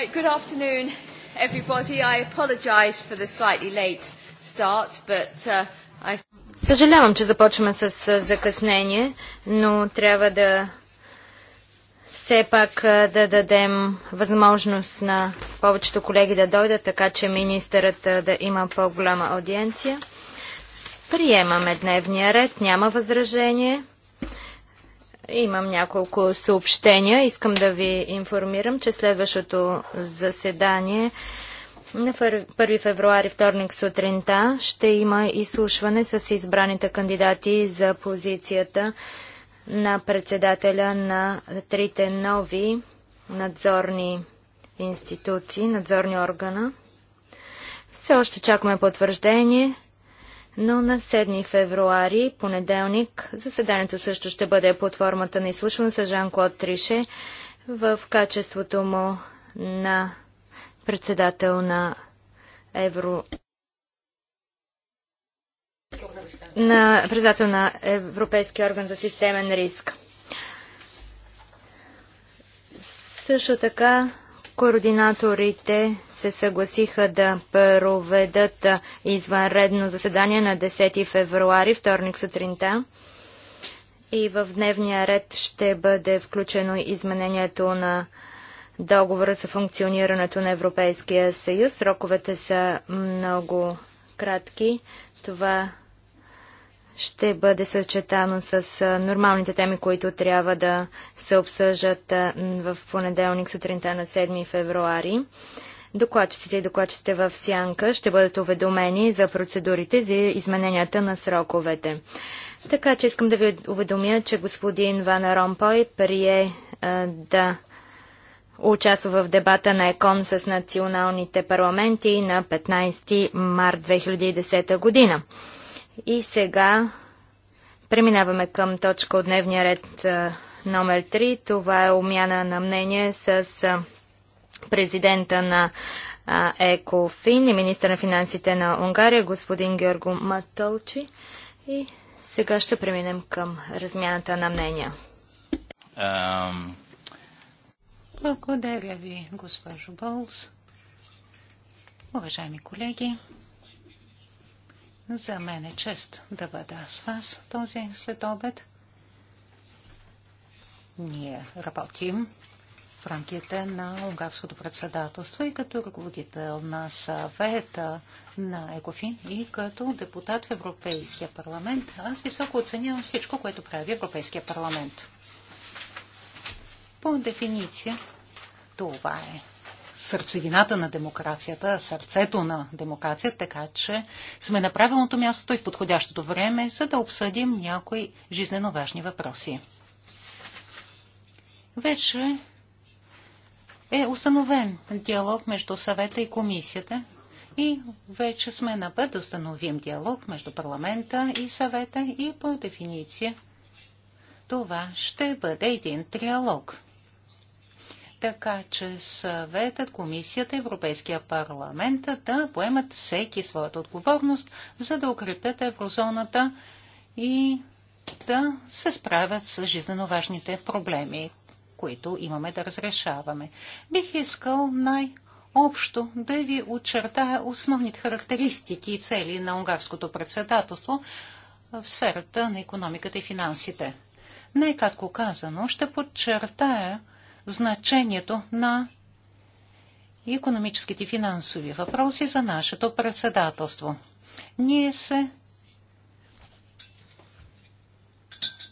Right, good afternoon, everybody. I apologize for the slightly late start, but uh, I... Съжалявам, че започваме с закъснение, но трябва да все пак да дадем възможност на повечето колеги да дойдат, така че министърът да има по-голяма аудиенция. Приемаме дневния ред, няма възражение. Имам няколко съобщения. Искам да ви информирам, че следващото заседание на 1 февруари, вторник сутринта, ще има изслушване с избраните кандидати за позицията на председателя на трите нови надзорни институции, надзорни органа. Все още чакаме потвърждение но на 7 февруари, понеделник, заседанието също ще бъде под формата на изслушване с Жан-Клод Трише в качеството му на председател на Евро на председател на Европейския орган за системен риск. Също така Координаторите се съгласиха да проведат извънредно заседание на 10 февруари, вторник сутринта. И в дневния ред ще бъде включено изменението на договора за функционирането на Европейския съюз. Сроковете са много кратки. Това ще бъде съчетано с нормалните теми, които трябва да се обсъждат в понеделник сутринта на 7 февруари. Докладчиците и докладчиците в Сянка ще бъдат уведомени за процедурите за измененията на сроковете. Така че искам да ви уведомя, че господин Ван Ромпой прие а, да участва в дебата на ЕКОН с националните парламенти на 15 март 2010 година. И сега преминаваме към точка от дневния ред номер 3. Това е умяна на мнение с президента на ЕКОФИН и министър на финансите на Унгария, господин Георго Матолчи. И сега ще преминем към размяната на мнения. Um... Благодаря ви, госпожо Болс. Уважаеми колеги, за мен е чест да бъда с вас този следобед. Ние работим в рамките на унгарското председателство и като ръководител на съвета на ЕКОФИН и като депутат в Европейския парламент. Аз високо оценявам всичко, което прави Европейския парламент. По дефиниция това е сърцевината на демокрацията, сърцето на демокрацията, така че сме на правилното място и в подходящото време, за да обсъдим някои жизненно важни въпроси. Вече е установен диалог между съвета и комисията и вече сме на път да установим диалог между парламента и съвета и по дефиниция това ще бъде един триалог – така че съветът, комисията, Европейския парламент да поемат всеки своята отговорност, за да укрепят еврозоната и да се справят с жизненно важните проблеми, които имаме да разрешаваме. Бих искал най-общо да ви очертая основните характеристики и цели на унгарското председателство в сферата на економиката и финансите. Най-кратко казано, ще подчертая значението на економическите и финансови въпроси за нашето председателство. Ние се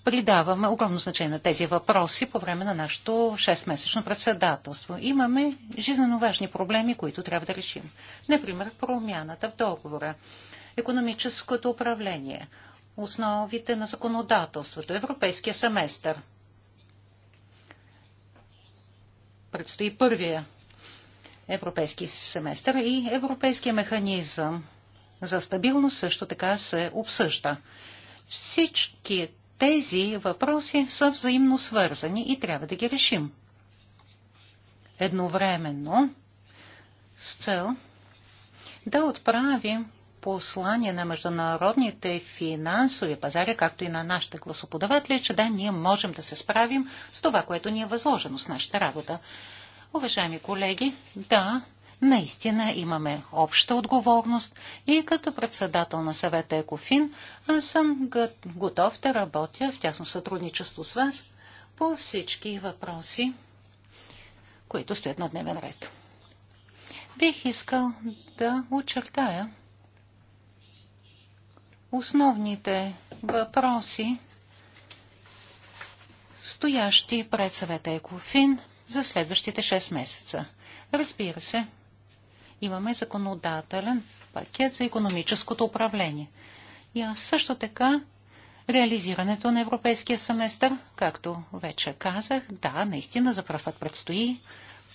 придаваме огромно значение на тези въпроси по време на нашето 6-месечно председателство. Имаме жизненно важни проблеми, които трябва да решим. Например, промяната в договора, економическото управление, основите на законодателството, европейския семестър – предстои първия европейски семестър и европейския механизъм за стабилност също така се обсъжда. Всички тези въпроси са взаимно свързани и трябва да ги решим. Едновременно с цел да отправим послание на международните финансови пазари, както и на нашите гласоподаватели, че да, ние можем да се справим с това, което ни е възложено с нашата работа. Уважаеми колеги, да, наистина имаме обща отговорност и като председател на съвета ЕКОФИН аз съм готов да работя в тясно сътрудничество с вас по всички въпроси, които стоят на дневен ред. Бих искал да очертая основните въпроси, стоящи пред съвета Екофин за следващите 6 месеца. Разбира се, имаме законодателен пакет за економическото управление. И аз също така реализирането на европейския семестър, както вече казах, да, наистина за първ път предстои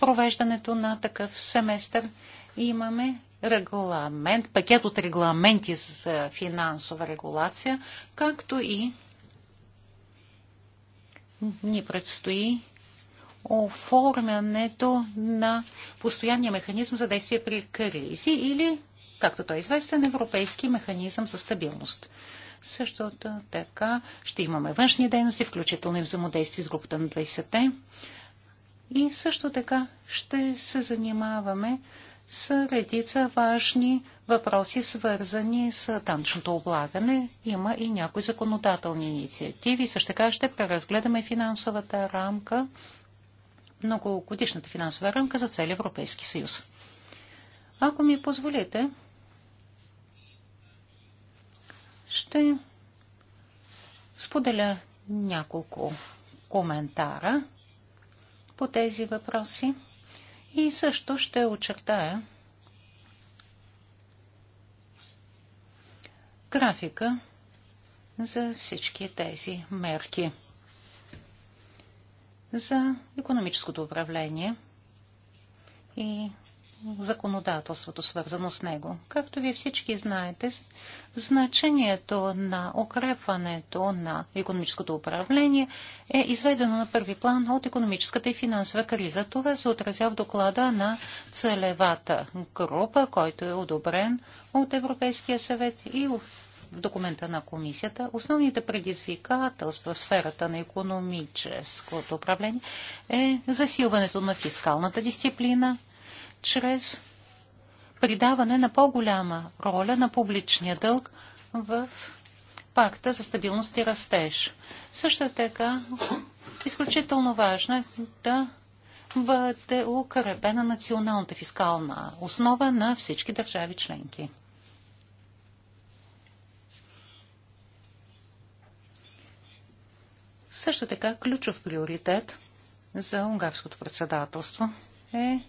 провеждането на такъв семестър. И имаме регламент, пакет от регламенти за финансова регулация, както и ни предстои оформянето на постоянния механизъм за действие при кризи или, както той е известен, европейски механизъм за стабилност. Същото така ще имаме външни дейности, включително и взаимодействие с групата на 20-те. И също така ще се занимаваме са редица важни въпроси, свързани с данчното облагане. Има и някои законодателни инициативи. Също така ще преразгледаме финансовата рамка, многогодишната финансова рамка за цели Европейски съюз. Ако ми позволите, ще споделя няколко коментара по тези въпроси. И също ще очертая графика за всички тези мерки. За економическото управление и законодателството, свързано с него. Както вие всички знаете, значението на укрепването на економическото управление е изведено на първи план от економическата и финансова криза. Това се отразява в доклада на целевата група, който е одобрен от Европейския съвет и в документа на комисията, основните предизвикателства в сферата на економическото управление е засилването на фискалната дисциплина, чрез придаване на по-голяма роля на публичния дълг в пакта за стабилност и растеж. Също така, изключително важно е да бъде укрепена националната фискална основа на всички държави членки. Също така, ключов приоритет за унгарското председателство е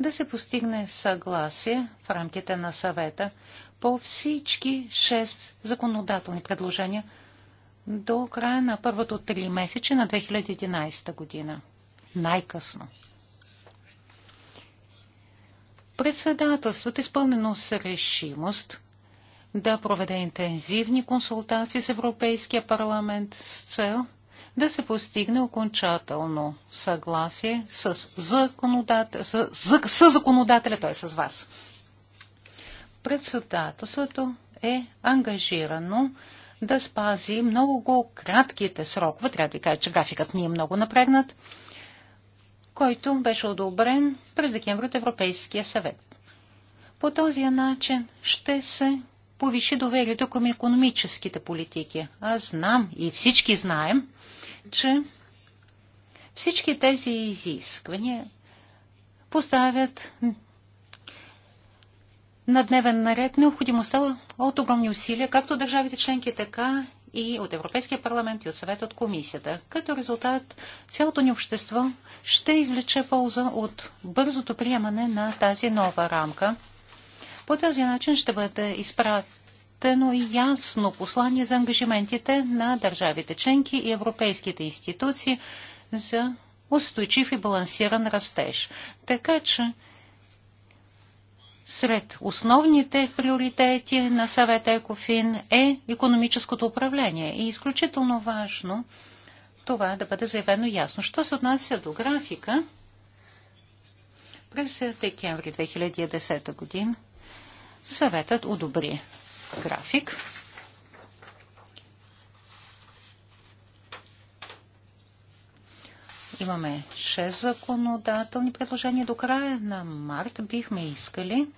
да се постигне съгласие в рамките на съвета по всички шест законодателни предложения до края на първото три месече на 2011 година. Най-късно. Председателството, е изпълнено с решимост, да проведе интензивни консултации с Европейския парламент с цел – да се постигне окончателно съгласие с, законодател, с, с, с законодателя, т.е. с вас. Председателството е ангажирано да спази много кратките срокове. Трябва да ви кажа, че графикът ни е много напрегнат, който беше одобрен през декември от Европейския съвет. По този начин ще се повиши доверието към економическите политики. Аз знам и всички знаем, че всички тези изисквания поставят на дневен наред необходимостта от огромни усилия, както държавите членки, така и от Европейския парламент и от съвет от комисията. Като резултат, цялото ни общество ще извлече полза от бързото приемане на тази нова рамка. По този начин ще бъде изправ и ясно послание за ангажиментите на държавите членки и европейските институции за устойчив и балансиран растеж. Така че сред основните приоритети на съвета Екофин е економическото управление. И изключително важно това да бъде заявено ясно. Що се отнася до графика, през декември 2010 година съветът одобри график. Имаме 6 законодателни предложения. До края на март бихме искали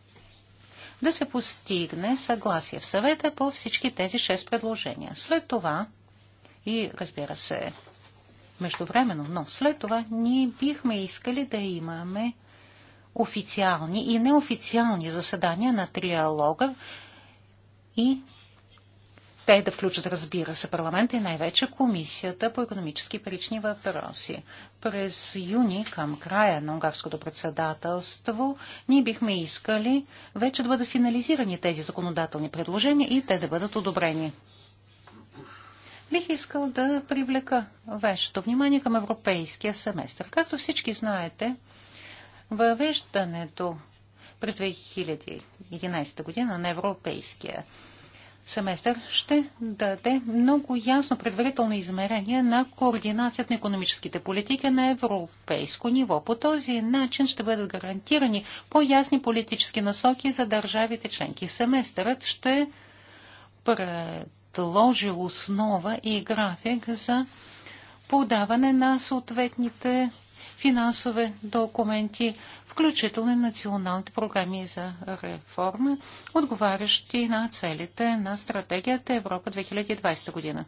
да се постигне съгласие в съвета по всички тези 6 предложения. След това и разбира се междувременно, но след това ние бихме искали да имаме официални и неофициални заседания на триалога, и те да включат, разбира се, парламента и най-вече комисията по економически и парични въпроси. През юни, към края на унгарското председателство, ние бихме искали вече да бъдат финализирани тези законодателни предложения и те да бъдат одобрени. Бих искал да привлека вашето внимание към европейския семестър. Както всички знаете, въвеждането през 2011 година на европейския семестър ще даде много ясно предварително измерение на координацията на економическите политики на европейско ниво. По този начин ще бъдат гарантирани по-ясни политически насоки за държавите членки. Семестърът ще предложи основа и график за подаване на съответните финансови документи, включително и националните програми за реформа, отговарящи на целите на стратегията Европа 2020 година.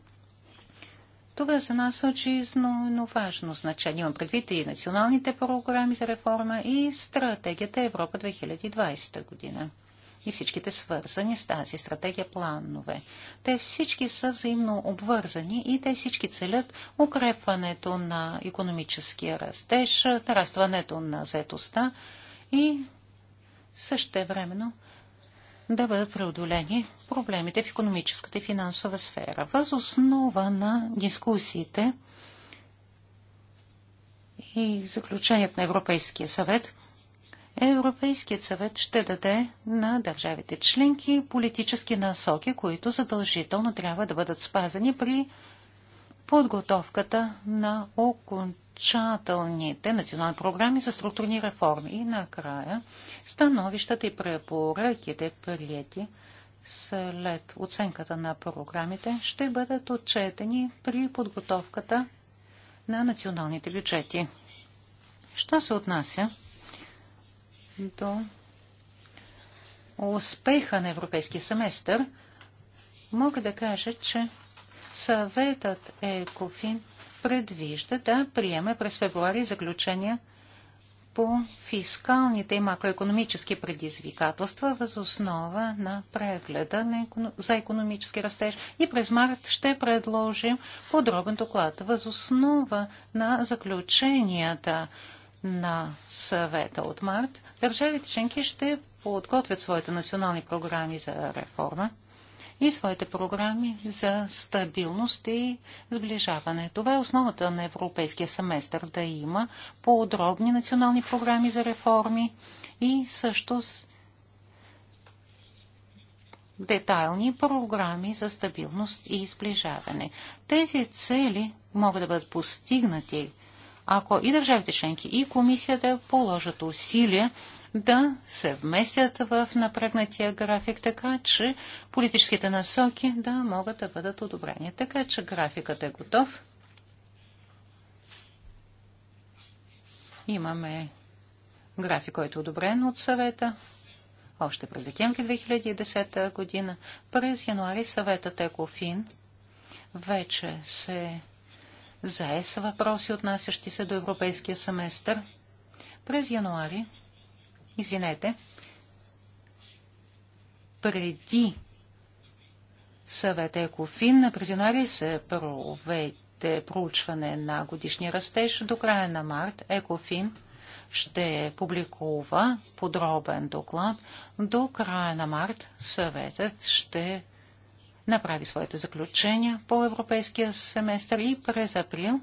Това за нас е очизнено важно значение. Имам предвид и националните програми за реформа и стратегията Европа 2020 година и всичките свързани с тази стратегия планове. Те всички са взаимно обвързани и те всички целят укрепването на економическия растеж, нарастването на заетостта и същевременно да бъдат преодолени проблемите в економическата и финансова сфера. Въз основа на дискусиите и заключението на Европейския съвет – Европейският съвет ще даде на държавите членки политически насоки, които задължително трябва да бъдат спазени при подготовката на окончателните национални програми за структурни реформи. И накрая становищата и препоръките прилети, след оценката на програмите ще бъдат отчетени при подготовката на националните бюджети. Що се отнася до успеха на европейския семестър, мога да кажа, че съветът ЕКОФИН предвижда да приеме през февруари заключения по фискалните и макроекономически предизвикателства въз основа на прегледа на економ... за економически растеж и през март ще предложим подробен доклад въз основа на заключенията на съвета от март, държавите членки ще подготвят своите национални програми за реформа и своите програми за стабилност и сближаване. Това е основата на европейския семестър да има подробни национални програми за реформи и също с детайлни програми за стабилност и сближаване. Тези цели могат да бъдат постигнати ако и държавите членки, и комисията положат усилия да се вместят в напрегнатия график, така че политическите насоки да могат да бъдат одобрени. Така че графикът е готов. Имаме график, който е одобрен от съвета още през декември 2010 година. През януари съветът Екофин вече се за ЕС въпроси, отнасящи се до европейския семестър. През януари, извинете, преди съвета Екофин, през януари се проведе проучване на годишния растеж. До края на март Екофин ще публикува подробен доклад. До края на март съветът ще направи своите заключения по европейския семестър и през април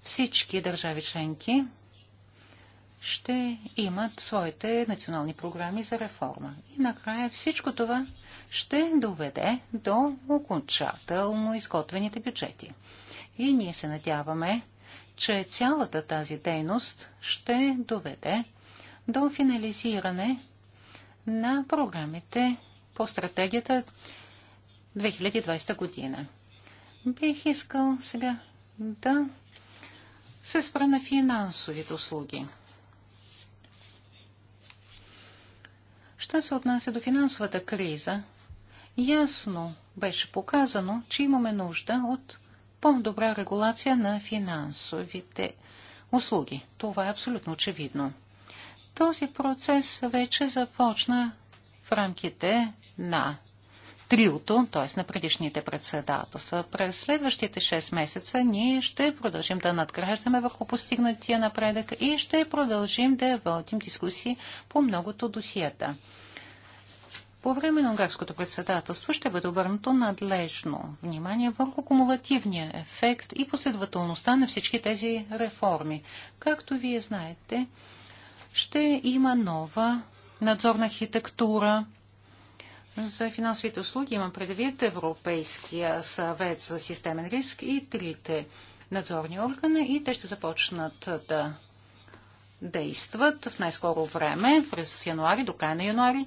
всички държави членки ще имат своите национални програми за реформа. И накрая всичко това ще доведе до окончателно изготвените бюджети. И ние се надяваме, че цялата тази дейност ще доведе до финализиране на програмите по стратегията 2020 година. Бих искал сега да се спра на финансовите услуги. Що се отнася до финансовата криза, ясно беше показано, че имаме нужда от по-добра регулация на финансовите услуги. Това е абсолютно очевидно. Този процес вече започна в рамките на триото, т.е. на предишните председателства. През следващите 6 месеца ние ще продължим да надграждаме върху постигнатия напредък и ще продължим да водим дискусии по многото досията. По време на унгарското председателство ще бъде обърнато надлежно внимание върху кумулативния ефект и последователността на всички тези реформи. Както вие знаете, ще има нова надзорна архитектура, за финансовите услуги имам предвид Европейския съвет за системен риск и трите надзорни органа и те ще започнат да действат в най-скоро време, през януари, до края на януари.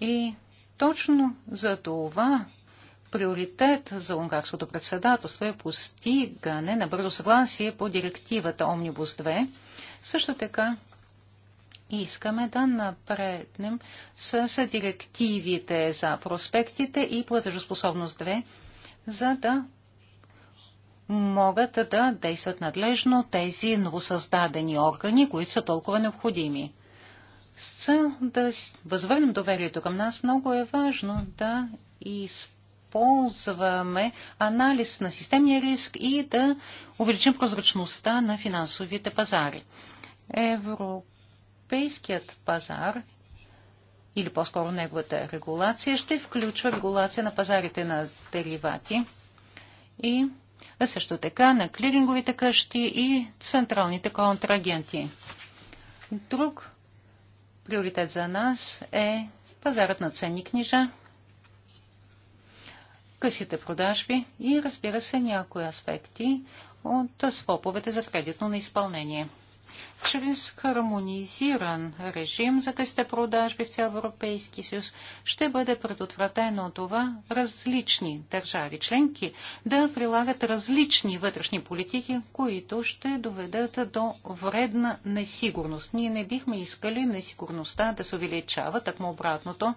И точно за това приоритет за унгарското председателство е постигане на бързо съгласие по директивата Омнибус 2. Също така искаме да напреднем с директивите за проспектите и платежоспособност 2, за да могат да действат надлежно тези новосъздадени органи, които са толкова необходими. С цел да възвърнем доверието към нас, много е важно да използваме анализ на системния риск и да увеличим прозрачността на финансовите пазари. Европа европейският пазар или по-скоро неговата регулация ще включва регулация на пазарите на деривати и също така на клиринговите къщи и централните контрагенти. Друг приоритет за нас е пазарът на ценни книжа, късите продажби и разбира се някои аспекти от своповете за кредитно на изпълнение чрез хармонизиран режим за късте продажби в цял Европейски съюз ще бъде предотвратено това различни държави членки да прилагат различни вътрешни политики, които ще доведат до вредна несигурност. Ние не бихме искали несигурността да се увеличава, му обратното.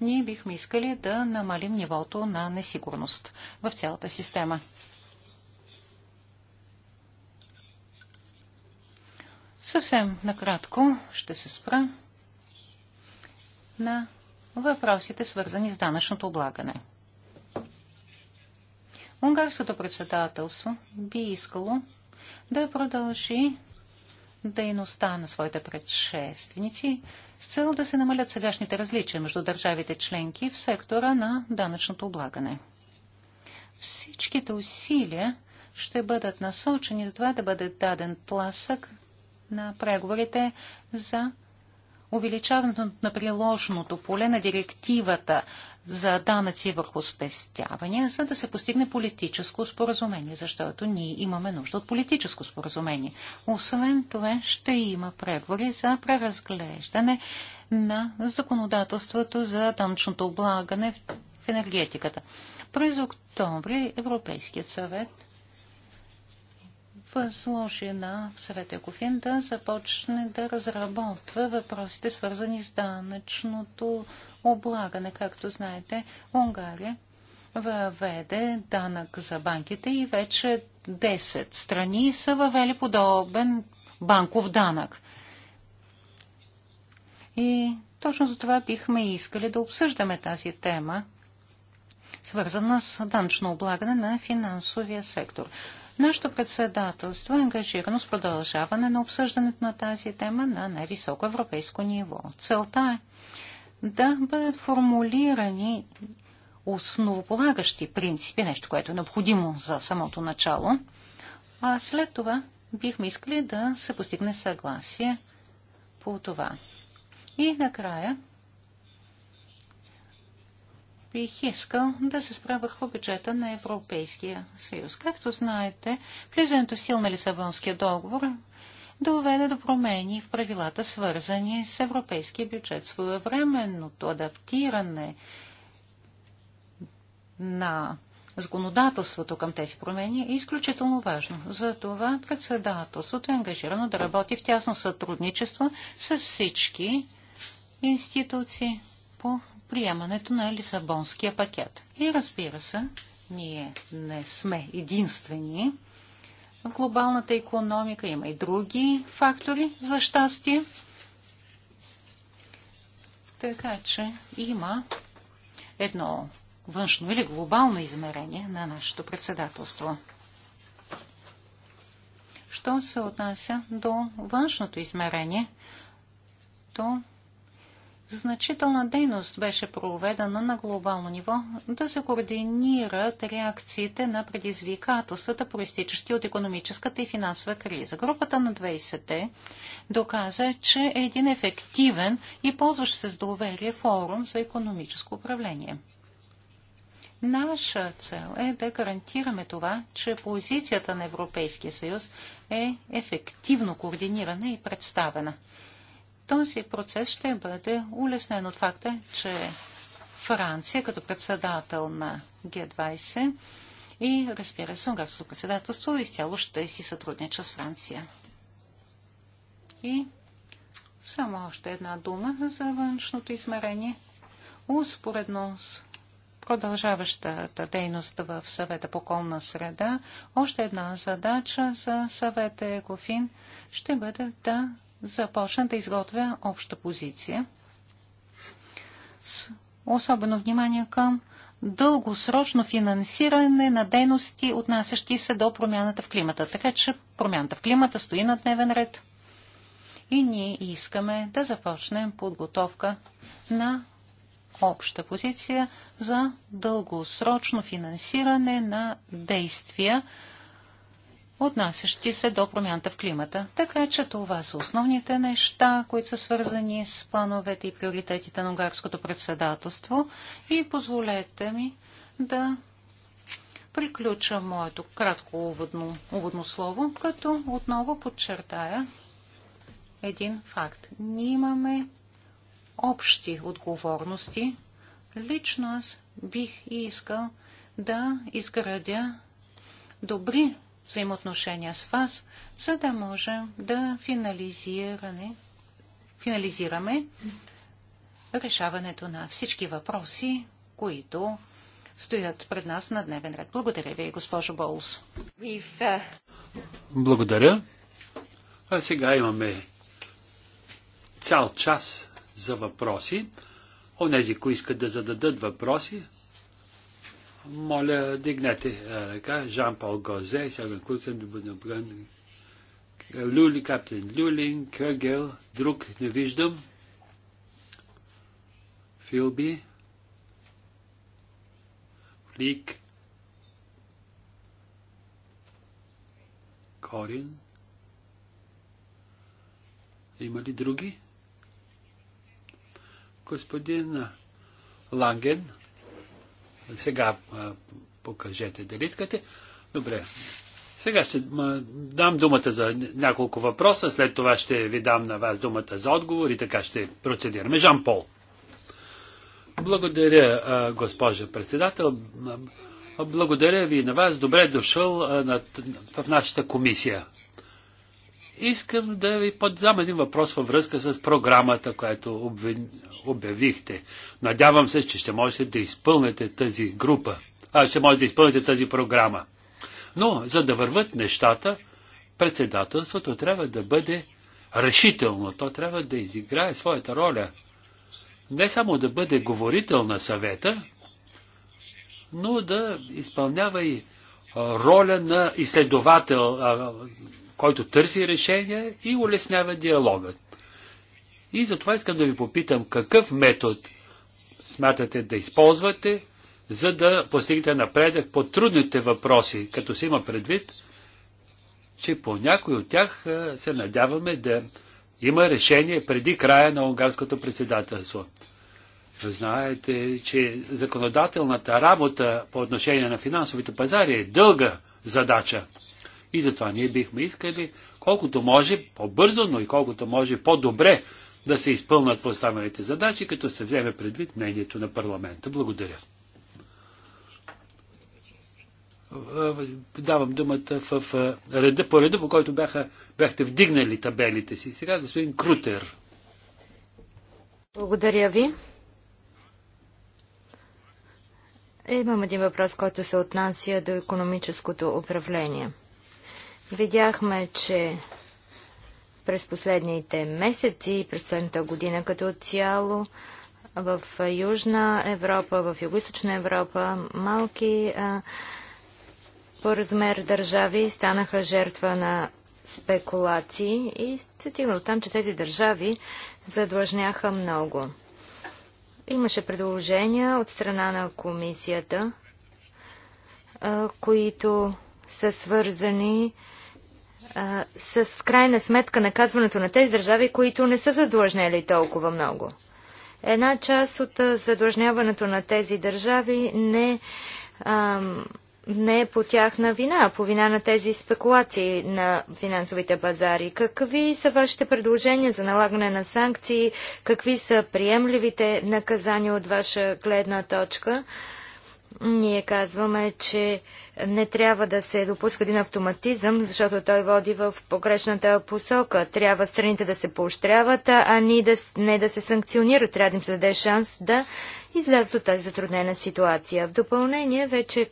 Ние бихме искали да намалим нивото на несигурност в цялата система. Съвсем накратко ще се спра на въпросите, свързани с данъчното облагане. Унгарското председателство би искало да продължи дейността на своите предшественици с цел да се намалят сегашните различия между държавите членки в сектора на данъчното облагане. Всичките усилия ще бъдат насочени за това да бъде даден тласък на преговорите за увеличаването на приложното поле на директивата за данъци върху спестявания, за да се постигне политическо споразумение, защото ние имаме нужда от политическо споразумение. Освен това, ще има преговори за преразглеждане на законодателството за данъчното облагане в енергетиката. През октомври Европейският съвет възложена на Съвета Екофин да започне да разработва въпросите, свързани с данъчното облагане. Както знаете, Унгария въведе данък за банките и вече 10 страни са въвели подобен банков данък. И точно за това бихме искали да обсъждаме тази тема, свързана с данъчно облагане на финансовия сектор. Нашето председателство е ангажирано с продължаване на обсъждането на тази тема на най-високо европейско ниво. Целта е да бъдат формулирани основополагащи принципи, нещо, което е необходимо за самото начало, а след това бихме искали да се постигне съгласие по това. И накрая бих искал да се спра върху бюджета на Европейския съюз. Както знаете, влизането в сил на Лисабонския договор доведе до промени в правилата, свързани с европейския бюджет. Своевременното адаптиране на законодателството към тези промени е изключително важно. За това председателството е ангажирано да работи в тясно сътрудничество с всички институции по приемането на Лисабонския пакет. И разбира се, ние не сме единствени. В глобалната економика има и други фактори за щастие. Така че има едно външно или глобално измерение на нашето председателство. Що се отнася до външното измерение, то Значителна дейност беше проведена на глобално ниво да се координират реакциите на предизвикателствата, проистичащи от економическата и финансова криза. Групата на 20-те доказа, че е един ефективен и ползващ се с доверие форум за економическо управление. Наша цел е да гарантираме това, че позицията на Европейския съюз е ефективно координирана и представена. Този процес ще бъде улеснен от факта, че Франция като председател на Г-20 и разбира се, унгарското председателство изцяло ще си сътруднича с Франция. И само още една дума за външното измерение. Успоредно с продължаващата дейност в съвета по околна среда, още една задача за съвета ЕКОФИН ще бъде да започна да изготвя обща позиция с особено внимание към дългосрочно финансиране на дейности, отнасящи се до промяната в климата. Така че промяната в климата стои на дневен ред и ние искаме да започнем подготовка на обща позиция за дългосрочно финансиране на действия отнасящи се до промяната в климата. Така че това са основните неща, които са свързани с плановете и приоритетите на унгарското председателство. И позволете ми да приключа моето кратко уводно, уводно слово, като отново подчертая един факт. Ние имаме общи отговорности. Лично аз бих искал да изградя добри взаимоотношения с вас, за да можем да финализиране, финализираме решаването на всички въпроси, които стоят пред нас на дневен ред. Благодаря ви, госпожо Боулс. Uh, Благодаря. А сега имаме цял час за въпроси. Онези, които искат да зададат въпроси, моля, дигнете е, ръка. Жан-Пол Гозе, Сяган Куцен, Дубанобган, Люли, Каптен Люлин, Кръгел, друг не виждам. Филби, Флик, Корин. Има ли други? Господин Ланген. Сега а, покажете дали искате. Добре. Сега ще дам думата за няколко въпроса, след това ще ви дам на вас думата за отговор и така ще процедираме. Жан Пол. Благодаря, госпожа председател. Благодаря ви на вас. Добре дошъл в нашата комисия. Искам да ви подзам един въпрос във връзка с програмата, която обявихте. Надявам се, че ще можете да изпълните тази група, а ще можете да изпълните тази програма. Но, за да върват нещата, председателството трябва да бъде решително. То трябва да изиграе своята роля. Не само да бъде говорител на съвета, но да изпълнява и роля на изследовател, който търси решение и улеснява диалогът. И затова искам да ви попитам какъв метод смятате да използвате, за да постигнете напредък по трудните въпроси, като се има предвид, че по някой от тях се надяваме да има решение преди края на унгарското председателство. Знаете, че законодателната работа по отношение на финансовите пазари е дълга задача. И затова ние бихме искали колкото може по-бързо, но и колкото може по-добре да се изпълнат поставените задачи, като се вземе предвид мнението на парламента. Благодаря. Е, давам думата в е, реда, по реда, по който бяха, бяхте вдигнали табелите си. Сега господин Крутер. Благодаря ви. Имам един въпрос, който се отнася до економическото управление. Видяхме, че през последните месеци и през последната година като цяло в Южна Европа, в Юго-Источна Европа малки а, по размер държави станаха жертва на спекулации и се стигна от там, че тези държави задлъжняха много. Имаше предложения от страна на комисията, а, които са свързани а, с крайна сметка наказването на тези държави, които не са задлъжнели толкова много. Една част от задлъжняването на тези държави не, а, не е по тяхна вина, по вина на тези спекулации на финансовите базари. Какви са вашите предложения за налагане на санкции? Какви са приемливите наказания от ваша гледна точка? А, ние казваме, че не трябва да се допуска един автоматизъм, защото той води в погрешната посока. Трябва страните да се поощряват, а ни да, не да се санкционират. Трябва да им се даде шанс да излязат от тази затруднена ситуация. В допълнение вече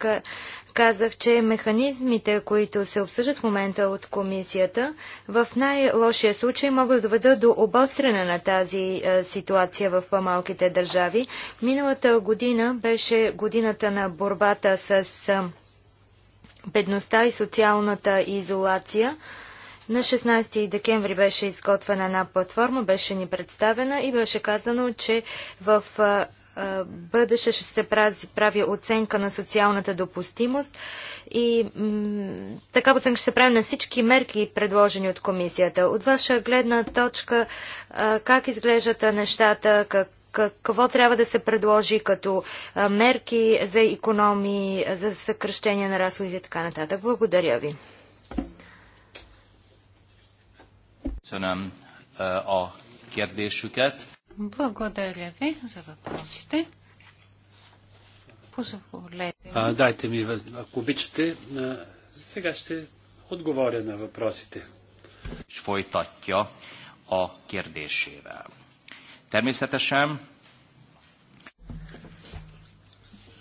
казах, че механизмите, които се обсъждат в момента от комисията, в най-лошия случай могат да доведат до обострена на тази е, ситуация в по-малките държави. Миналата година беше годината на борбата с е, бедността и социалната изолация. На 16 декември беше изготвена една платформа, беше ни представена и беше казано, че в е, бъдеще ще се прави, прави оценка на социалната допустимост и така оценка ще се прави на всички мерки, предложени от комисията. От ваша гледна точка, а, как изглеждат нещата, как, какво трябва да се предложи като мерки за економии, за съкръщение на разходите и така нататък. Благодаря ви. a kérdésüket. Благодаря ви за въпросите. Позволете. А, дайте ми, ако обичате, а, сега ще отговоря на въпросите. Folytatja a kérdésével. Természetesen.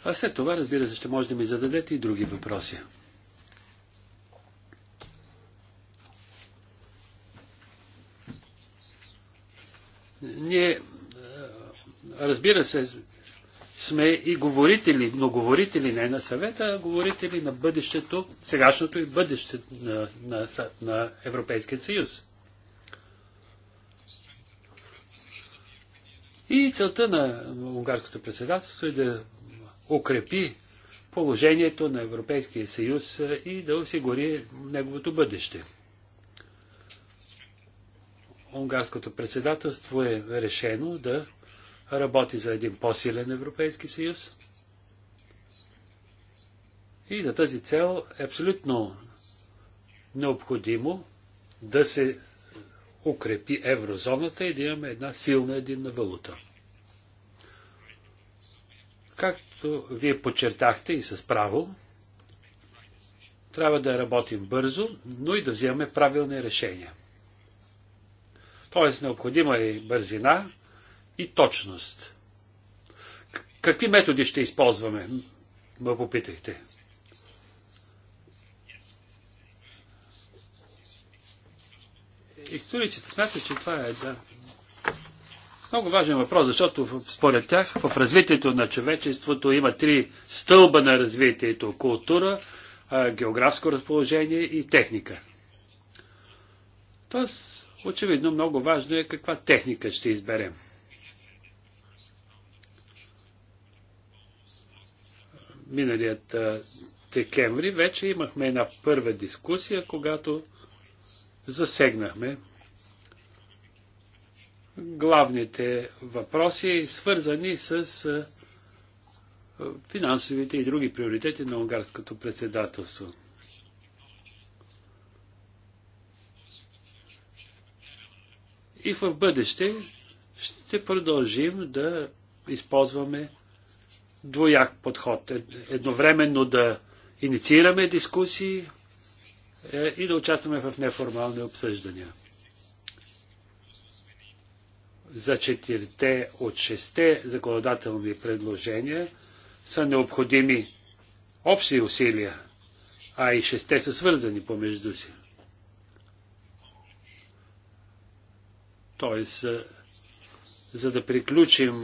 А след това, разбира се, ще може да ми зададете и други въпроси. Ние, е, разбира се, сме и говорители, но говорители не на съвета, а говорители на бъдещето, сегашното и бъдещето на, на, на Европейския съюз. И целта на унгарското председателство е да укрепи положението на Европейския съюз и да осигури неговото бъдеще унгарското председателство е решено да работи за един по-силен Европейски съюз. И за тази цел е абсолютно необходимо да се укрепи еврозоната и да имаме една силна единна валута. Както вие подчертахте и с право, трябва да работим бързо, но и да вземаме правилни решения. Тоест, необходима е бързина и точност. Какви методи ще използваме? Ме попитахте. Историците смятат, че това е да, много важен въпрос, защото според тях в развитието на човечеството има три стълба на развитието култура, географско разположение и техника. Тоест, Очевидно много важно е каква техника ще изберем. Миналият декември вече имахме една първа дискусия, когато засегнахме главните въпроси, свързани с финансовите и други приоритети на унгарското председателство. И в бъдеще ще продължим да използваме двояк подход. Едновременно да инициираме дискусии е, и да участваме в неформални обсъждания. За четирите от шесте законодателни предложения са необходими общи усилия, а и шесте са свързани помежду си. Тоест, за да приключим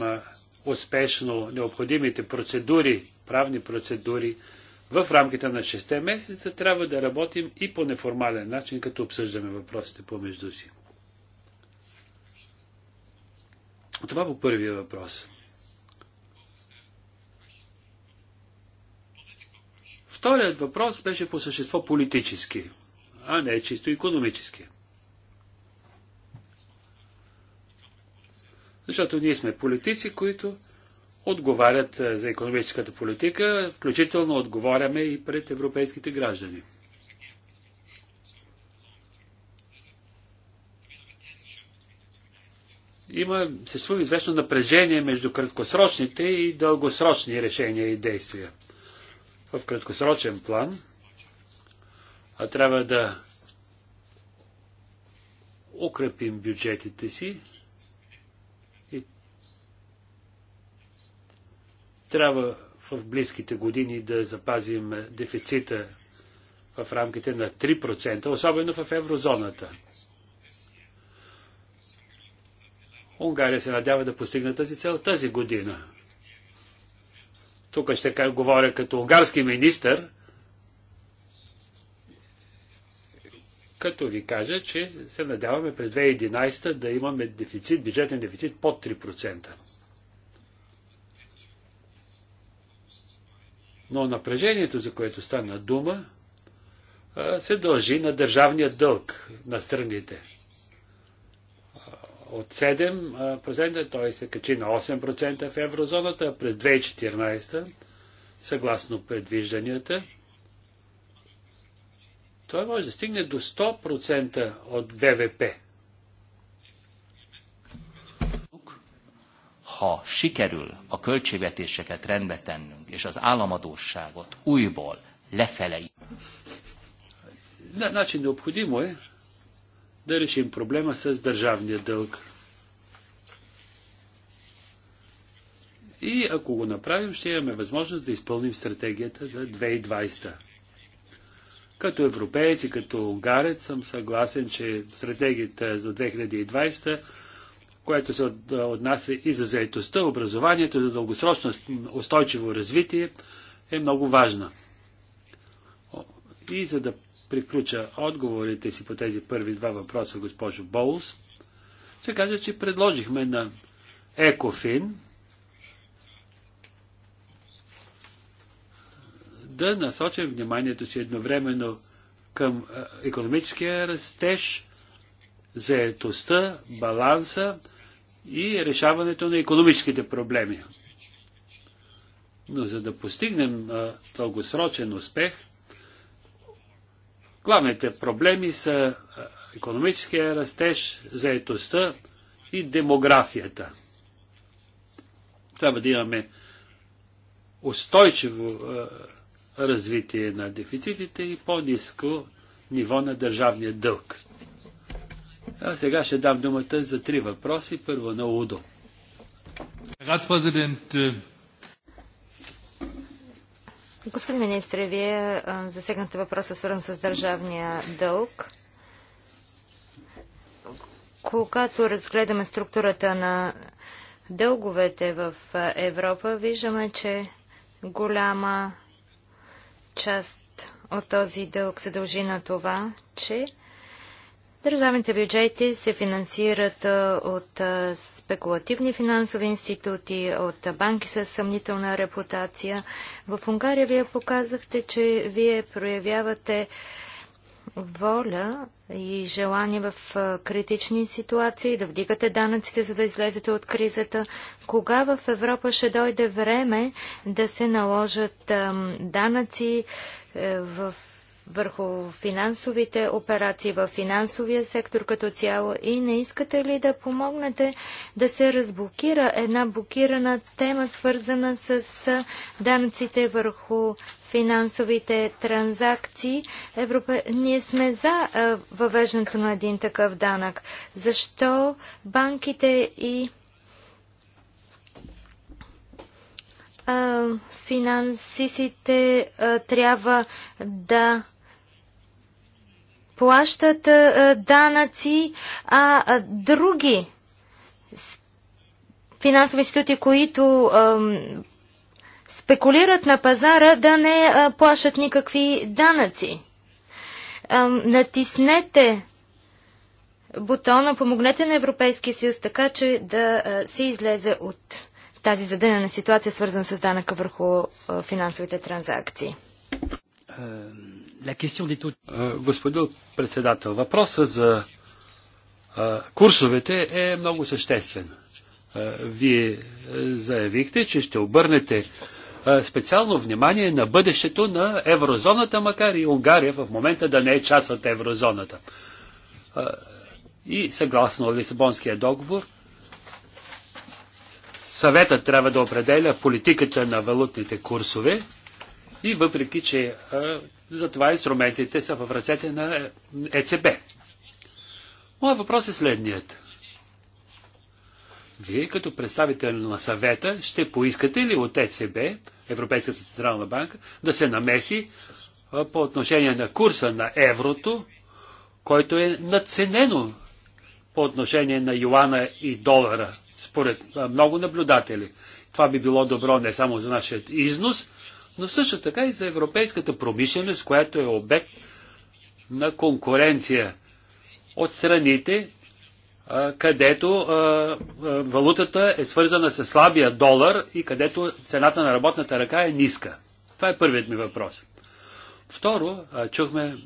успешно необходимите процедури, правни процедури, в рамките на 6 месеца трябва да работим и по неформален начин, като обсъждаме въпросите помежду си. Това по първия въпрос. Вторият въпрос беше по същество политически, а не чисто економически. Защото ние сме политици, които отговарят е, за економическата политика, включително отговаряме и пред европейските граждани. Има, съществува известно напрежение между краткосрочните и дългосрочни решения и действия. В краткосрочен план а трябва да укрепим бюджетите си, Трябва в близките години да запазим дефицита в рамките на 3%, особено в еврозоната. Унгария се надява да постигне тази цел тази година. Тук ще говоря като унгарски министр, като ви кажа, че се надяваме през 2011 да имаме дефицит, бюджетен дефицит под 3%. Но напрежението, за което стана дума, се дължи на държавния дълг на страните. От 7% той се качи на 8% в еврозоната през 2014, съгласно предвижданията. Той може да стигне до 100% от БВП. ha sikerül a költségvetéseket rendbe tennünk, és az államadóságot újból lefele... Значи необходимо е да решим проблема с държавния дълг. И ако го направим, ще имаме възможност да изпълним стратегията за 2020. Като европеец и като унгарец съм съгласен, че стратегията за 2020 което се отнася и за заетостта, образованието, за дългосрочно устойчиво развитие, е много важна. И за да приключа отговорите си по тези първи два въпроса, госпожо Боулс, ще кажа, че предложихме на Екофин да насочим вниманието си едновременно към е, економическия растеж заетостта, баланса и решаването на економическите проблеми. Но за да постигнем дългосрочен успех, главните проблеми са економическия растеж, заетостта и демографията. Трябва да имаме устойчиво развитие на дефицитите и по-низко ниво на държавния дълг. А сега ще дам думата за три въпроси. Първо на Удо. Е, Господин министр, вие е, засегнате въпроса свързан с държавния дълг. Когато разгледаме структурата на дълговете в е, Европа, виждаме, че голяма част от този дълг се дължи на това, че Държавните бюджети се финансират от спекулативни финансови институти, от банки с съмнителна репутация. В Унгария вие показахте, че вие проявявате воля и желание в критични ситуации да вдигате данъците, за да излезете от кризата. Кога в Европа ще дойде време да се наложат данъци е, в върху финансовите операции в финансовия сектор като цяло и не искате ли да помогнете да се разблокира една блокирана тема, свързана с данъците върху финансовите транзакции. Европе... Ние сме за а, въвеждането на един такъв данък. Защо банките и финансистите трябва да плащат а, данъци, а, а други финансови институти, които а, спекулират на пазара, да не а, плащат никакви данъци. А, натиснете бутона, помогнете на Европейския съюз, така че да а, се излезе от тази задънена ситуация, свързана с данъка върху а, финансовите транзакции. Um... Господин председател, въпросът за курсовете е много съществен. Вие заявихте, че ще обърнете специално внимание на бъдещето на еврозоната, макар и Унгария в момента да не е част от еврозоната. И съгласно Лисабонския договор, съветът трябва да определя политиката на валутните курсове и въпреки, че затова инструментите са в ръцете на ЕЦБ. Моят въпрос е следният. Вие като представител на съвета ще поискате ли от ЕЦБ, Европейската централна банка, да се намеси по отношение на курса на еврото, който е надценено по отношение на юана и долара, според много наблюдатели. Това би било добро не само за нашия износ, но също така и за европейската промишленост, която е обект на конкуренция от страните, където валутата е свързана с слабия долар и където цената на работната ръка е ниска. Това е първият ми въпрос. Второ, чухме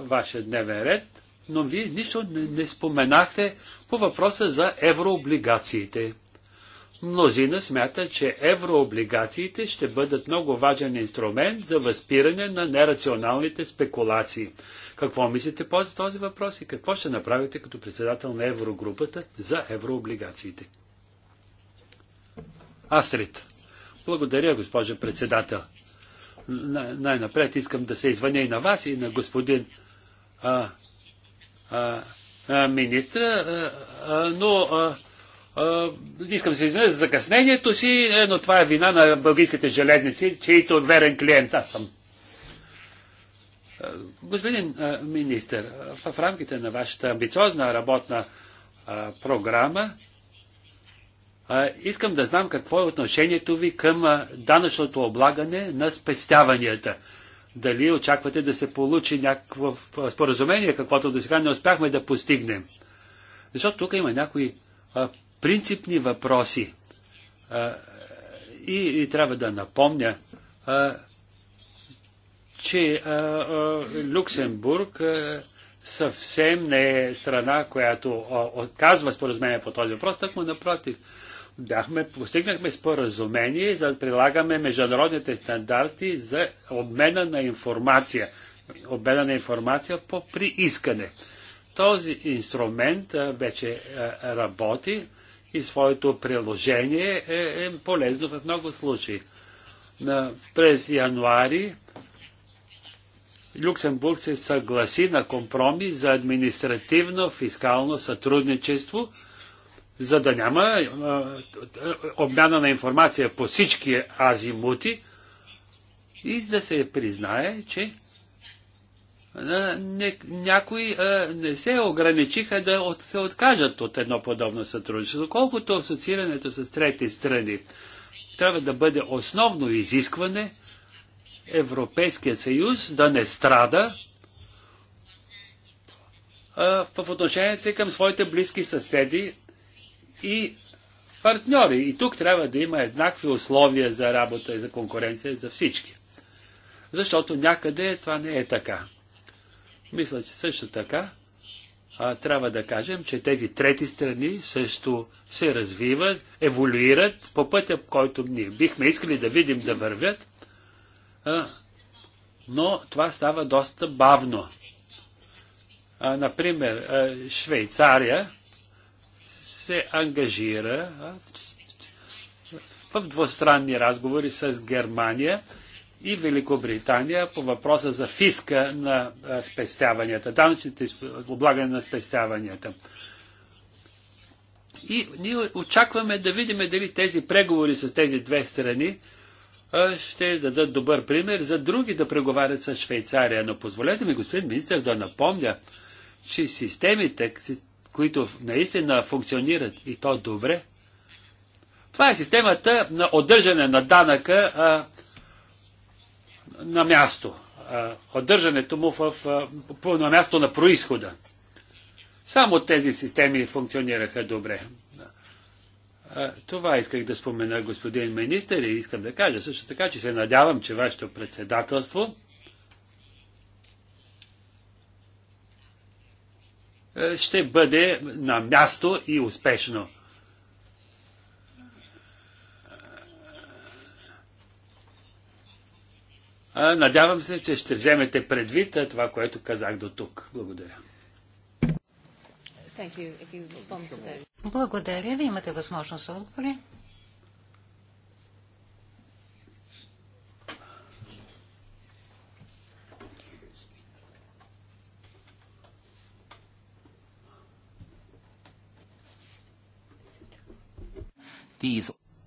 вашия дневен ред, но вие нищо не споменахте по въпроса за еврооблигациите. Мнозина смята, че еврооблигациите ще бъдат много важен инструмент за възпиране на нерационалните спекулации. Какво мислите по този въпрос и какво ще направите като председател на еврогрупата за еврооблигациите? Астрид. Благодаря, госпожа председател. Най- най-напред искам да се извъня и на вас, и на господин а, а, а, министра, а, а, но а, не искам да се извиня за закъснението си, е, но това е вина на българските железници, чието верен клиент аз съм. Господин министр, в рамките на вашата амбициозна работна програма, искам да знам какво е отношението ви към данъчното облагане на спестяванията. Дали очаквате да се получи някакво споразумение, каквото до сега не успяхме да постигнем? Защото тук има някои принципни въпроси. И, и трябва да напомня, че Люксембург съвсем не е страна, която отказва споразумение по този въпрос, так му напротив. Бяхме, постигнахме споразумение за да прилагаме международните стандарти за обмена на информация. Обмена на информация по приискане. Този инструмент вече работи и своето приложение е, е полезно в много случаи. На, през януари Люксембург се съгласи на компромис за административно-фискално сътрудничество, за да няма е, обмяна на информация по всички азимути и да се признае, че някои не се ограничиха да от, се откажат от едно подобно сътрудничество, колкото асоциирането с трети страни трябва да бъде основно изискване Европейския съюз да не страда а, в отношението си към своите близки съседи и партньори. И тук трябва да има еднакви условия за работа и за конкуренция за всички. Защото някъде това не е така. Мисля, че също така а, трябва да кажем, че тези трети страни също се развиват, еволюират по пътя, който ние бихме искали да видим да вървят, а, но това става доста бавно. А, например, а, Швейцария се ангажира а, в двустранни разговори с Германия и Великобритания по въпроса за фиска на спестяванията, данъчните облагане на спестяванията. И ние очакваме да видим дали тези преговори с тези две страни ще дадат добър пример за други да преговарят с Швейцария. Но позволете ми, господин министр, да напомня, че системите, които наистина функционират и то добре, това е системата на отдържане на данъка на място, отдържането му в, на място на происхода. Само тези системи функционираха добре. Това исках да спомена, господин министър, и искам да кажа също така, че се надявам, че вашето председателство ще бъде на място и успешно. Надявам се, че ще вземете предвид това, което казах до тук. Благодаря. Благодаря ви. Имате възможност за отговори.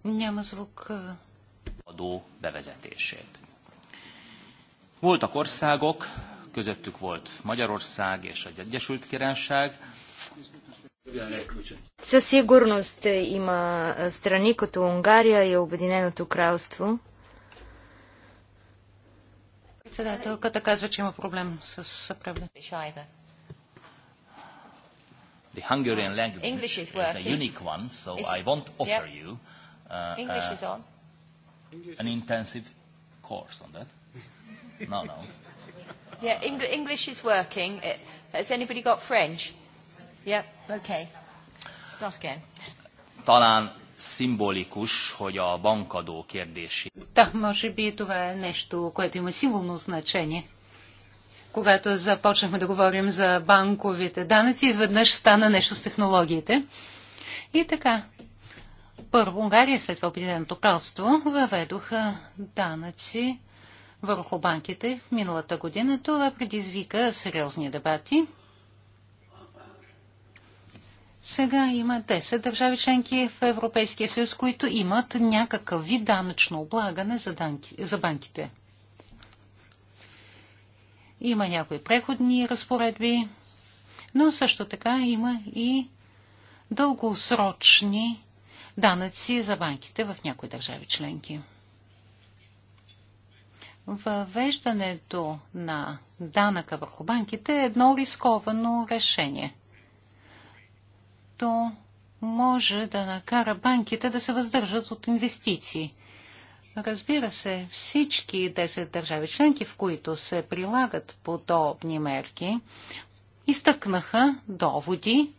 Няма звук. Adó bevezetését. Voltak országok, közöttük volt Magyarország és az Egyesült Királyság. Със сигурност има страни като Унгария и Обединеното кралство. Председателката казва, че има проблем с The Hungarian language English is, is a unique one, so is, I won't offer yeah. you uh, English is on. an intensive course on that. No, no. Yeah, Eng- English is working. It, Has anybody got French? Yep, okay. Start again. Talán символикуш, hogy a bankadó kérdési. Да, може би това е нещо, което има символно значение. Когато започнахме да говорим за банковите данъци, изведнъж стана нещо с технологиите. И така, първо Унгария, след това Обединеното кралство въведоха данъци върху банките в миналата година. Това предизвика сериозни дебати. Сега има 10 държави членки в Европейския съюз, които имат някакъв вид данъчно облагане за, данки, за банките. Има някои преходни разпоредби, но също така има и дългосрочни данъци за банките в някои държави членки. Въвеждането на данъка върху банките е едно рисковано решение. То може да накара банките да се въздържат от инвестиции. Разбира се, всички 10 държави членки, в които се прилагат подобни мерки, изтъкнаха доводи,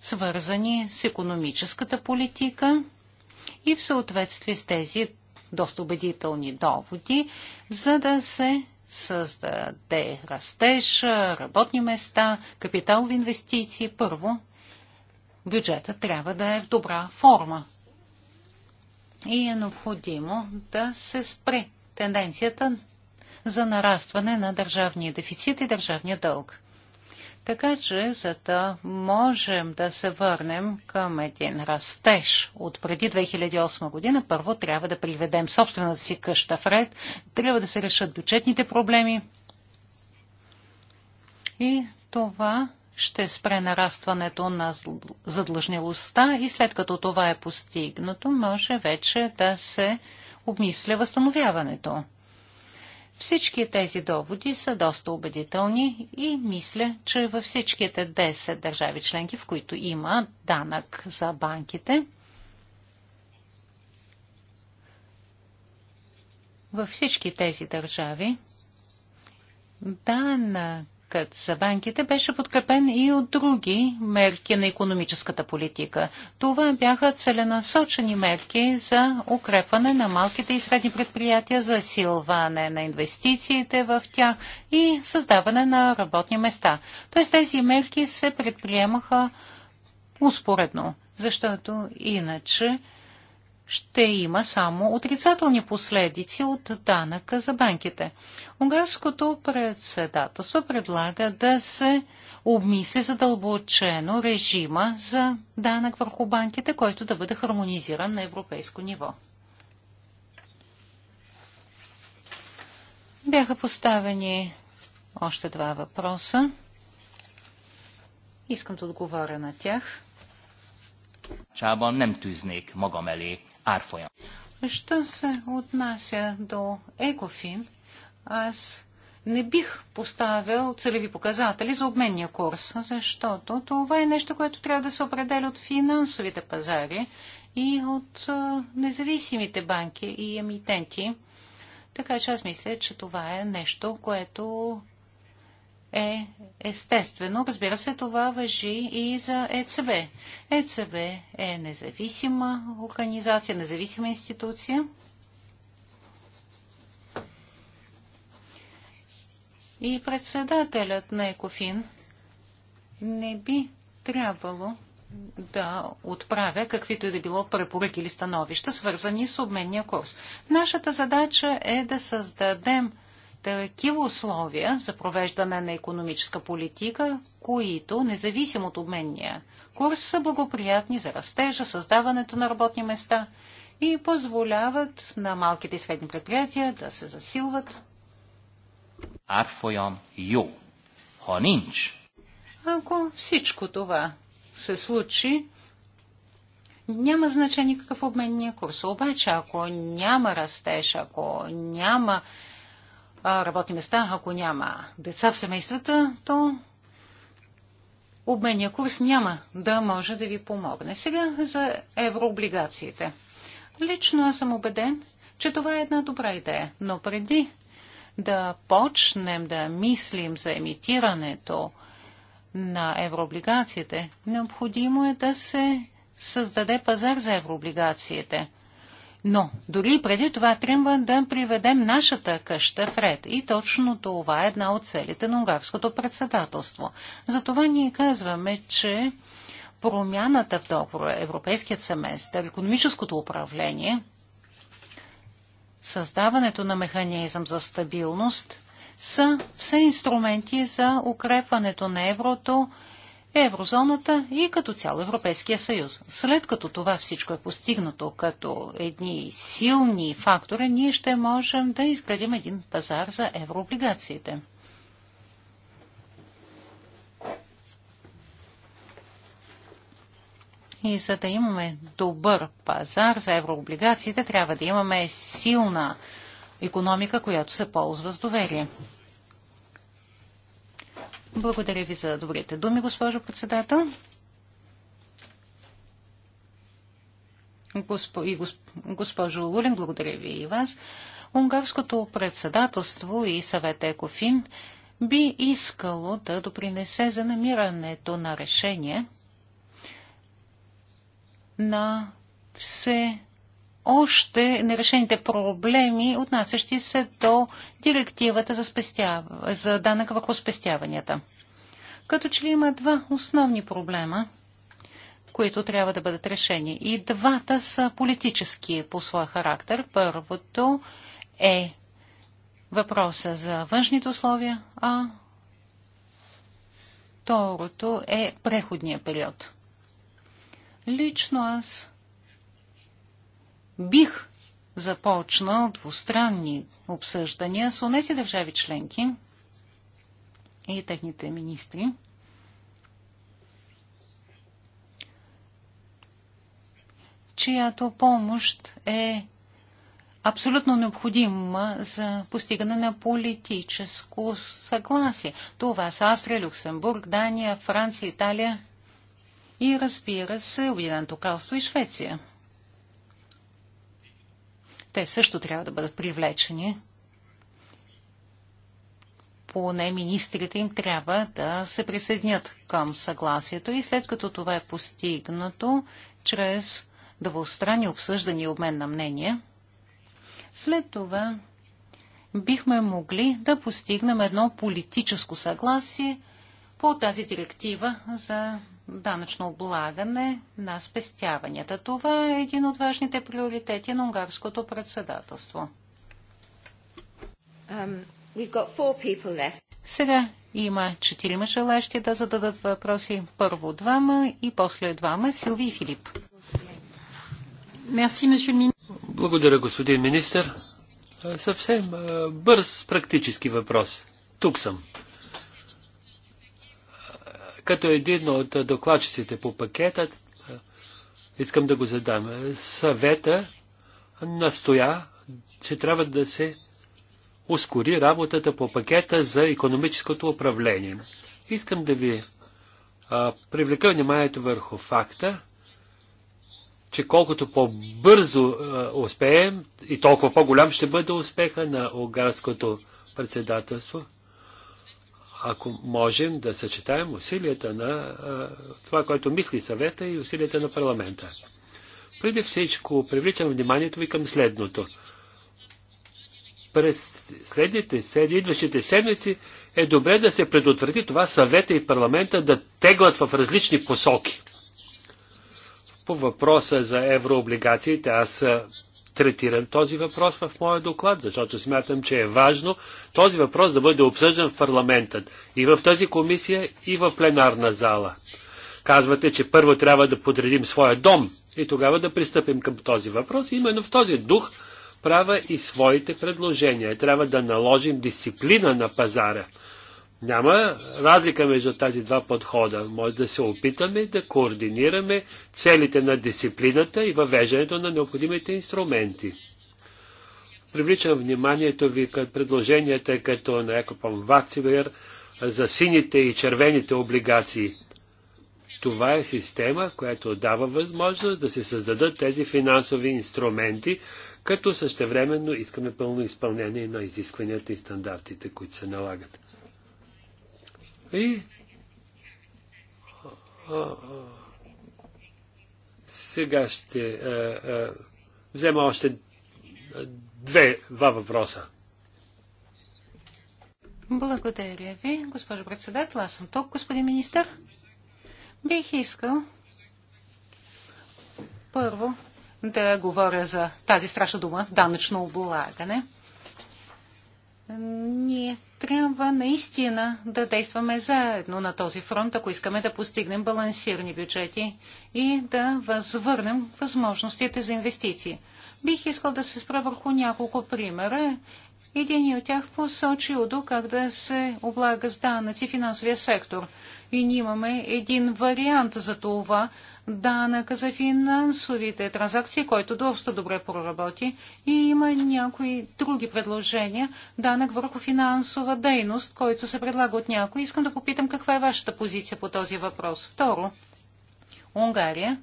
свързани с економическата политика и в съответствие с тези доста убедителни доводи, за да се създаде растеж, работни места, капиталови инвестиции. Първо, бюджета трябва да е в добра форма. И е необходимо да се спре тенденцията за нарастване на държавния дефицит и държавния дълг. Така че, за да можем да се върнем към един растеж от преди 2008 година, първо трябва да приведем собствената си къща в ред, трябва да се решат бюджетните проблеми. И това ще спре нарастването на задлъжнилостта и след като това е постигнато, може вече да се обмисля възстановяването. Всички тези доводи са доста убедителни и мисля, че във всичките 10 държави членки, в които има данък за банките, във всички тези държави данък дългът за банките беше подкрепен и от други мерки на економическата политика. Това бяха целенасочени мерки за укрепване на малките и средни предприятия, за силване на инвестициите в тях и създаване на работни места. Тоест тези мерки се предприемаха успоредно, защото иначе ще има само отрицателни последици от данъка за банките. Унгарското председателство предлага да се обмисли задълбочено режима за данък върху банките, който да бъде хармонизиран на европейско ниво. Бяха поставени още два въпроса. Искам да отговоря на тях. Чабан nem tűznék magam elé árfolyam. Що се отнася до Екофин, аз не бих поставил целеви показатели за обменния курс, защото това е нещо, което трябва да се определя от финансовите пазари и от независимите банки и емитенти. Така че аз мисля, че това е нещо, което е естествено. Разбира се, това въжи и за ЕЦБ. ЕЦБ е независима организация, независима институция. И председателят на ЕКОФИН не би трябвало да отправя каквито и да било препоръки или становища, свързани с обменния курс. Нашата задача е да създадем такива условия за провеждане на економическа политика, които, независимо от обменния курс, са благоприятни за растежа, създаването на работни места и позволяват на малките и средни предприятия да се засилват. Ако всичко това се случи, няма значение какъв обменния курс. Обаче, ако няма растеж, ако няма работни места, ако няма деца в семействата, то обменния курс няма да може да ви помогне. Сега за еврооблигациите. Лично аз съм убеден, че това е една добра идея, но преди да почнем да мислим за емитирането на еврооблигациите, необходимо е да се създаде пазар за еврооблигациите – но дори преди това трябва да приведем нашата къща в ред. И точно това е една от целите на унгарското председателство. Затова ние казваме, че промяната в договора, европейският семестър, економическото управление, създаването на механизъм за стабилност са все инструменти за укрепването на еврото еврозоната и като цяло Европейския съюз. След като това всичко е постигнато като едни силни фактори, ние ще можем да изградим един пазар за еврооблигациите. И за да имаме добър пазар за еврооблигациите, трябва да имаме силна економика, която се ползва с доверие. Благодаря ви за добрите думи, госпожо председател. Госпо... И госпожо Лулин, благодаря ви и вас. Унгарското председателство и съвет Екофин би искало да допринесе за намирането на решение на все още нерешените проблеми, отнасящи се до директивата за, спестяв... за данък върху спестяванията. Като че ли има два основни проблема, които трябва да бъдат решени. И двата са политически по своя характер. Първото е въпроса за външните условия, а второто е преходния период. Лично аз бих започнал двустранни обсъждания с онези държави членки и техните министри, чиято помощ е абсолютно необходима за постигане на политическо съгласие. Това са Австрия, Люксембург, Дания, Франция, Италия и разбира се Обединеното кралство и Швеция. Те също трябва да бъдат привлечени. Поне министрите им трябва да се присъединят към съгласието и след като това е постигнато чрез двустранни обсъждания и обмен на мнение, след това бихме могли да постигнем едно политическо съгласие по тази директива за данъчно облагане на спестяванията. Това е един от важните приоритети на унгарското председателство. Um, Сега има четирима желащи да зададат въпроси. Първо двама и после двама. Силви и Филип. Благодаря, господин министр. Е, съвсем е, бърз практически въпрос. Тук съм. Като един от докладчиците по пакета, искам да го задам. Съвета настоя, че трябва да се ускори работата по пакета за економическото управление. Искам да ви а, привлека вниманието върху факта, че колкото по-бързо успеем и толкова по-голям ще бъде успеха на угарското председателство, ако можем да съчетаем усилията на а, това, което мисли съвета и усилията на парламента. Преди всичко, привличам вниманието ви към следното. През следните седи, идващите седмици е добре да се предотврати това съвета и парламента да теглат в различни посоки. По въпроса за еврооблигациите аз третирам този въпрос в моя доклад, защото смятам, че е важно този въпрос да бъде обсъждан в парламентът и в тази комисия, и в пленарна зала. Казвате, че първо трябва да подредим своя дом и тогава да пристъпим към този въпрос. именно в този дух правя и своите предложения. Трябва да наложим дисциплина на пазара. Няма разлика между тази два подхода. Може да се опитаме да координираме целите на дисциплината и въвеждането на необходимите инструменти. Привличам вниманието ви към предложенията като на Екопан Вацивер за сините и червените облигации. Това е система, която дава възможност да се създадат тези финансови инструменти, като същевременно искаме пълно изпълнение на изискванията и стандартите, които се налагат. И а, а, сега ще а, взема още две, два въпроса. Благодаря ви, госпожо председател. Аз съм тук, господин министър. Бих искал първо да говоря за тази страшна дума данъчно облагане. Ние трябва наистина да действаме заедно на този фронт, ако искаме да постигнем балансирани бюджети и да възвърнем възможностите за инвестиции. Бих искал да се спра върху няколко примера един от тях посочи ОДО как да се облага с данъци финансовия сектор. И ние имаме един вариант за това данък за финансовите транзакции, който доста добре проработи. И има някои други предложения. Данък върху финансова дейност, който се предлага от някой. Искам да попитам каква е вашата позиция по този въпрос. Второ, Унгария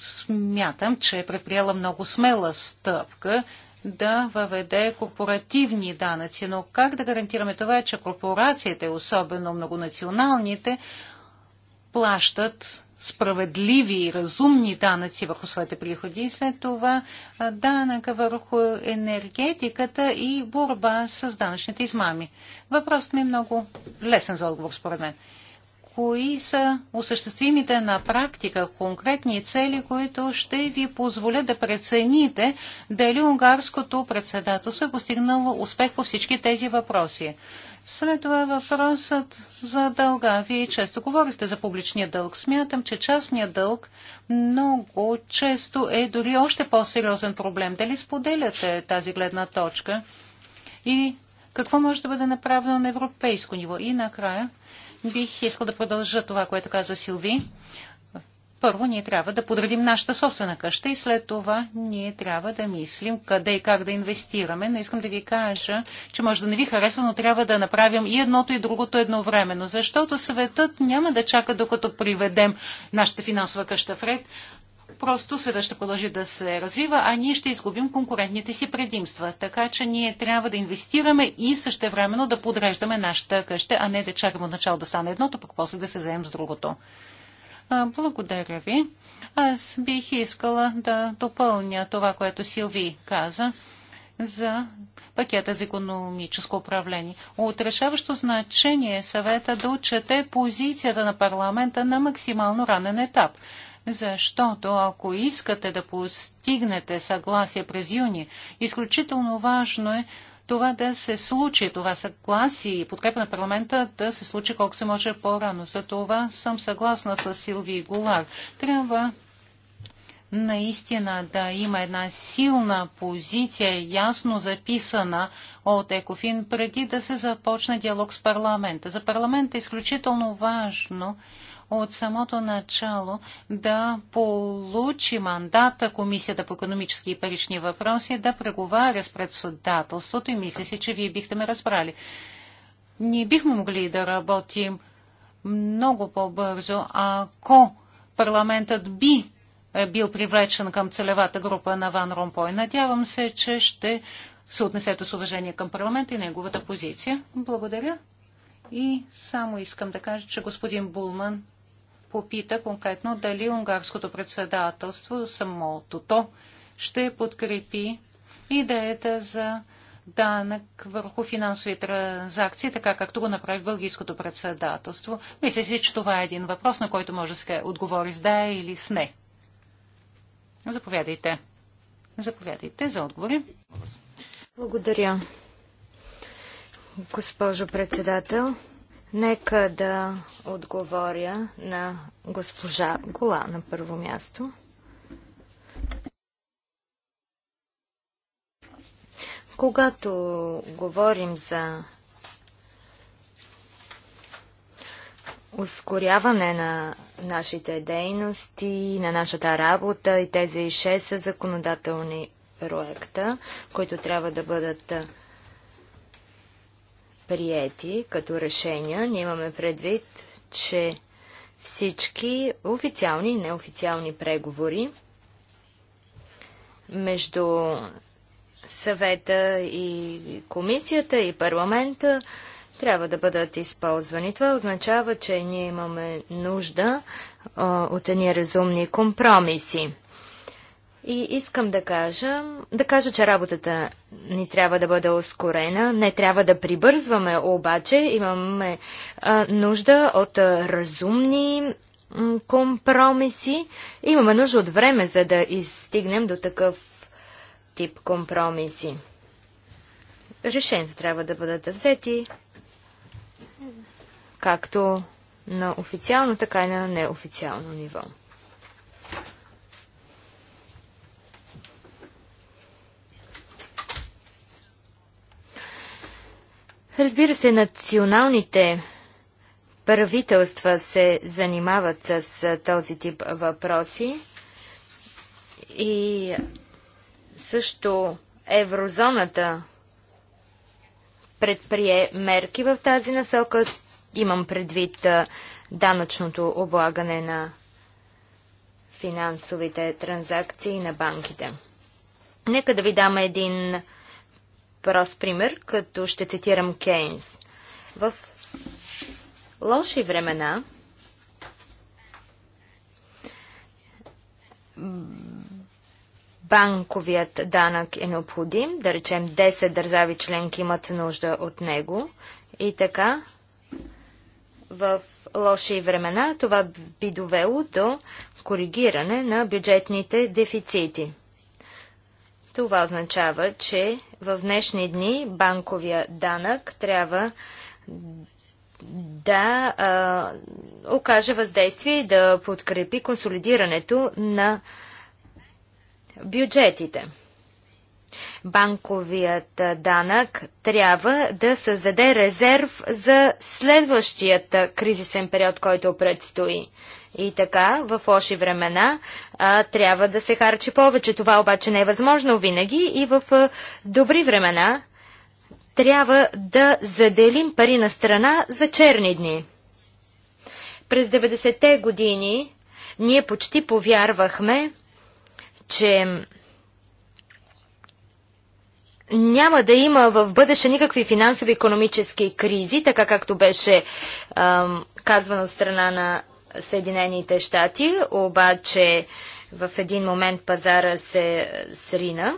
смятам, че е предприела много смела стъпка да въведе корпоративни данъци. Но как да гарантираме това, че корпорациите, особено многонационалните, плащат справедливи и разумни данъци върху своите приходи и след това данъка върху енергетиката и борба с данъчните измами. Въпросът ми е много лесен за отговор, според мен кои са осъществимите на практика конкретни цели, които ще ви позволят да прецените дали унгарското председателство е постигнало успех по всички тези въпроси. След това въпросът за дълга. Вие често говорихте за публичния дълг. Смятам, че частният дълг много често е дори още по-сериозен проблем. Дали споделяте тази гледна точка? И какво може да бъде направено на европейско ниво? И накрая, Бих искал да продължа това, което каза Силви. Първо, ние трябва да подредим нашата собствена къща и след това ние трябва да мислим къде и как да инвестираме. Но искам да ви кажа, че може да не ви харесва, но трябва да направим и едното и другото едновременно, защото съветът няма да чака докато приведем нашата финансова къща в ред, просто света ще продължи да се развива, а ние ще изгубим конкурентните си предимства. Така че ние трябва да инвестираме и същевременно да подреждаме нашата къща, а не да чакаме от начало да стане едното, пък после да се заем с другото. Благодаря ви. Аз бих искала да допълня това, което Силви каза за пакета за економическо управление. Отрешаващо значение е съвета да отчете позицията на парламента на максимално ранен етап защото ако искате да постигнете съгласие през юни, изключително важно е това да се случи, това съгласие и подкрепа на парламента да се случи колко се може по-рано. За това съм съгласна с Силви Голар. Трябва наистина да има една силна позиция, ясно записана от Екофин, преди да се започне диалог с парламента. За парламента е изключително важно от самото начало да получи мандата Комисията по економически и парични въпроси да преговаря с председателството и мисля си, че вие бихте ме разбрали. Ние бихме могли да работим много по-бързо, ако парламентът би е бил привлечен към целевата група на Ван Ромпой. Надявам се, че ще се отнесете с уважение към парламента и неговата позиция. Благодаря. И само искам да кажа, че господин Булман попита конкретно дали унгарското председателство, самото то, ще подкрепи идеята за данък върху финансови транзакции, така както го направи Бългийското председателство. Мисля си, че това е един въпрос, на който може да се отговори с да или с не. Заповядайте. Заповядайте за отговори. Благодаря. Госпожо председател, Нека да отговоря на госпожа Гола на първо място. Когато говорим за ускоряване на нашите дейности, на нашата работа и тези 6 законодателни проекта, които трябва да бъдат приети като решения. Ние имаме предвид, че всички официални и неофициални преговори между съвета и комисията и парламента трябва да бъдат използвани. Това означава, че ние имаме нужда а, от едни разумни компромиси. И искам да кажа, да кажа, че работата ни трябва да бъде ускорена. Не трябва да прибързваме, обаче имаме а, нужда от а, разумни м, компромиси. Имаме нужда от време, за да изстигнем до такъв тип компромиси. Решенията трябва да бъдат взети както на официално, така и на неофициално ниво. Разбира се, националните правителства се занимават с този тип въпроси и също еврозоната предприе мерки в тази насока. Имам предвид данъчното облагане на финансовите транзакции на банките. Нека да ви дам един прост пример, като ще цитирам Кейнс. В лоши времена банковият данък е необходим, да речем 10 държави членки имат нужда от него и така в лоши времена това би довело до коригиране на бюджетните дефицити. Това означава, че в днешни дни банковия данък трябва да а, окаже въздействие и да подкрепи консолидирането на бюджетите. Банковият данък трябва да създаде резерв за следващият кризисен период, който предстои. И така, в лоши времена а, трябва да се харчи повече. Това обаче не е възможно винаги и в а, добри времена трябва да заделим пари на страна за черни дни. През 90-те години ние почти повярвахме, че няма да има в бъдеще никакви финансови-економически кризи, така както беше ам, казвано от страна на Съединените щати, обаче в един момент пазара се срина.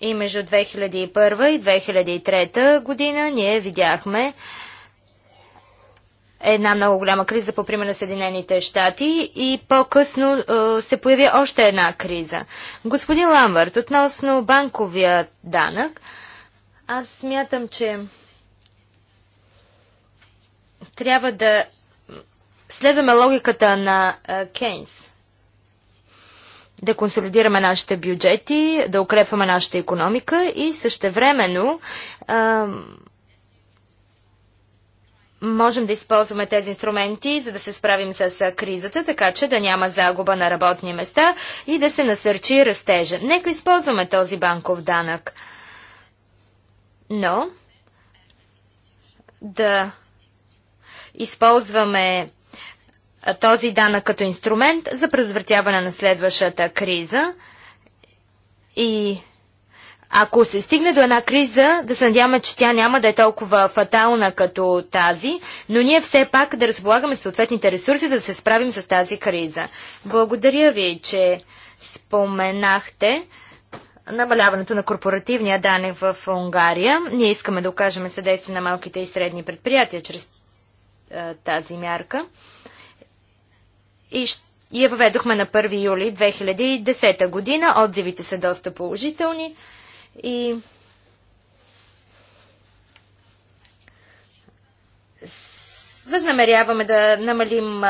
И между 2001 и 2003 година ние видяхме една много голяма криза по пример на Съединените щати и по-късно е, се появи още една криза. Господин Ламбърт, относно банковия данък, аз смятам, че трябва да следваме логиката на е, Кейнс. Да консолидираме нашите бюджети, да укрепваме нашата економика и същевременно а, можем да използваме тези инструменти, за да се справим с е, кризата, така че да няма загуба на работни места и да се насърчи растежа. Нека използваме този банков данък. Но да използваме този данък като инструмент за предотвратяване на следващата криза и ако се стигне до една криза, да се надяваме, че тя няма да е толкова фатална като тази, но ние все пак да разполагаме съответните ресурси да се справим с тази криза. Благодаря ви, че споменахте намаляването на корпоративния данък в Унгария. Ние искаме да окажем съдействие на малките и средни предприятия чрез тази мярка и я въведохме на 1 юли 2010 година. Отзивите са доста положителни и възнамеряваме да намалим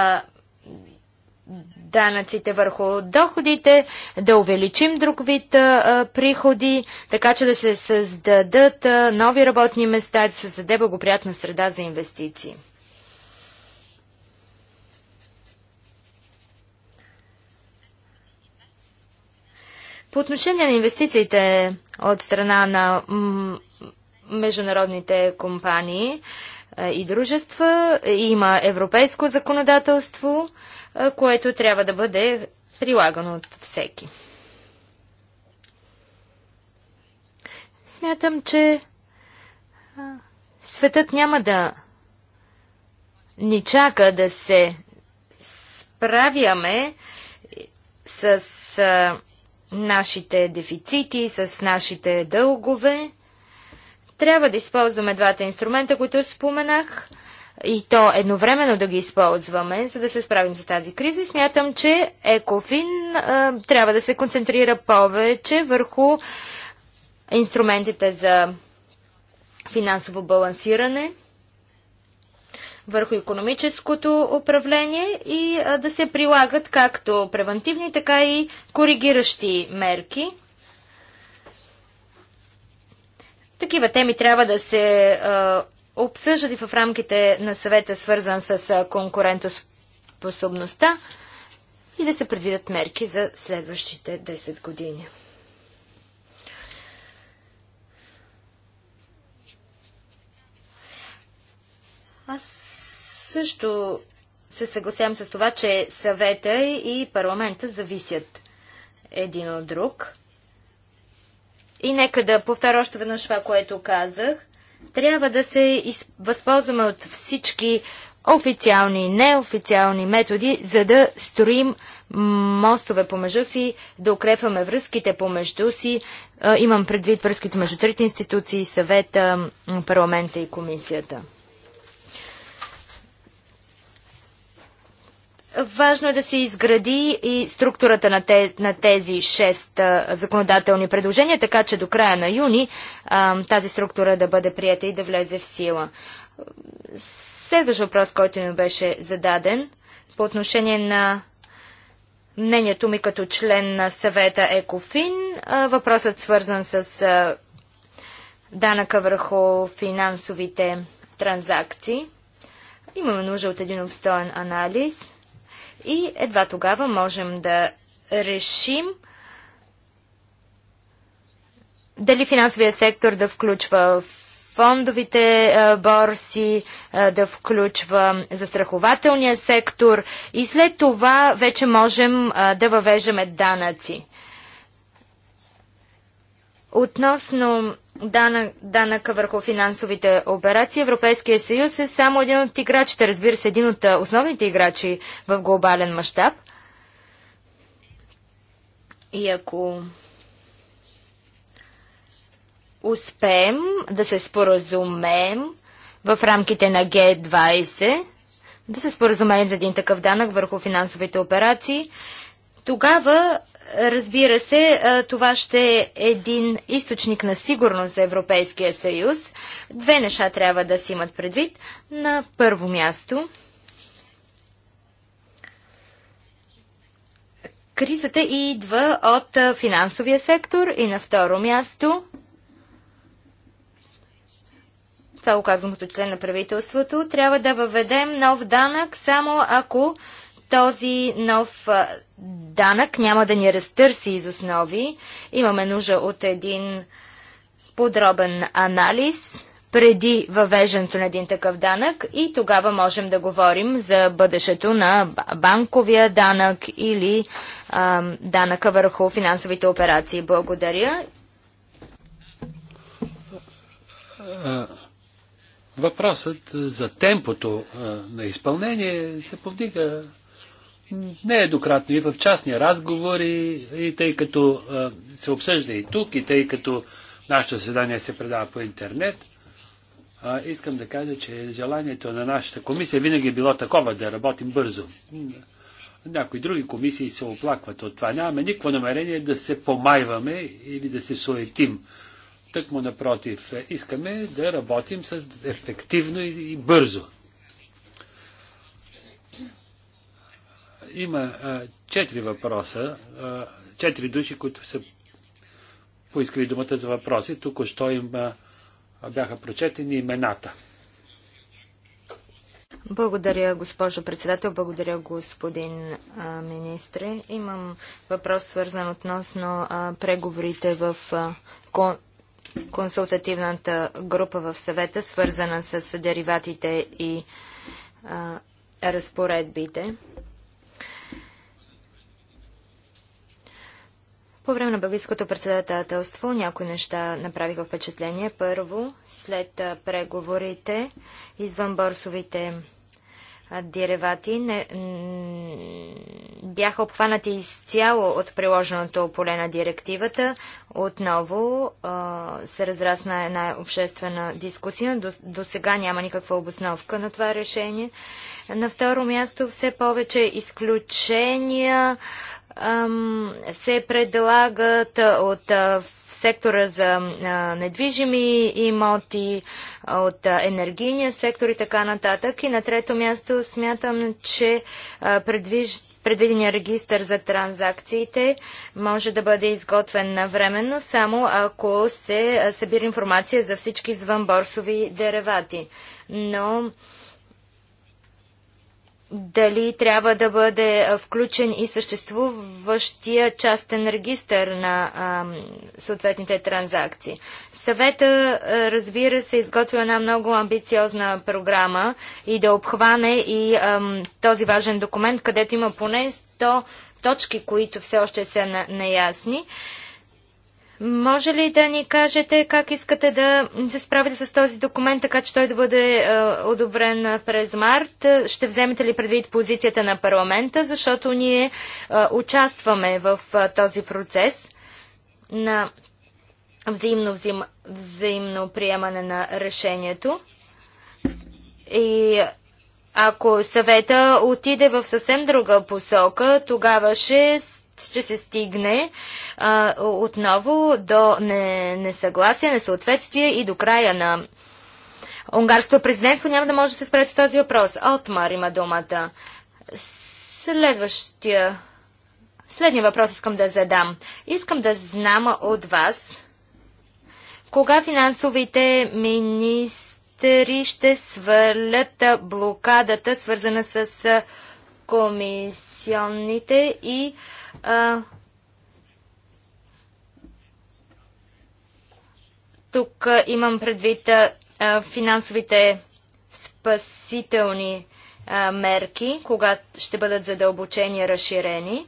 данъците върху доходите, да увеличим друг вид а, приходи, така че да се създадат а, нови работни места, да се създаде благоприятна среда за инвестиции. По отношение на инвестициите от страна на международните компании е, и дружества, е, има европейско законодателство, е, което трябва да бъде прилагано от всеки. Смятам, че светът няма да ни чака да се справяме с нашите дефицити, с нашите дългове. Трябва да използваме двата инструмента, които споменах и то едновременно да ги използваме, за да се справим с тази криза. И смятам, че Екофин а, трябва да се концентрира повече върху инструментите за финансово балансиране – върху економическото управление и да се прилагат както превентивни, така и коригиращи мерки. Такива теми трябва да се обсъждат и в рамките на съвета, свързан с конкурентоспособността и да се предвидят мерки за следващите 10 години. Аз също се съгласявам с това, че съвета и парламента зависят един от друг. И нека да повторя още веднъж това, което казах. Трябва да се из... възползваме от всички официални и неофициални методи, за да строим мостове помежду си, да укрепваме връзките помежду си. Имам предвид връзките между трите институции, съвета, парламента и комисията. Важно е да се изгради и структурата на, те, на тези шест а, законодателни предложения, така че до края на юни а, тази структура да бъде прията и да влезе в сила. Следващ въпрос, който ми беше зададен по отношение на мнението ми като член на съвета ЕКОФИН, а, въпросът свързан с а, данъка върху финансовите транзакции. Имаме нужда от един обстоен анализ – и едва тогава можем да решим дали финансовия сектор да включва фондовите е, борси, е, да включва застрахователния сектор и след това вече можем е, да въвеждаме данъци. Относно данък, данъка върху финансовите операции. Европейския съюз е само един от играчите, разбира се, един от основните играчи в глобален мащаб. И ако успеем да се споразумеем в рамките на Г20, да се споразумеем за един такъв данък върху финансовите операции, тогава Разбира се, това ще е един източник на сигурност за Европейския съюз. Две неща трябва да си имат предвид. На първо място, кризата идва от финансовия сектор и на второ място, това го казвам като член на правителството, трябва да въведем нов данък само ако този нов данък няма да ни разтърси из основи. Имаме нужда от един подробен анализ преди въвеждането на един такъв данък и тогава можем да говорим за бъдещето на банковия данък или а, данъка върху финансовите операции. Благодаря. Въпросът за темпото на изпълнение се повдига нееднократно е и в частни разговори, и тъй като а, се обсъжда и тук, и тъй като нашето заседание се предава по интернет, а, искам да кажа, че желанието на нашата комисия винаги е било такова да работим бързо. Някои други комисии се оплакват от това. Нямаме никакво намерение да се помайваме или да се суетим. Тъкмо напротив, искаме да работим с ефективно и, и бързо. има а, четири въпроса, а, четири души, които са поискали думата за въпроси. тук що им а, бяха прочетени имената. Благодаря, госпожо председател. Благодаря, господин а, министре. Имам въпрос свързан относно а, преговорите в а, кон, консултативната група в съвета, свързана с дериватите и разпоредбите. По време на Бългийското председателство някои неща направиха впечатление. Първо, след преговорите, извън борсовите деревати не, бяха обхванати изцяло от приложеното поле на директивата. Отново се разрасна една обществена дискусия. До, до сега няма никаква обосновка на това решение. На второ място все повече изключения се предлагат от сектора за недвижими имоти, от енергийния сектор и така нататък. И на трето място смятам, че предвижда Предвидения регистр за транзакциите може да бъде изготвен навременно, само ако се събира информация за всички извънборсови деревати. Но дали трябва да бъде включен и съществуващия частен регистр на а, съответните транзакции. Съвета, разбира се, изготвя една много амбициозна програма и да обхване и а, този важен документ, където има поне 100 точки, които все още са неясни. На, може ли да ни кажете как искате да се справите с този документ, така че той да бъде е, одобрен през март? Ще вземете ли предвид позицията на парламента, защото ние е, участваме в е, този процес на взаимно, взаим, взаимно приемане на решението? И ако съвета отиде в съвсем друга посока, тогава ще ще се стигне а, отново до не, несъгласие, несъответствие и до края на унгарското президентство няма да може да се спре с този въпрос. Отмар има думата. Следващия. Следния въпрос искам да задам. Искам да знам от вас, кога финансовите министри ще свалят блокадата, свързана с комисионните и а, а, тук имам предвид а, финансовите спасителни а, мерки, когато ще бъдат задълбочени и разширени.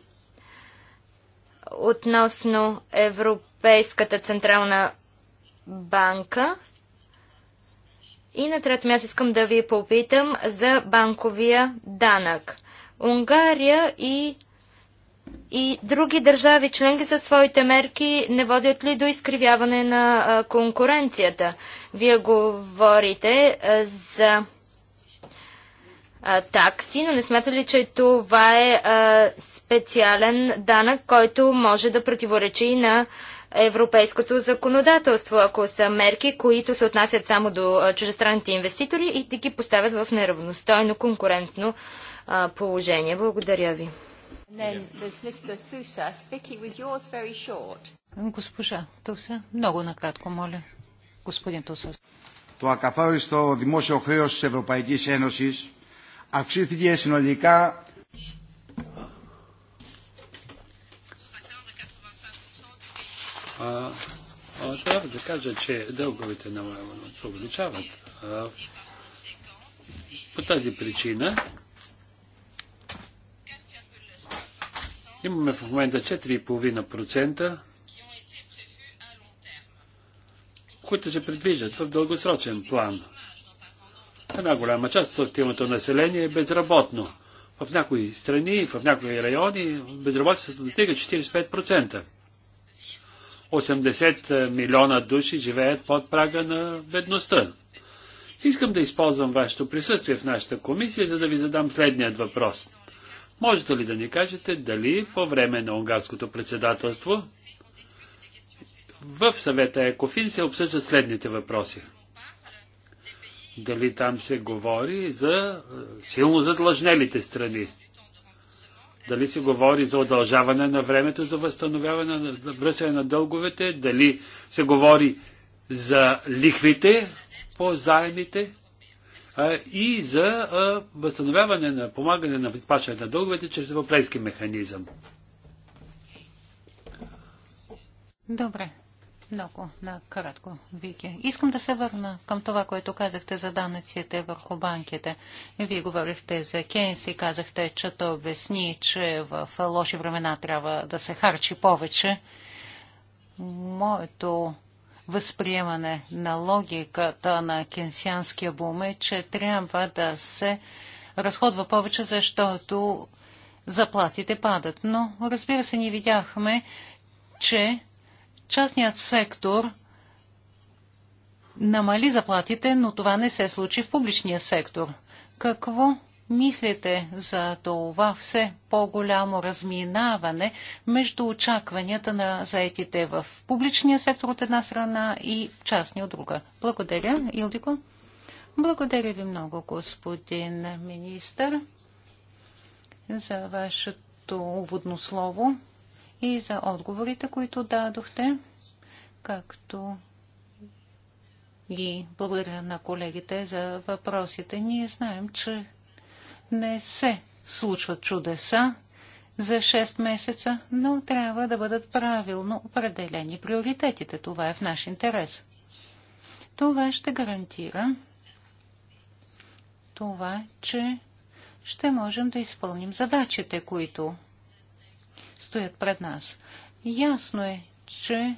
Относно Европейската централна банка. И на трето място искам да ви попитам за банковия данък. Унгария и и други държави членки със своите мерки не водят ли до изкривяване на конкуренцията? Вие говорите за такси, но не смята ли, че това е специален данък, който може да противоречи на европейското законодателство, ако са мерки, които се отнасят само до чужестранните инвеститори и да ги поставят в неравностойно конкурентно положение? Благодаря ви. Госпожа Туса, много накратко, моля. Господин Туса. Το ακαθόριστο δημόσιο χρέος της Ευρωπαϊκής Ένωσης αυξήθηκε συνολικά А, а, трябва да Имаме в момента 4,5%, които се предвиждат в дългосрочен план. Една голяма част от активното население е безработно. В някои страни, в някои райони безработицата достига 45%. 80 милиона души живеят под прага на бедността. Искам да използвам вашето присъствие в нашата комисия, за да ви задам следният въпрос – Можете ли да ни кажете дали по време на унгарското председателство в съвета Екофин се обсъждат следните въпроси? Дали там се говори за е, силно задлъжнелите страни? Дали се говори за удължаване на времето за възстановяване, за връщане на дълговете? Дали се говори за лихвите по заемите? и за възстановяване на помагане на изплащане на дълговете чрез европейски механизъм. Добре. Много накратко, Вики. Искам да се върна към това, което казахте за данъците върху банките. Вие говорихте за Кейнс и казахте, че то обясни, че в лоши времена трябва да се харчи повече. Моето възприемане на логиката на кенсианския бум е, че трябва да се разходва повече, защото заплатите падат. Но, разбира се, ние видяхме, че частният сектор намали заплатите, но това не се случи в публичния сектор. Какво мислите за това все по-голямо разминаване между очакванията на заетите в публичния сектор от една страна и частния от друга? Благодаря, Илдико. Благодаря ви много, господин министър, за вашето уводно слово и за отговорите, които дадохте, както и благодаря на колегите за въпросите. Ние знаем, че не се случват чудеса за 6 месеца, но трябва да бъдат правилно определени приоритетите. Това е в наш интерес. Това ще гарантира това, че ще можем да изпълним задачите, които стоят пред нас. Ясно е, че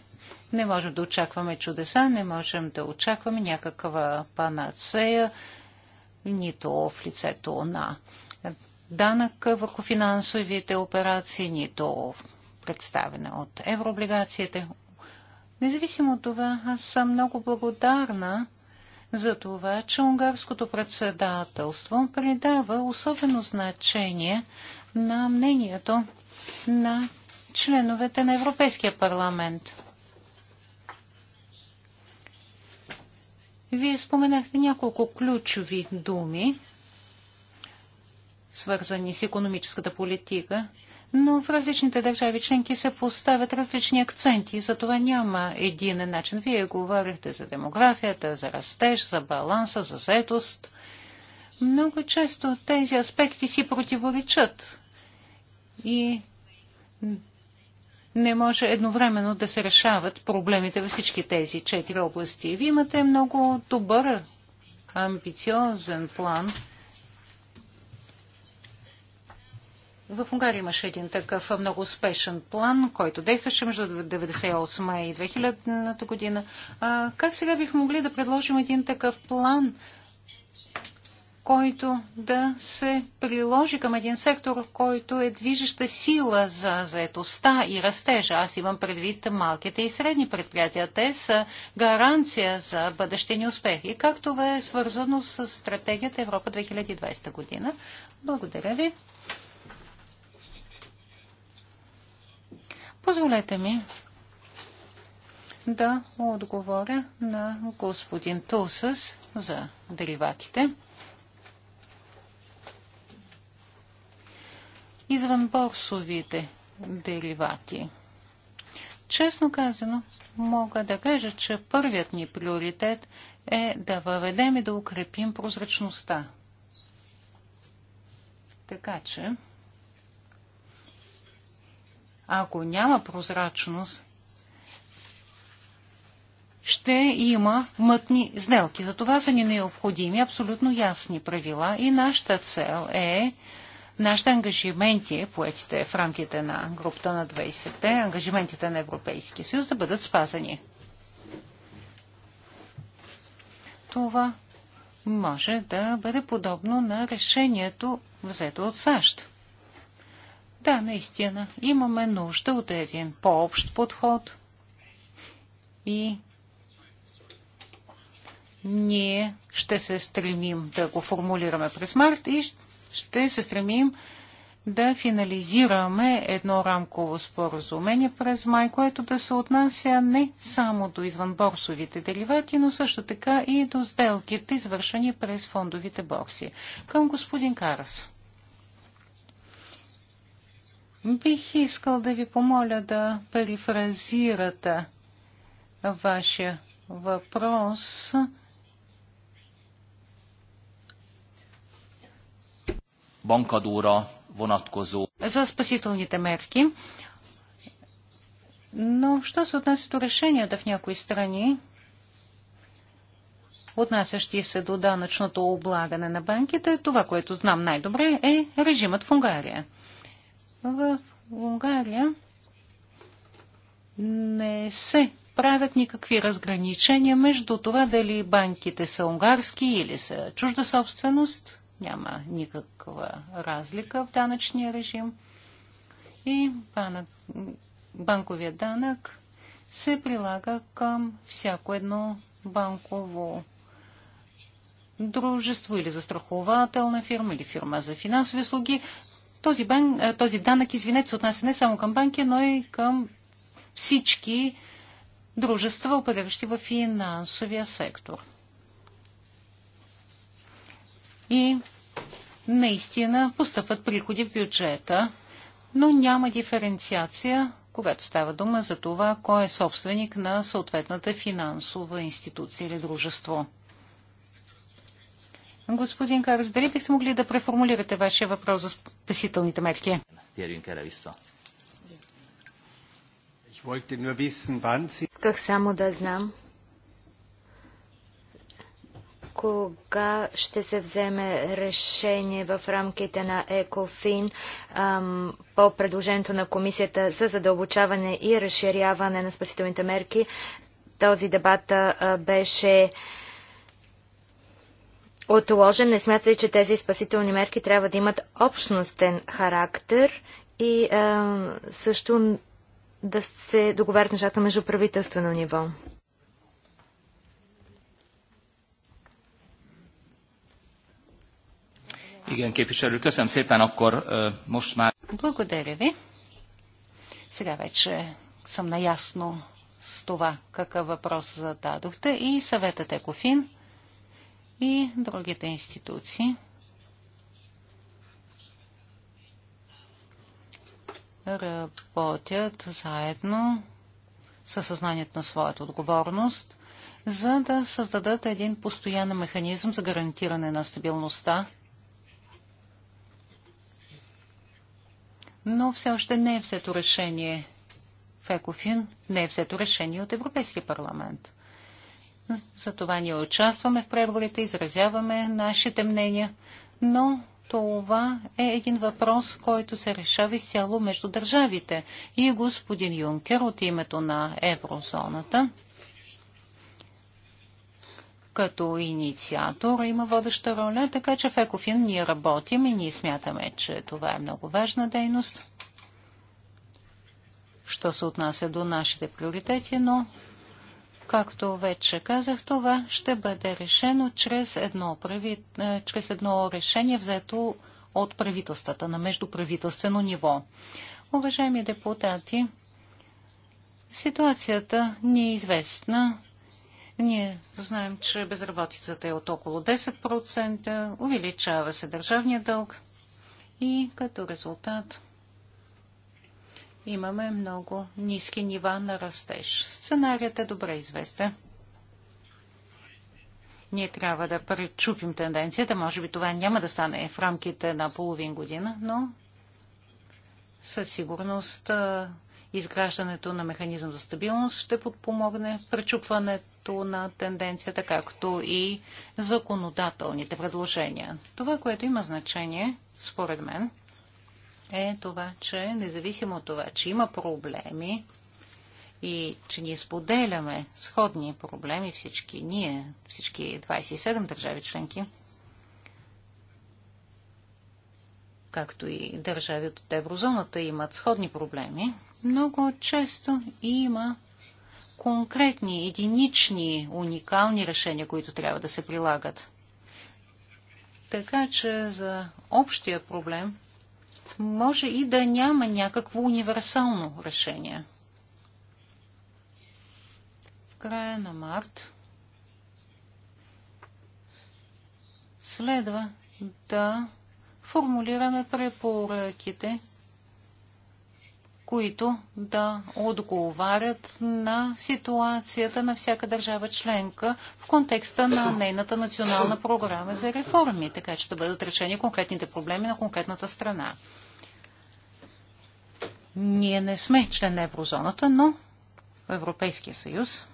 не можем да очакваме чудеса, не можем да очакваме някаква панацея, нито в лицето на данък върху финансовите операции, нито представена от еврооблигациите. Независимо от това, аз съм много благодарна за това, че унгарското председателство придава особено значение на мнението на членовете на Европейския парламент. Вие споменахте няколко ключови думи, свързани с економическата политика, но в различните държави членки се поставят различни акценти и за това няма един начин. Вие говорихте за демографията, за растеж, за баланса, за заедост. Много често тези аспекти си противоречат и не може едновременно да се решават проблемите във всички тези четири области. Вие имате много добър, амбициозен план. В Унгария имаше един такъв много успешен план, който действаше между 1998 и 2000 година. А, как сега бих могли да предложим един такъв план който да се приложи към един сектор, който е движеща сила за заетостта и растежа. Аз имам предвид малките и средни предприятия. Те са гаранция за бъдещи ни успехи, както е свързано с стратегията Европа 2020 година. Благодаря ви. Позволете ми да отговоря на господин Тусъс за дериватите. извънборсовите деривати. Честно казано, мога да кажа, че първият ни приоритет е да въведем и да укрепим прозрачността. Така че, ако няма прозрачност, ще има мътни сделки. За това са ни необходими абсолютно ясни правила и нашата цел е нашите ангажименти, поетите в рамките на групата на 20-те, ангажиментите на Европейския съюз да бъдат спазани. Това може да бъде подобно на решението взето от САЩ. Да, наистина, имаме нужда от един по-общ подход и ние ще се стремим да го формулираме през март и ще се стремим да финализираме едно рамково споразумение през май, което да се отнася не само до извънборсовите деривати, но също така и до сделките, извършени през фондовите борси. Към господин Карас. Бих искал да ви помоля да перифразирате вашия въпрос bankadóra vonatkozó. За спасителните мерки. Но що се отнася до решенията в някои страни, отнасящи се до данъчното облагане на банките, това, което знам най-добре, е режимът в Унгария. В Унгария не се правят никакви разграничения между това дали банките са унгарски или са чужда собственост няма никаква разлика в данъчния режим. И банък, банковия данък се прилага към всяко едно банково дружество или застрахователна фирма или фирма за финансови услуги. Този, бан, е, този данък, извинете, се отнася не само към банки, но и към всички дружества, опериращи в финансовия сектор и наистина постъпват приходи в бюджета, но няма диференциация, когато става дума за това, кой е собственик на съответната финансова институция или дружество. Господин Карас, дали бихте могли да преформулирате вашия въпрос за спасителните мерки? Исках само да знам кога ще се вземе решение в рамките на ЕКОФИН ам, по предложението на комисията за задълбочаване и разширяване на спасителните мерки. Този дебат а, беше отложен. Не смятате, че тези спасителни мерки трябва да имат общностен характер и също да се договарят нещата между правителствено ниво. Igen, képviselő, köszönöm szépen, akkor most már... Благодаря ви. Сега вече съм наясно с това какъв въпрос зададохте и съветът Екофин и другите институции. работят заедно със съзнанието на своята отговорност, за да създадат един постоянен механизъм за гарантиране на стабилността но все още не е взето решение в Екофин, не е взето решение от Европейския парламент. Затова ние участваме в преговорите, изразяваме нашите мнения, но това е един въпрос, който се решава изцяло между държавите. И господин Юнкер от името на еврозоната като инициатор има водеща роля, така че в Екофин ние работим и ние смятаме, че това е много важна дейност, що се отнася до нашите приоритети, но Както вече казах, това ще бъде решено чрез едно, прави... Е, чрез едно решение, взето от правителствата на междуправителствено ниво. Уважаеми депутати, ситуацията ни е известна ние знаем, че безработицата е от около 10%, увеличава се държавния дълг и като резултат имаме много ниски нива на растеж. Сценарият е добре известен. Ние трябва да пречупим тенденцията. Може би това няма да стане в рамките на половин година, но със сигурност изграждането на механизъм за стабилност ще подпомогне пречупването развитието на тенденцията, както и законодателните предложения. Това, което има значение, според мен, е това, че независимо от това, че има проблеми и че ние споделяме сходни проблеми всички ние, всички 27 държави членки, както и държави от еврозоната имат сходни проблеми, много често има конкретни, единични, уникални решения, които трябва да се прилагат. Така че за общия проблем може и да няма някакво универсално решение. В края на март следва да формулираме препоръките които да отговарят на ситуацията на всяка държава членка в контекста на нейната национална програма за реформи, така че да бъдат решени конкретните проблеми на конкретната страна. Ние не сме член на еврозоната, но в Европейския съюз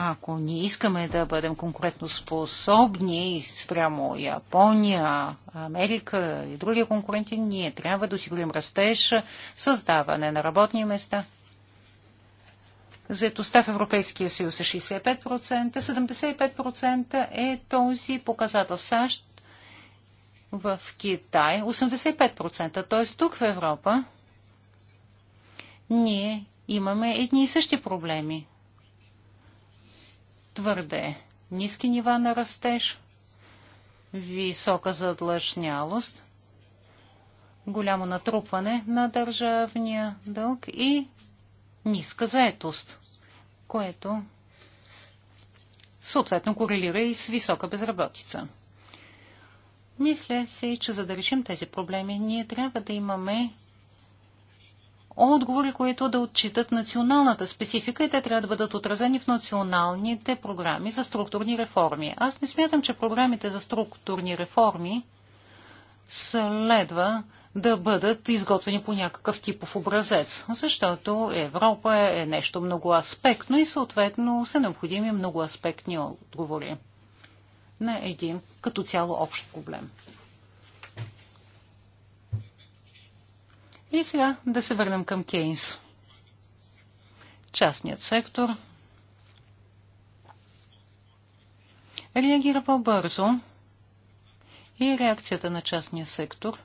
ако ние искаме да бъдем конкурентоспособни спрямо Япония, Америка и други конкуренти, ние трябва да осигурим растеж, създаване на работни места. Заетостта в Европейския съюз е 65%, 75% е този показател в САЩ, в Китай 85%. Т.е. тук в Европа ние имаме едни и същи проблеми твърде ниски нива на растеж, висока задлъжнялост, голямо натрупване на държавния дълг и ниска заетост, което съответно корелира и с висока безработица. Мисля си, че за да решим тези проблеми, ние трябва да имаме отговори, които да отчитат националната специфика и те трябва да бъдат отразени в националните програми за структурни реформи. Аз не смятам, че програмите за структурни реформи следва да бъдат изготвени по някакъв типов образец, защото Европа е, е нещо многоаспектно и съответно са необходими многоаспектни отговори на един като цяло общ проблем. И сега да се върнем към Кейнс. Частният сектор реагира по-бързо и реакцията на частния сектор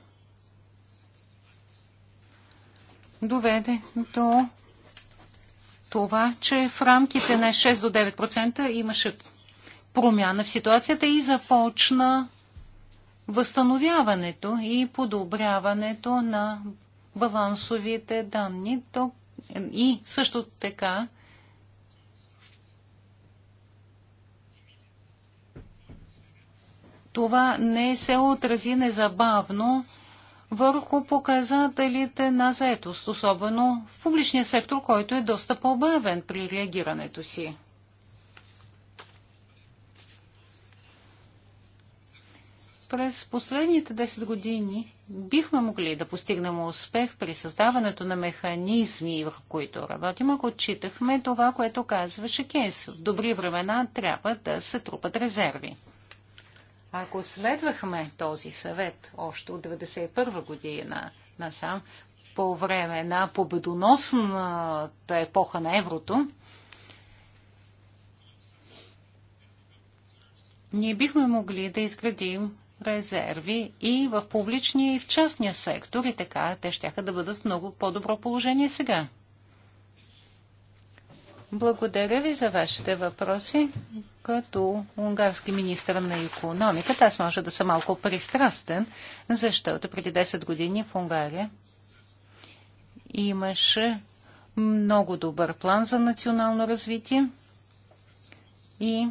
доведе до това, че в рамките на 6 до 9% имаше промяна в ситуацията и започна възстановяването и подобряването на балансовите данни то и също така това не се отрази незабавно върху показателите на заетост, особено в публичния сектор, който е доста по-бавен при реагирането си. през последните 10 години бихме могли да постигнем успех при създаването на механизми, върху които работим, ако отчитахме това, което казваше Кейс. В добри времена трябва да се трупат резерви. Ако следвахме този съвет още от 1991 година насам, по време на победоносната епоха на еврото, ние бихме могли да изградим резерви и в публичния и в частния сектор и така те ще да бъдат в много по-добро положение сега. Благодаря ви за вашите въпроси. Като унгарски министр на економиката, аз може да съм малко пристрастен, защото преди 10 години в Унгария имаше много добър план за национално развитие и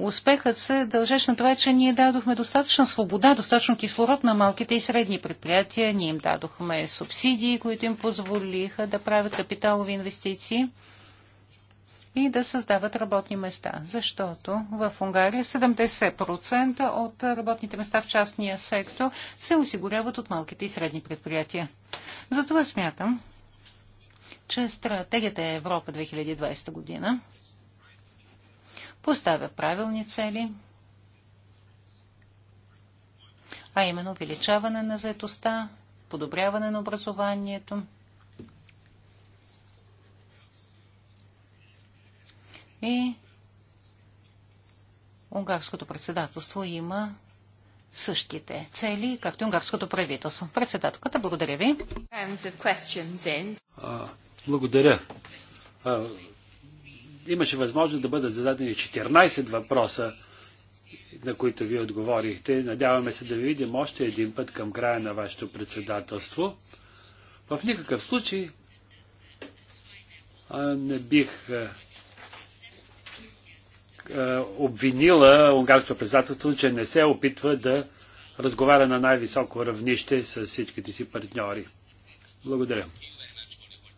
Успехът се дължеше на това, че ние дадохме достатъчна свобода, достатъчно кислород на малките и средни предприятия. Ние им дадохме субсидии, които им позволиха да правят капиталови инвестиции и да създават работни места. Защото в Унгария 70% от работните места в частния сектор се осигуряват от малките и средни предприятия. Затова смятам, че стратегията Европа 2020 година поставя правилни цели, а именно увеличаване на заетостта, подобряване на образованието. И унгарското председателство има същите цели, както и унгарското правителство. Председателката, благодаря ви. Благодаря. Имаше възможност да бъдат зададени 14 въпроса, на които ви отговорихте. Надяваме се да ви видим още един път към края на вашето председателство. В никакъв случай не бих обвинила унгарското председателство, че не се опитва да разговаря на най-високо равнище с всичките си партньори. Благодаря.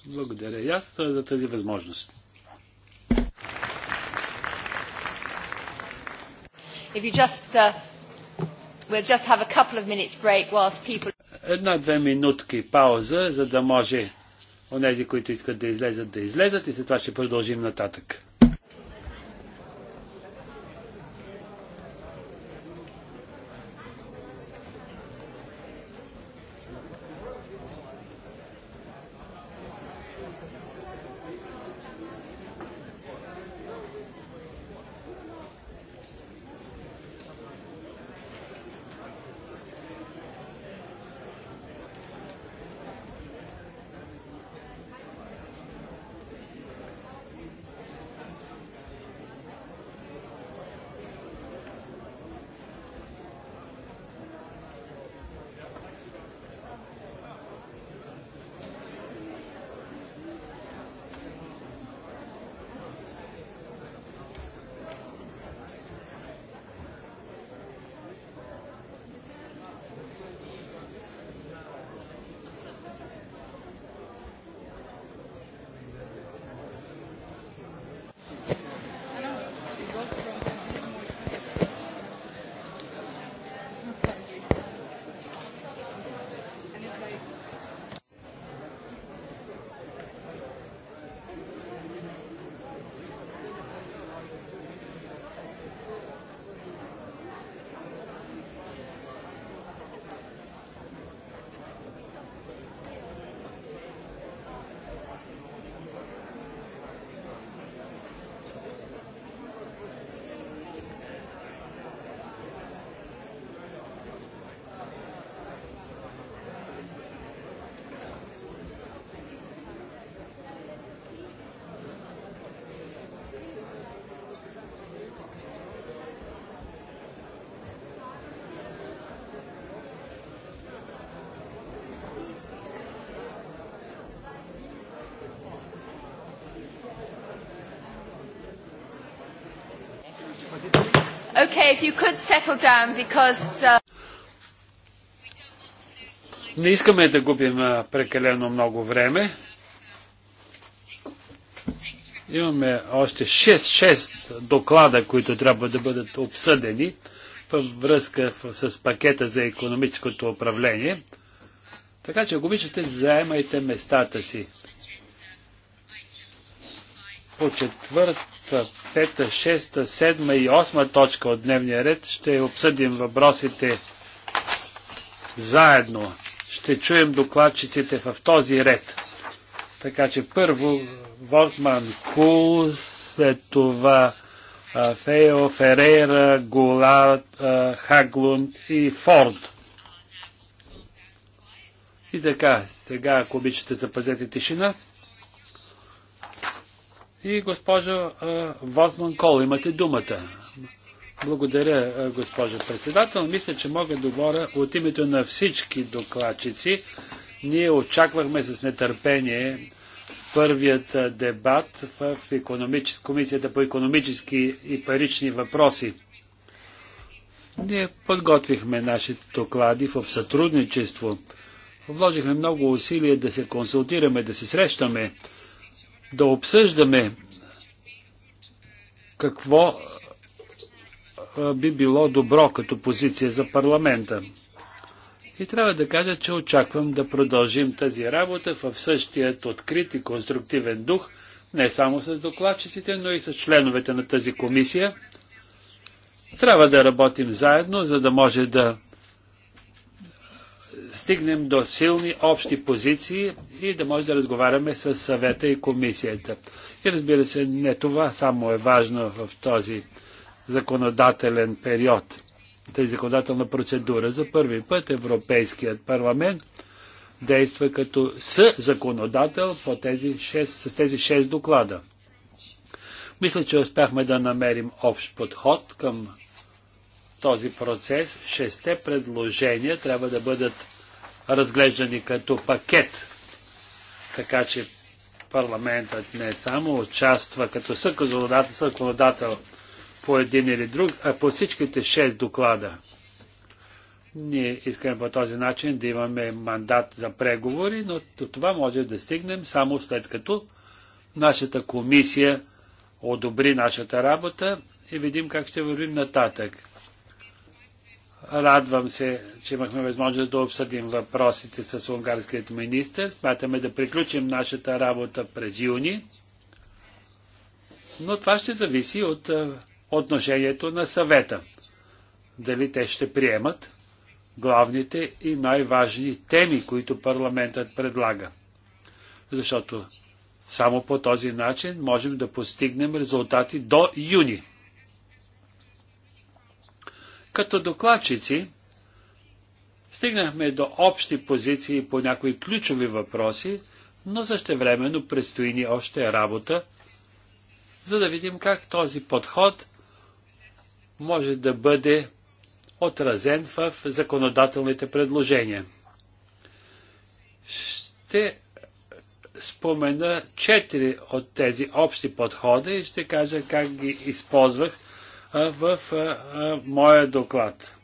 Благодаря и аз за тази възможност. If you just, uh, we'll just have a couple of minutes break whilst people... Една-две минутки пауза, за да може онези, които искат да излезат, да излезат и след това ще продължим нататък. Okay, if you could settle down because... Uh... Не искаме да губим прекалено много време. Имаме още 6, 6 доклада, които трябва да бъдат обсъдени във връзка с пакета за економическото управление. Така че, ако обичате, заемайте местата си. По четвърта пета, шеста, седма и осма точка от дневния ред ще обсъдим въпросите заедно. Ще чуем докладчиците в този ред. Така че първо Вортман Кул, след това Фео, Ферейра, Гола, Хаглун и Форд. И така, сега, ако обичате, запазете тишина. И госпожо Вортман Кол, имате думата. Благодаря, госпожо председател. Мисля, че мога да говоря от името на всички докладчици. Ние очаквахме с нетърпение първият дебат в Комисията по економически и парични въпроси. Ние подготвихме нашите доклади в сътрудничество. Вложихме много усилия да се консултираме, да се срещаме да обсъждаме какво би било добро като позиция за парламента. И трябва да кажа, че очаквам да продължим тази работа в същият открит и конструктивен дух, не само с докладчиците, но и с членовете на тази комисия. Трябва да работим заедно, за да може да стигнем до силни общи позиции и да може да разговаряме с съвета и комисията. И разбира се, не това само е важно в този законодателен период, тази законодателна процедура. За първи път Европейският парламент действа като съзаконодател по тези шест, с тези шест доклада. Мисля, че успяхме да намерим общ подход към този процес. Шесте предложения трябва да бъдат разглеждани като пакет. Така че парламентът не само участва като съкозаконодател по един или друг, а по всичките шест доклада. Ние искаме по този начин да имаме мандат за преговори, но до това може да стигнем само след като нашата комисия одобри нашата работа и видим как ще вървим нататък. Радвам се, че имахме възможност да обсъдим въпросите с унгарският министр. Смятаме да приключим нашата работа през юни. Но това ще зависи от е, отношението на съвета. Дали те ще приемат главните и най-важни теми, които парламентът предлага. Защото само по този начин можем да постигнем резултати до юни. Като докладчици стигнахме до общи позиции по някои ключови въпроси, но същевременно предстои ни още работа, за да видим как този подход може да бъде отразен в законодателните предложения. Ще спомена четири от тези общи подхода и ще кажа как ги използвах в моя доклад.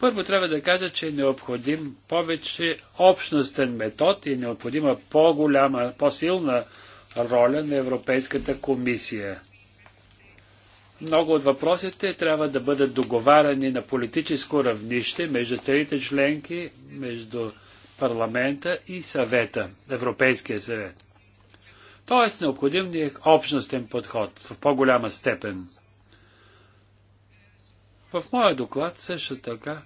Първо трябва да кажа, че е необходим повече общностен метод и е необходима по-голяма, по-силна роля на Европейската комисия. Много от въпросите трябва да бъдат договарани на политическо равнище между страните членки, между парламента и съвета, Европейския съвет. Тоест необходим ни е общностен подход в по-голяма степен. В моя доклад също така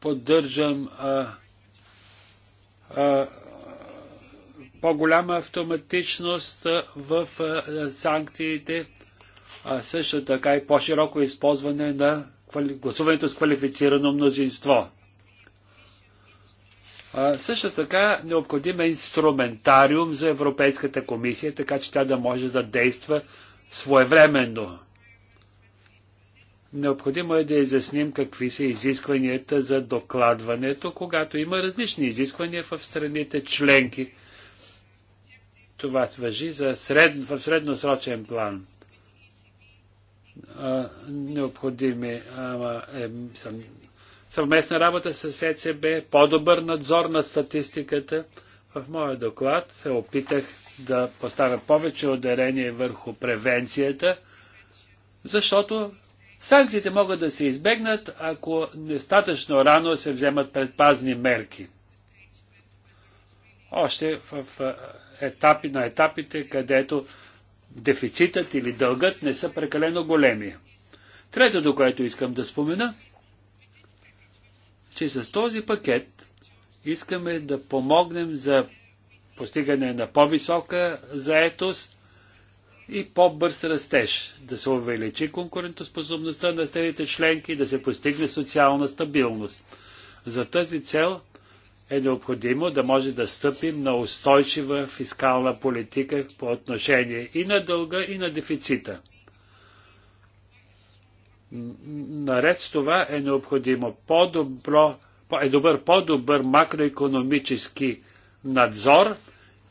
поддържам а, а, по-голяма автоматичност в а, санкциите, а също така и по-широко използване на квали... гласуването с квалифицирано мнозинство. А, също така необходим е инструментариум за Европейската комисия, така че тя да може да действа своевременно. Необходимо е да изясним какви са изискванията за докладването, когато има различни изисквания в страните членки. Това свържи за сред... в средносрочен план. А, необходими е, ама, е, съм, съвместна работа с ЕЦБ, по-добър надзор на статистиката. В моя доклад се опитах да поставя повече ударение върху превенцията, защото санкциите могат да се избегнат, ако достатъчно рано се вземат предпазни мерки. Още в етапи на етапите, където дефицитът или дългът не са прекалено големи. Третото, което искам да спомена, че с този пакет искаме да помогнем за постигане на по-висока заетост и по-бърз растеж, да се увеличи конкурентоспособността на страните членки, да се постигне социална стабилност. За тази цел е необходимо да може да стъпим на устойчива фискална политика по отношение и на дълга, и на дефицита. Наред с това е необходимо по-добро, е добър по-добър макроекономически надзор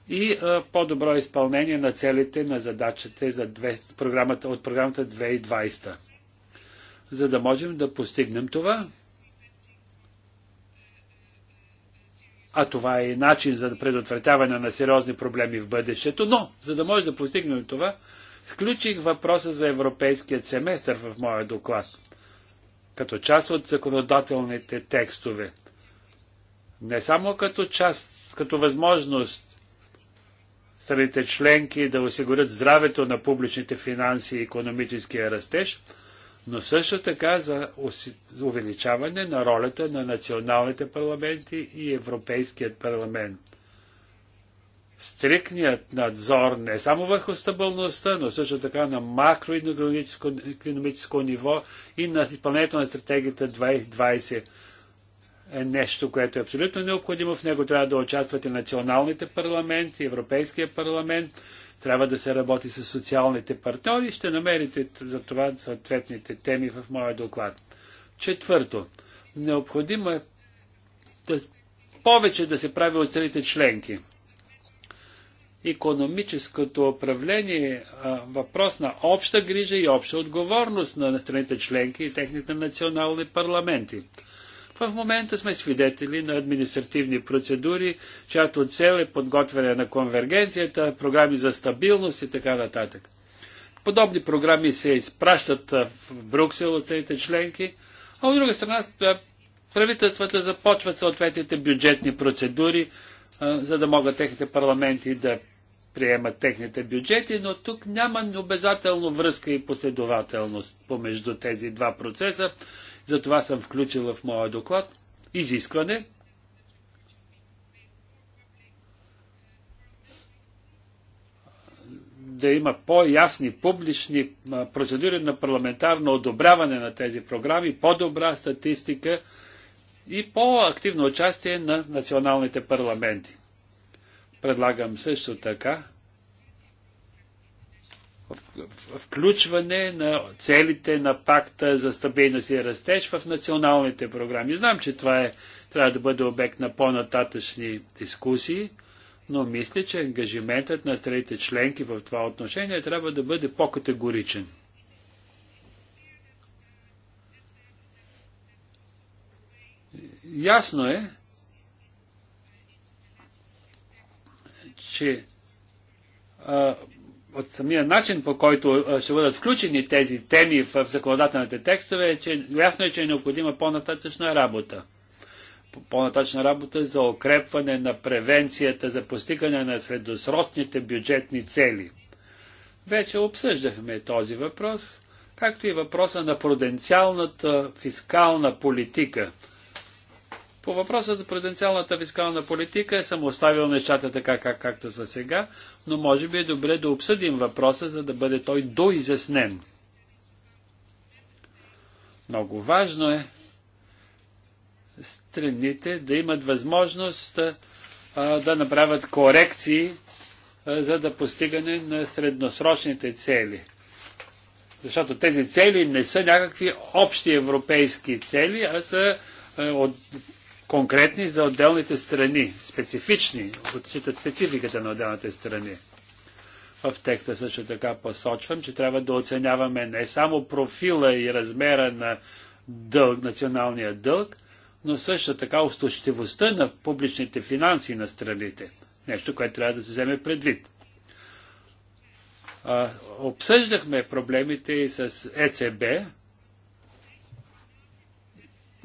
и по-добро изпълнение на целите на задачите за две, програмата, от програмата 2020. За да можем да постигнем това, а това е и начин за предотвратяване на сериозни проблеми в бъдещето, но за да може да постигнем това, включих въпроса за европейският семестър в моя доклад, като част от законодателните текстове. Не само като част като възможност страните членки да осигурят здравето на публичните финанси и економическия растеж, но също така за увеличаване на ролята на националните парламенти и Европейският парламент. Стрикният надзор не само върху стабилността, но също така на макроекономическо ниво и на изпълнението на стратегията 2020 е нещо, което е абсолютно необходимо. В него трябва да участват и националните парламенти, Европейския парламент. Трябва да се работи с социалните партньори. Ще намерите за това съответните теми в моя доклад. Четвърто. Необходимо е да, повече да се прави от страните членки. Економическото управление е въпрос на обща грижа и обща отговорност на страните членки и техните национални парламенти в момента сме свидетели на административни процедури, чиято цел е подготвяне на конвергенцията, програми за стабилност и така нататък. Подобни програми се изпращат в Брюксел от трите членки, а от друга страна правителствата започват съответните бюджетни процедури, за да могат техните парламенти да приемат техните бюджети, но тук няма обязателно връзка и последователност помежду тези два процеса, затова съм включил в моя доклад изискване да има по-ясни публични процедури на парламентарно одобряване на тези програми, по-добра статистика и по-активно участие на националните парламенти. Предлагам също така включване на целите на пакта за стабилност и растеж в националните програми. Знам, че това е, трябва да бъде обект на по-нататъчни дискусии, но мисля, че ангажиментът на трите членки в това отношение трябва да бъде по-категоричен. Ясно е, че от самия начин, по който ще бъдат включени тези теми в законодателните текстове, е, че ясно е, че е необходима по-нататъчна работа. По-нататъчна работа за укрепване на превенцията, за постигане на средосрочните бюджетни цели. Вече обсъждахме този въпрос, както и въпроса на пруденциалната фискална политика – по въпроса за пруденциалната фискална политика е съм оставил нещата така, как, както са сега, но може би е добре да обсъдим въпроса, за да бъде той доизяснен. Много важно е страните да имат възможност а, да направят корекции а, за да постигане на средносрочните цели. Защото тези цели не са някакви общи европейски цели, а са от конкретни за отделните страни, специфични, отчитат спецификата на отделните страни. В текста също така посочвам, че трябва да оценяваме не само профила и размера на дълг, националния дълг, но също така устойчивостта на публичните финанси на страните. Нещо, което трябва да се вземе предвид. А, обсъждахме проблемите и с ЕЦБ,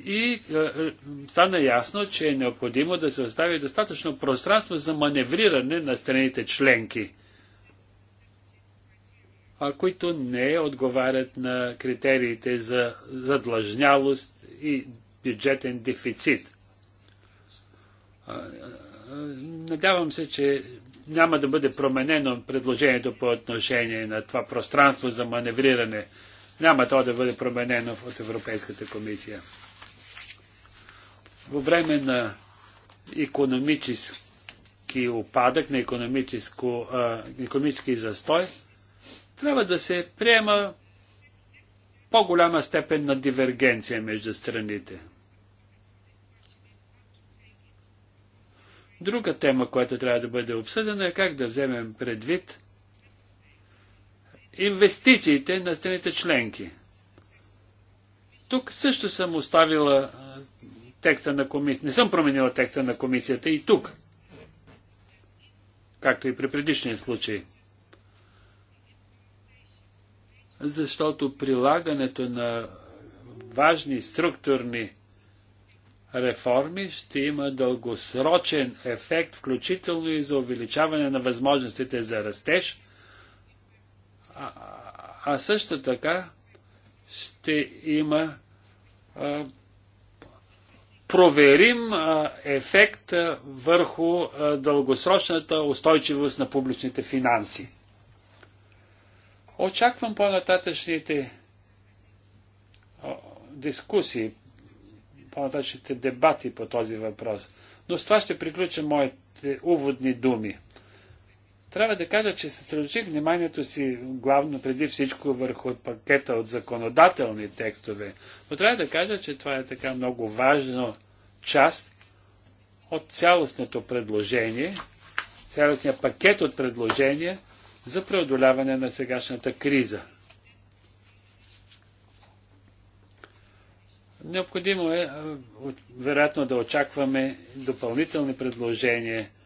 и е, е, стана ясно, че е необходимо да се остави достатъчно пространство за маневриране на страните членки, а които не отговарят на критериите за задлъжнялост и бюджетен дефицит. Надявам се, че няма да бъде променено предложението по отношение на това пространство за маневриране. Няма то да бъде променено от Европейската комисия. В време на економически опадък, на економическо, а, економически застой, трябва да се приема по-голяма степен на дивергенция между страните. Друга тема, която трябва да бъде обсъдена е как да вземем предвид инвестициите на страните членки. Тук също съм оставила текста на комисията. Не съм променила текста на комисията и тук. Както и при предишния случай. Защото прилагането на важни структурни реформи ще има дългосрочен ефект, включително и за увеличаване на възможностите за растеж, а, а също така ще има а, проверим ефект върху дългосрочната устойчивост на публичните финанси. Очаквам по-нататъчните дискусии, по-нататъчните дебати по този въпрос. Но с това ще приключа моите уводни думи. Трябва да кажа, че съсредоточих вниманието си главно преди всичко върху пакета от законодателни текстове. Но трябва да кажа, че това е така много важна част от цялостното предложение, цялостният пакет от предложения за преодоляване на сегашната криза. Необходимо е, вероятно, да очакваме допълнителни предложения –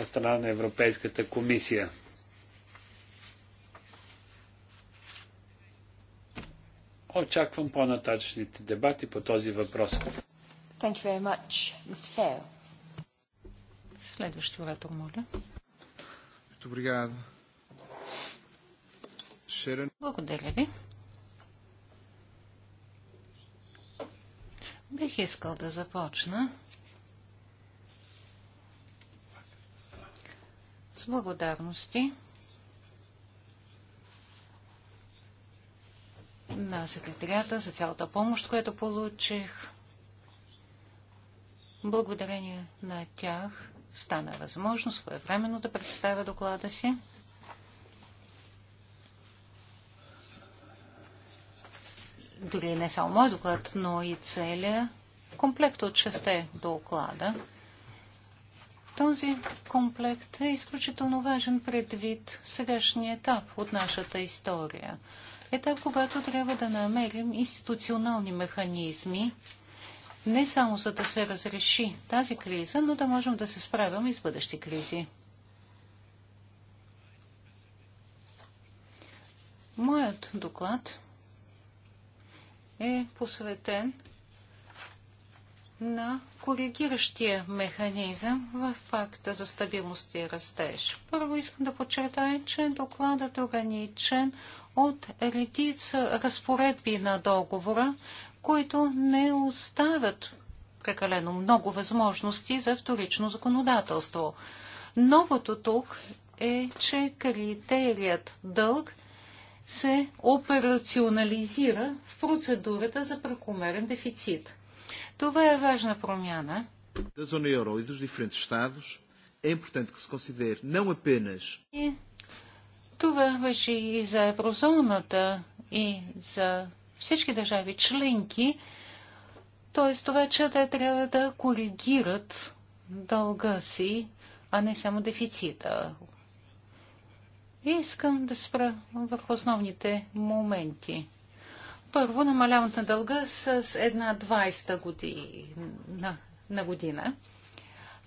от страна на Европейската комисия. Очаквам по-нататъчните дебати по този въпрос. Thank you very much, Mr. Fail. Следващо оратор, моля. Obrigado. Благодаря ви. Бих искал да започна с благодарности на секретарията за цялата помощ, която получих. Благодарение на тях стана възможно своевременно да представя доклада си. Дори не само мой доклад, но и целият комплект от шесте доклада – този комплект е изключително важен предвид сегашния етап от нашата история. Етап, когато трябва да намерим институционални механизми, не само за да се разреши тази криза, но да можем да се справяме и с бъдещи кризи. Моят доклад е посветен на коригиращия механизъм в пакта за стабилност и растеж. Първо искам да подчертая, че докладът е ограничен от редица разпоредби на договора, които не оставят прекалено много възможности за вторично законодателство. Новото тук е, че критерият дълг се операционализира в процедурата за прекомерен дефицит. Това е важна промяна. Да зона евро и dos diferentes штадос е импортант que se considere não apenas. това вече и за еврозоната, и за всички държави членки. Т.е. това, е че те трябва да коригират дълга си, а не само дефицита. И искам да спра върху основните моменти. Първо, намаляват на дълга с една 20 година, на година.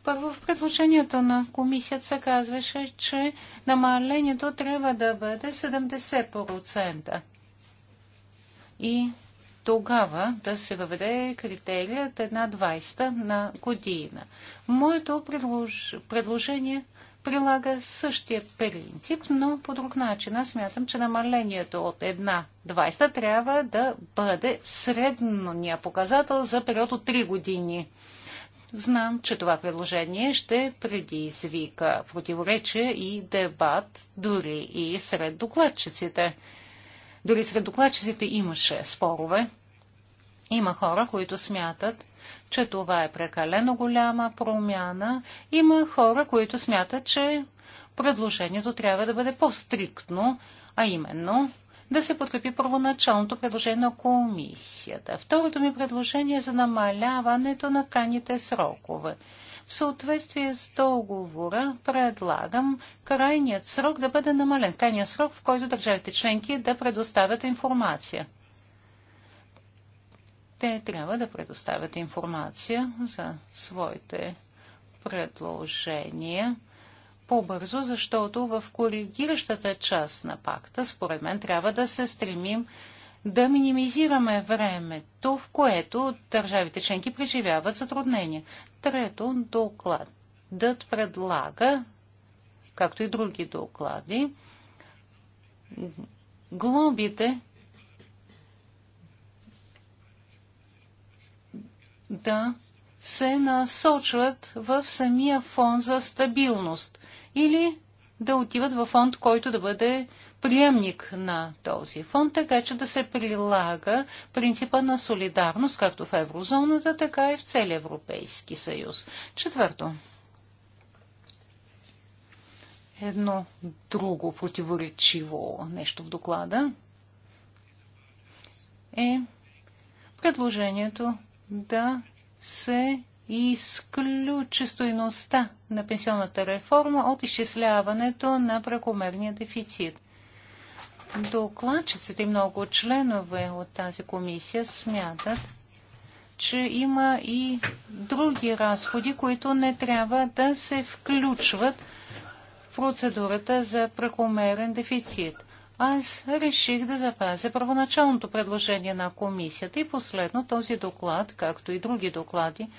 Първо, в предложението на комисията се казваше, че намалението трябва да бъде 70%. И тогава да се въведе критерият една 20 на година. Моето предлож... предложение прилага същия принцип, но по друг начин. Аз смятам, че намалението от 1,20 трябва да бъде средния показател за период от 3 години. Знам, че това предложение ще предизвика противоречие и дебат дори и сред докладчиците. Дори сред докладчиците имаше спорове. Има хора, които смятат, че това е прекалено голяма промяна. Има хора, които смятат, че предложението трябва да бъде по-стриктно, а именно да се подкрепи първоначалното предложение на комисията. Второто ми предложение е за намаляването на крайните срокове. В съответствие с договора предлагам крайният срок да бъде намален. Крайният срок, в който държавите членки да предоставят информация. Те трябва да предоставят информация за своите предложения по-бързо, защото в коригиращата част на пакта, според мен, трябва да се стремим да минимизираме времето, в което държавите членки преживяват затруднения. Трето, доклад. Дът предлага, както и други доклади, глобите да се насочват в самия фонд за стабилност или да отиват в фонд, който да бъде приемник на този фонд, така че да се прилага принципа на солидарност както в еврозоната, така и в целия Европейски съюз. Четвърто. Едно друго противоречиво нещо в доклада е предложението да се изключи стоеността на пенсионната реформа от изчисляването на прекомерния дефицит. Докладчиците и много членове от тази комисия смятат, че има и други разходи, които не трябва да се включват в процедурата за прекомерен дефицит аз реших да запазя първоначалното предложение на комисията и последно този доклад, както и други доклади,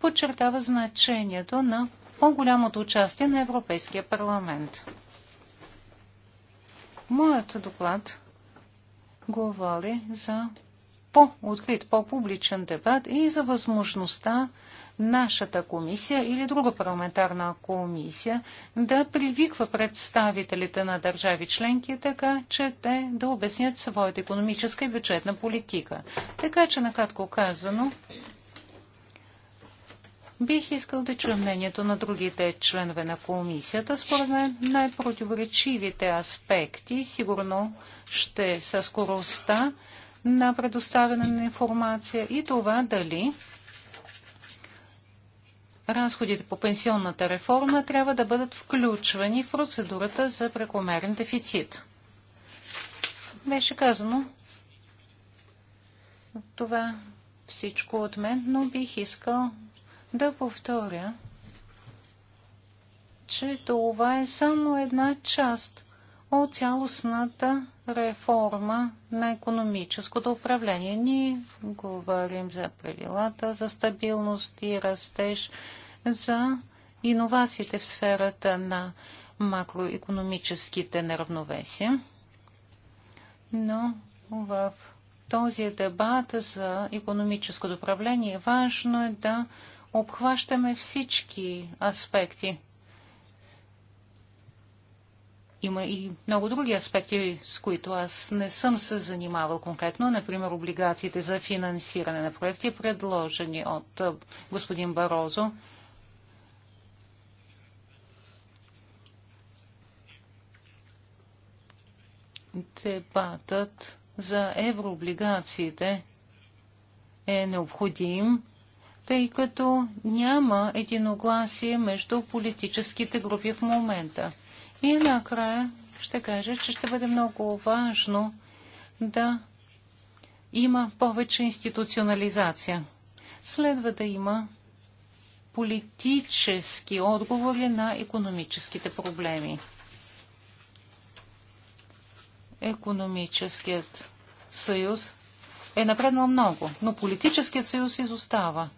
подчертава значението на по-голямото участие на Европейския парламент. Моят доклад говори за по-открит, по-публичен дебат и за възможността нашата комисия или друга парламентарна комисия да привиква представителите на държави членки, така че те да обяснят своята економическа и бюджетна политика. Така че, накратко казано, Бих искал да чуя мнението на другите членове на комисията. Според мен най-противоречивите аспекти сигурно ще са скоростта на предоставяне на информация и това дали разходите по пенсионната реформа трябва да бъдат включвани в процедурата за прекомерен дефицит. Беше казано това всичко от мен, но бих искал да повторя, че това е само една част от цялостната реформа на економическото управление. Ние говорим за правилата, за стабилност и растеж, за иновациите в сферата на макроекономическите неравновесия. Но в този дебат за економическото управление важно е да обхващаме всички аспекти има и много други аспекти, с които аз не съм се занимавал конкретно. Например, облигациите за финансиране на проекти, предложени от господин Барозо. Дебатът за еврооблигациите е необходим, тъй като няма единогласие между политическите групи в момента. И накрая ще кажа, че ще бъде много важно да има повече институционализация. Следва да има политически отговори на економическите проблеми. Економическият съюз е напреднал много, но политическият съюз изостава.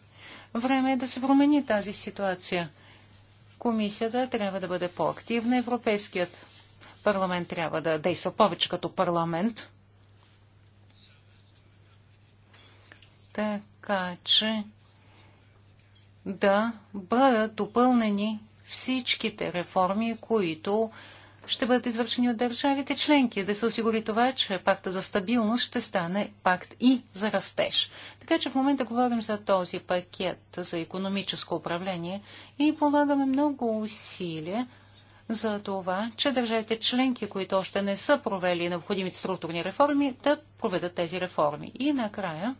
Време е да се промени тази ситуация. Комисията трябва да бъде по-активна. Европейският парламент трябва да действа повече като парламент. Така че да бъдат допълнени всичките реформи, които ще бъдат извършени от държавите членки, да се осигури това, че пакта за стабилност ще стане пакт и за растеж. Така че в момента говорим за този пакет за економическо управление и полагаме много усилия за това, че държавите членки, които още не са провели необходимите структурни реформи, да проведат тези реформи. И накрая.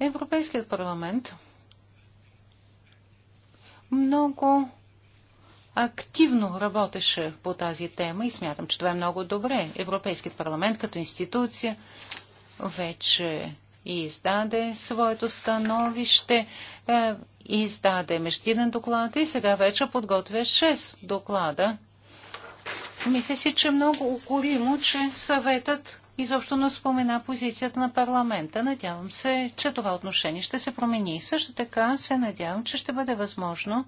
Европейският парламент много активно работеше по тази тема и смятам, че това е много добре. Европейският парламент като институция вече издаде своето становище, е, издаде междинен доклад и сега вече подготвя 6 доклада. Мисля си, че е много укоримо, че съветът изобщо не спомена позицията на парламента. Надявам се, че това отношение ще се промени. Също така се надявам, че ще бъде възможно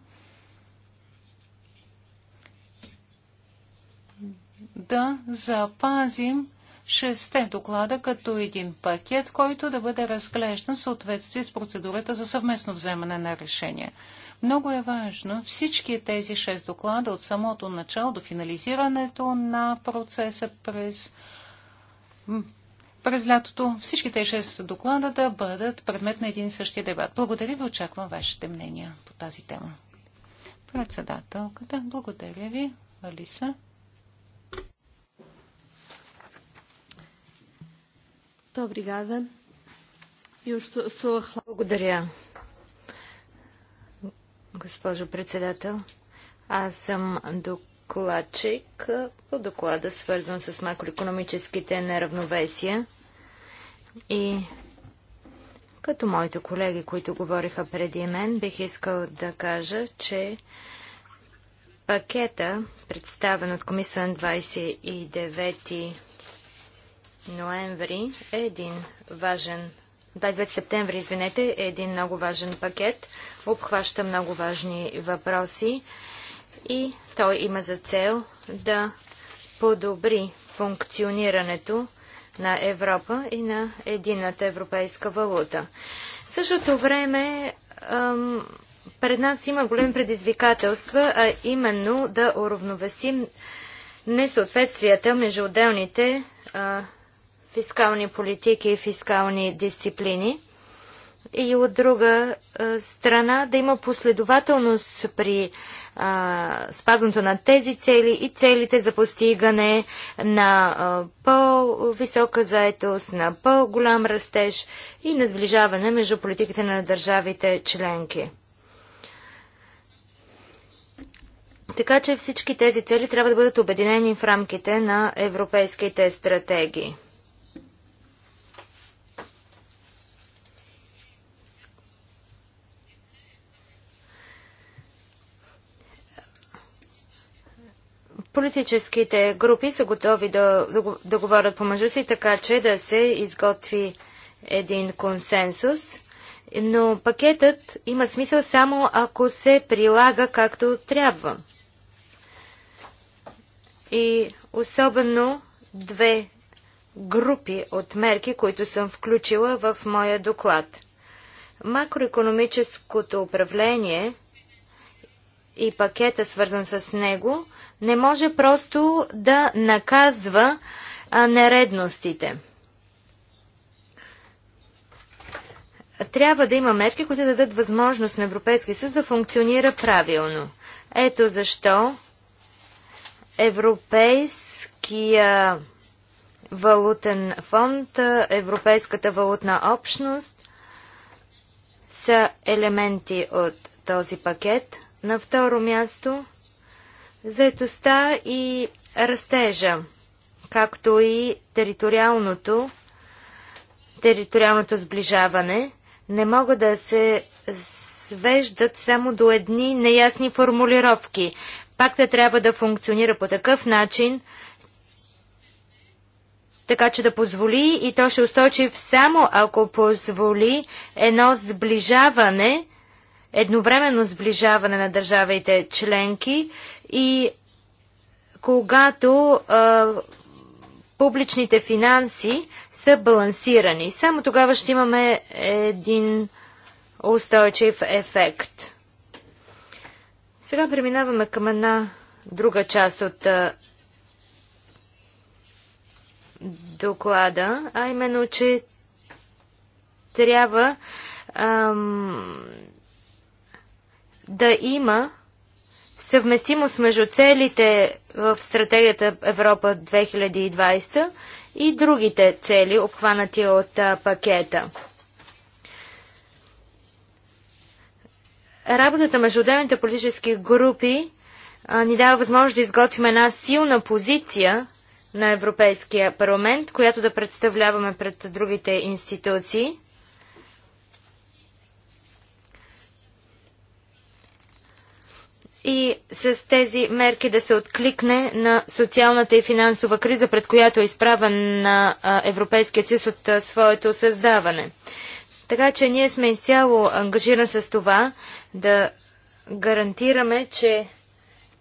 да запазим шесте доклада като един пакет, който да бъде разглеждан в съответствие с процедурата за съвместно вземане на решения. Много е важно всички тези шест доклада от самото начало до финализирането на процеса през през лятото всички тези 6 доклада да бъдат предмет на един и същия дебат. Благодаря ви, очаквам вашите мнения по тази тема. Председателката, благодаря ви, Алиса. Благодаря, госпожо председател. Аз съм док докладчик по доклада, свързан с макроекономическите неравновесия. И като моите колеги, които говориха преди мен, бих искал да кажа, че пакета, представен от комисия на 29 ноември, е един важен 29 септември, извинете, е един много важен пакет. Обхваща много важни въпроси и той има за цел да подобри функционирането на Европа и на едината европейска валута. В същото време пред нас има големи предизвикателства, а именно да уравновесим несъответствията между отделните фискални политики и фискални дисциплини и от друга страна да има последователност при а, спазването на тези цели и целите за постигане на по-висока заетост, на по-голям растеж и на сближаване между политиките на държавите членки. Така че всички тези цели трябва да бъдат обединени в рамките на европейските стратегии. Политическите групи са готови да, да, да говорят си, така че да се изготви един консенсус. Но пакетът има смисъл само ако се прилага както трябва. И особено две групи от мерки, които съм включила в моя доклад. Макроекономическото управление – и пакета свързан с него, не може просто да наказва а, нередностите. Трябва да има мерки, които да дадат възможност на Европейския съюз да функционира правилно. Ето защо Европейския валутен фонд, Европейската валутна общност са елементи от този пакет – на второ място заетостта и растежа, както и териториалното, териториалното сближаване не могат да се свеждат само до едни неясни формулировки. Пакта трябва да функционира по такъв начин, така че да позволи и то ще устойчив само ако позволи едно сближаване едновременно сближаване на държавите членки и когато а, публичните финанси са балансирани. Само тогава ще имаме един устойчив ефект. Сега преминаваме към една друга част от а, доклада, а именно, че трябва А, да има съвместимост между целите в стратегията Европа 2020 и другите цели, обхванати от пакета. Работата между отделните политически групи а, ни дава възможност да изготвим една силна позиция на Европейския парламент, която да представляваме пред другите институции. и с тези мерки да се откликне на социалната и финансова криза, пред която е изправен на Европейския съюз от своето създаване. Така че ние сме изцяло ангажирани с това да гарантираме, че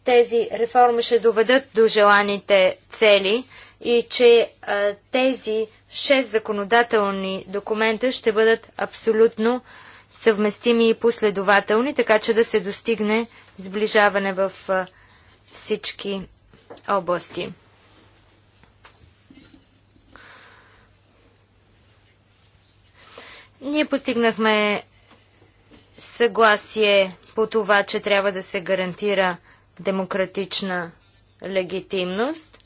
тези реформи ще доведат до желаните цели и че тези шест законодателни документа ще бъдат абсолютно съвместими и последователни, така че да се достигне сближаване в всички области. Ние постигнахме съгласие по това, че трябва да се гарантира демократична легитимност.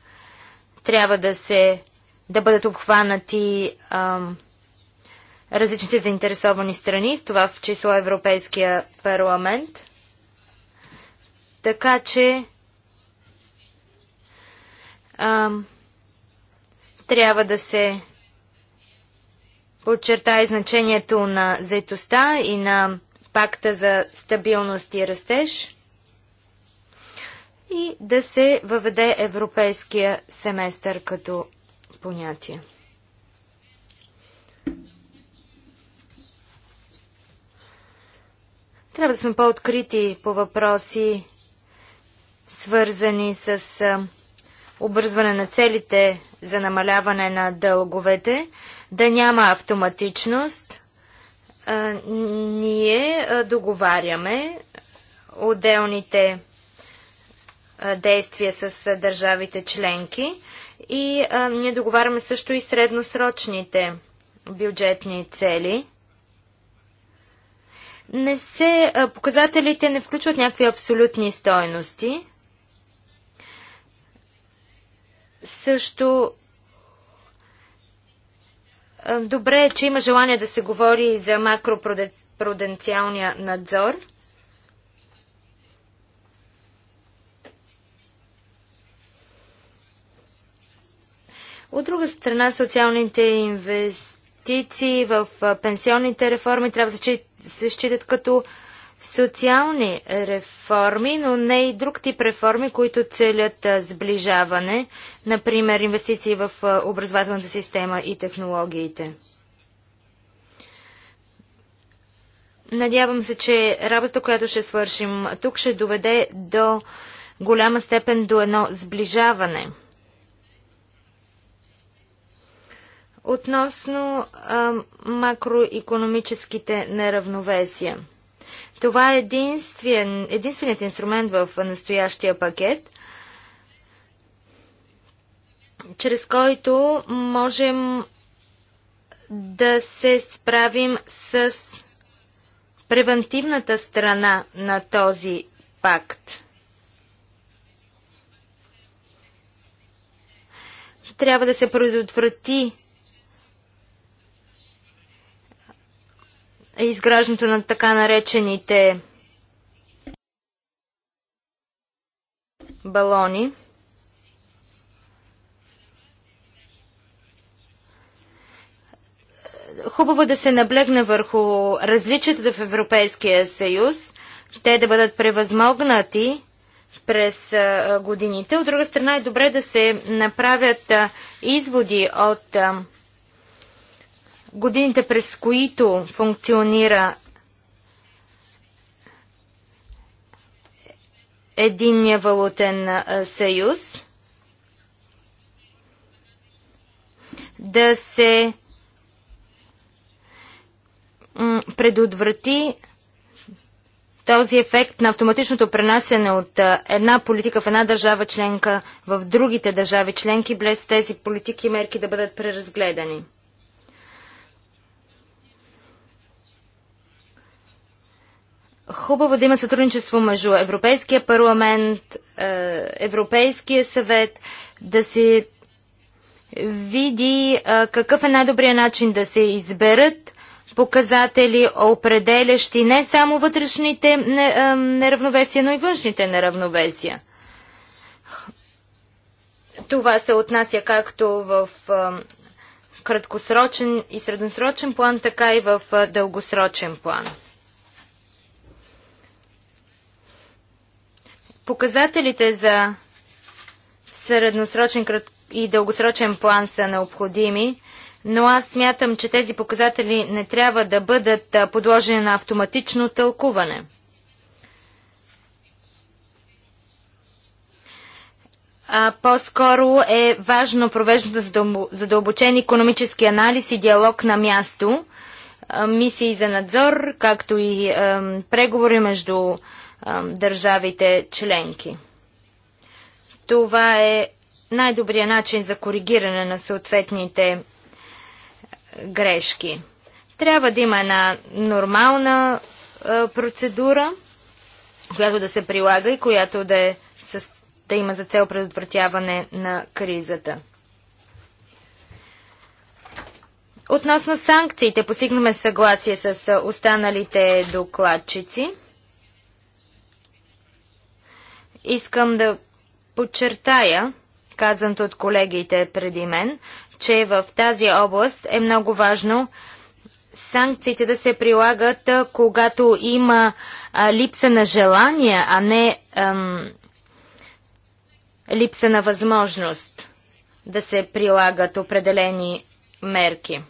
Трябва да се да бъдат обхванати ам, различните заинтересовани страни, в това в число Европейския парламент. Така че а, трябва да се подчертае значението на заетостта и на пакта за стабилност и растеж и да се въведе европейския семестър като понятие. Трябва да сме по-открити по въпроси, свързани с обързване на целите за намаляване на дълговете, да няма автоматичност. Ние договаряме отделните действия с държавите членки и ние договаряме също и средносрочните бюджетни цели – не се, показателите не включват някакви абсолютни стойности. Също добре е, че има желание да се говори и за макропруденциалния надзор. От друга страна, социалните инвестиции в пенсионните реформи трябва да се се считат като социални реформи, но не и друг тип реформи, които целят сближаване, например инвестиции в образователната система и технологиите. Надявам се, че работа, която ще свършим тук, ще доведе до голяма степен до едно сближаване – Относно а, макроекономическите неравновесия. Това е единствен, единственият инструмент в настоящия пакет, чрез който можем да се справим с превентивната страна на този пакт. Трябва да се предотврати изграждането на така наречените балони. Хубаво е да се наблегне върху различията в Европейския съюз, те да бъдат превъзмогнати през годините. От друга страна е добре да се направят изводи от годините, през които функционира единния валутен съюз, да се предотврати този ефект на автоматичното пренасене от една политика в една държава членка в другите държави членки, без тези политики и мерки да бъдат преразгледани. Хубаво да има сътрудничество между Европейския парламент, е, Европейския съвет, да се види е, какъв е най-добрият начин да се изберат показатели, определящи не само вътрешните е, неравновесия, но и външните неравновесия. Това се отнася както в краткосрочен и средносрочен план, така и в дългосрочен план. Показателите за средносрочен и дългосрочен план са необходими, но аз смятам, че тези показатели не трябва да бъдат подложени на автоматично тълкуване. по-скоро е важно провеждането задълбочен економически анализ и диалог на място, мисии за надзор, както и преговори между държавите членки. Това е най-добрият начин за коригиране на съответните грешки. Трябва да има една нормална процедура, която да се прилага и която да, е с, да има за цел предотвратяване на кризата. Относно санкциите, постигнаме съгласие с останалите докладчици. Искам да подчертая, казаното от колегите преди мен, че в тази област е много важно санкциите да се прилагат, когато има а, липса на желание, а не ам, липса на възможност да се прилагат определени мерки.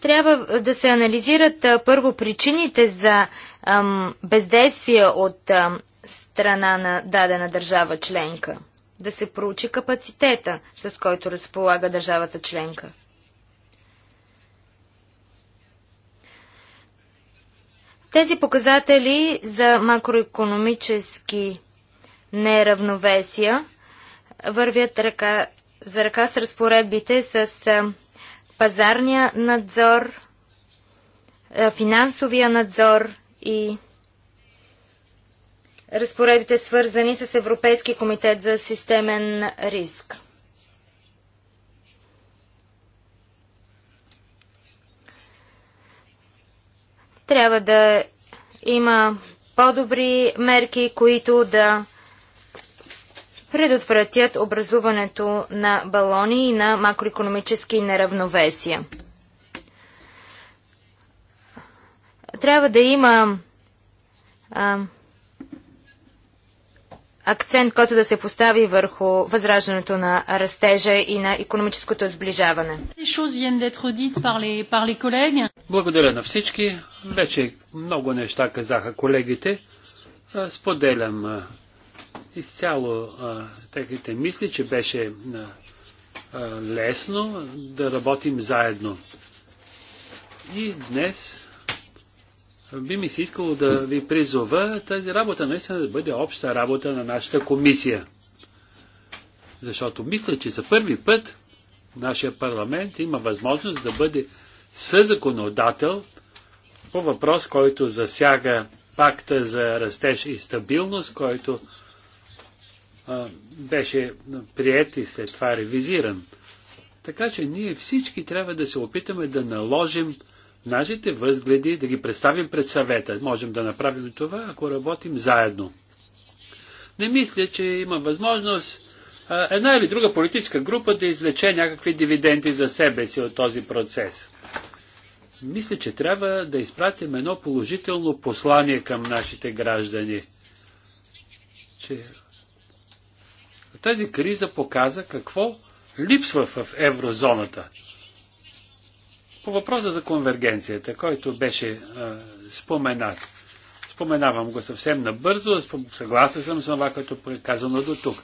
Трябва да се анализират първо причините за ам, бездействие от ам, страна на дадена държава членка. Да се проучи капацитета, с който разполага държавата членка. Тези показатели за макроекономически неравновесия вървят ръка за ръка с разпоредбите с пазарния надзор, е, финансовия надзор и разпоредите, свързани с Европейски комитет за системен риск. Трябва да има по-добри мерки, които да предотвратят образуването на балони и на макроекономически неравновесия. Трябва да има а, акцент, който да се постави върху възраждането на растежа и на економическото сближаване. Благодаря на всички. Вече много неща казаха колегите. Споделям изцяло техните мисли, че беше а, лесно да работим заедно. И днес би ми се искало да ви призова тази работа наистина да бъде обща работа на нашата комисия. Защото мисля, че за първи път нашия парламент има възможност да бъде съзаконодател по въпрос, който засяга пакта за растеж и стабилност, който беше прият и след това ревизиран. Така че ние всички трябва да се опитаме да наложим нашите възгледи, да ги представим пред съвета. Можем да направим това, ако работим заедно. Не мисля, че има възможност а, една или друга политическа група да излече някакви дивиденти за себе си от този процес. Мисля, че трябва да изпратим едно положително послание към нашите граждани, че тази криза показа какво липсва в еврозоната. По въпроса за конвергенцията, който беше а, споменат, споменавам го съвсем набързо, съгласен съм с това, което е казано до тук.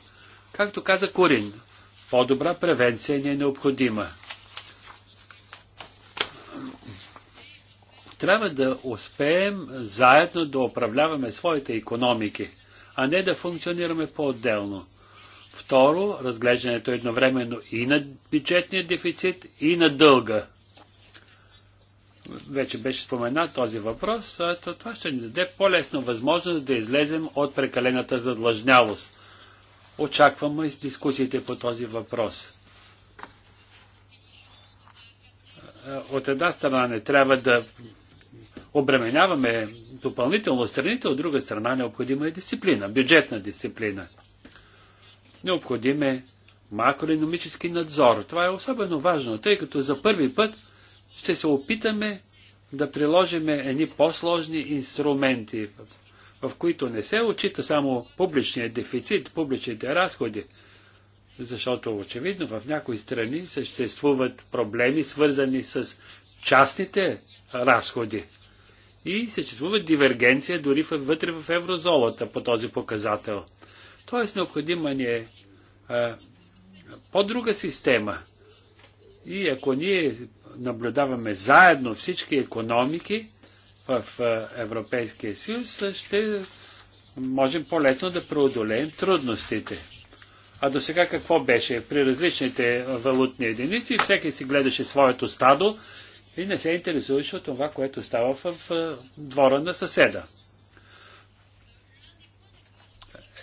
Както каза Корин, по-добра превенция ни е необходима. Трябва да успеем заедно да управляваме своите економики, а не да функционираме по-отделно. Второ, разглеждането едновременно и на бюджетния дефицит, и на дълга. Вече беше споменат този въпрос. То това ще ни даде по-лесна възможност да излезем от прекалената задлъжнявост. Очакваме дискусиите по този въпрос. От една страна не трябва да обременяваме допълнително страните, от друга страна необходима е дисциплина, бюджетна дисциплина. Необходим е макроекономически надзор. Това е особено важно, тъй като за първи път ще се опитаме да приложиме едни по-сложни инструменти, в които не се очита само публичният дефицит, публичните разходи, защото очевидно в някои страни съществуват проблеми, свързани с частните разходи. И съществува дивергенция дори вътре в еврозолата по този показател. Тоест необходима ни е по-друга система. И ако ние наблюдаваме заедно всички економики в Европейския съюз, ще можем по-лесно да преодолеем трудностите. А до сега какво беше? При различните валутни единици всеки си гледаше своето стадо и не се интересуваше от това, което става в двора на съседа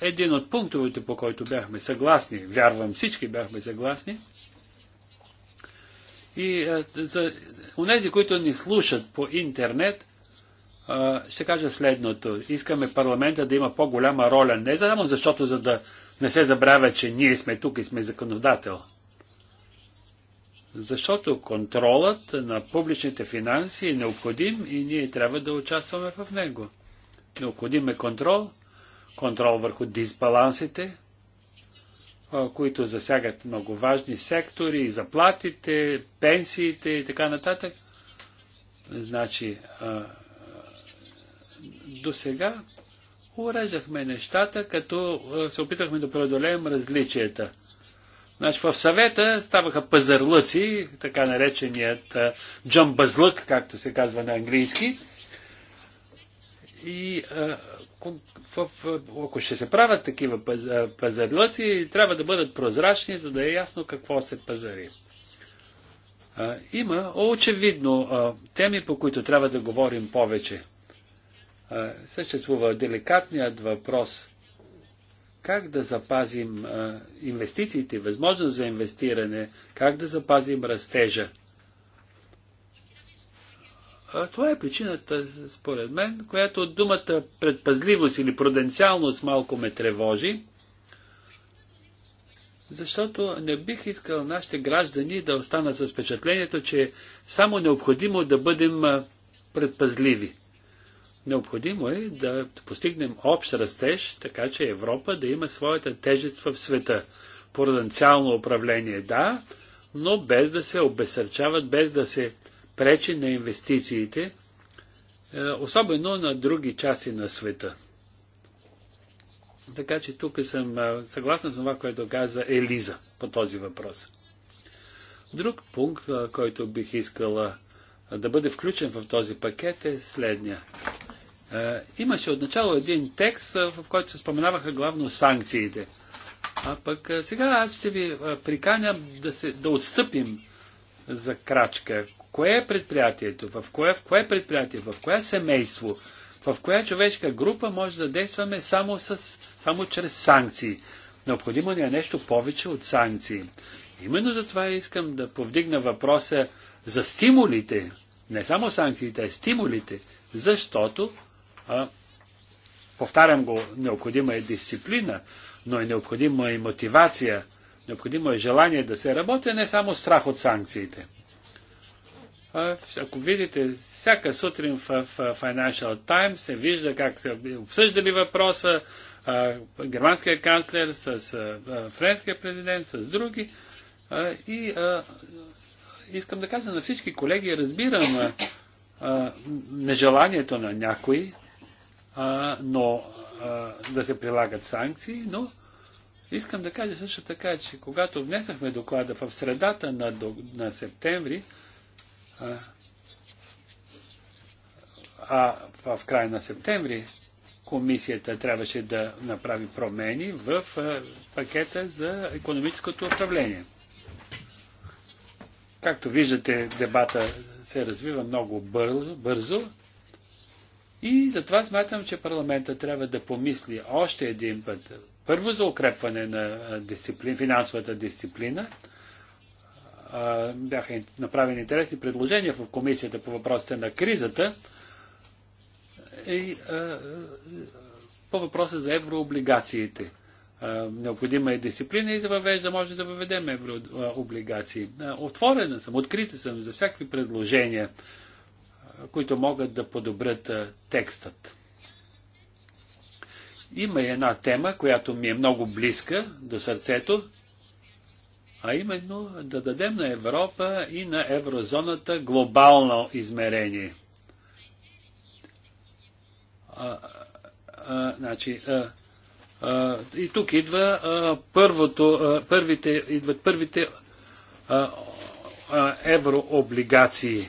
един от пунктовете, по който бяхме съгласни, вярвам всички бяхме съгласни, и а, е, за тези, които ни слушат по интернет, а, е, ще кажа следното. Искаме парламента да има по-голяма роля, не само защото, за да не се забравя, че ние сме тук и сме законодател. Защото контролът на публичните финанси е необходим и ние трябва да участваме в него. Необходим е контрол, контрол върху дисбалансите, които засягат много важни сектори, заплатите, пенсиите и така нататък. Значи, до сега уреждахме нещата, като се опитахме да преодолеем различията. Значи, в съвета ставаха пазарлъци, така нареченият джамбазлък, както се казва на английски. И а, в, ако ще се правят такива пазарлъци, трябва да бъдат прозрачни, за да е ясно какво се пазари. А, има очевидно а, теми, по които трябва да говорим повече. А, съществува деликатният въпрос как да запазим инвестициите, възможност за инвестиране, как да запазим растежа. Това е причината, според мен, която думата предпазливост или пруденциалност малко ме тревожи, защото не бих искал нашите граждани да останат с впечатлението, че е само необходимо да бъдем предпазливи. Необходимо е да постигнем общ растеж, така че Европа да има своята тежест в света. Проденциално управление, да, но без да се обесърчават, без да се пречи на инвестициите, е, особено на други части на света. Така че тук съм е, съгласен с това, което каза Елиза по този въпрос. Друг пункт, е, който бих искала да бъде включен в този пакет е следния. Имаше отначало един текст, в който се споменаваха главно санкциите. А пък сега аз ще ви приканя да, се, да отстъпим за крачка кое е предприятието, в кое, в кое е предприятие, в кое е семейство, в коя човешка група може да действаме само, с, само чрез санкции. Необходимо ни е нещо повече от санкции. Именно за това искам да повдигна въпроса за стимулите, не само санкциите, а стимулите, защото, а, повтарям го, необходима е дисциплина, но е необходима и мотивация, необходимо е желание да се работи, не само страх от санкциите. Ако видите, всяка сутрин в Financial Times се вижда как се обсъждали въпроса германския канцлер с френския президент, с други. И искам да кажа на всички колеги, разбирам нежеланието на някои, но да се прилагат санкции, но искам да кажа също така, че когато внесахме доклада в средата на, на септември, а, в края на септември комисията трябваше да направи промени в пакета за економическото управление. Както виждате, дебата се развива много бързо и затова смятам, че парламента трябва да помисли още един път. Първо за укрепване на дисциплин, финансовата дисциплина – бяха направени интересни предложения в комисията по въпросите на кризата и по въпроса за еврооблигациите. необходима е дисциплина и да въвежда, може да въведем еврооблигации. Отворена съм, открита съм за всякакви предложения, които могат да подобрят текстът. Има и една тема, която ми е много близка до сърцето а именно да дадем на Европа и на еврозоната глобално измерение. А, а, значи, а, а, и тук идва а, първото, а, първите, идват първите а, а, еврооблигации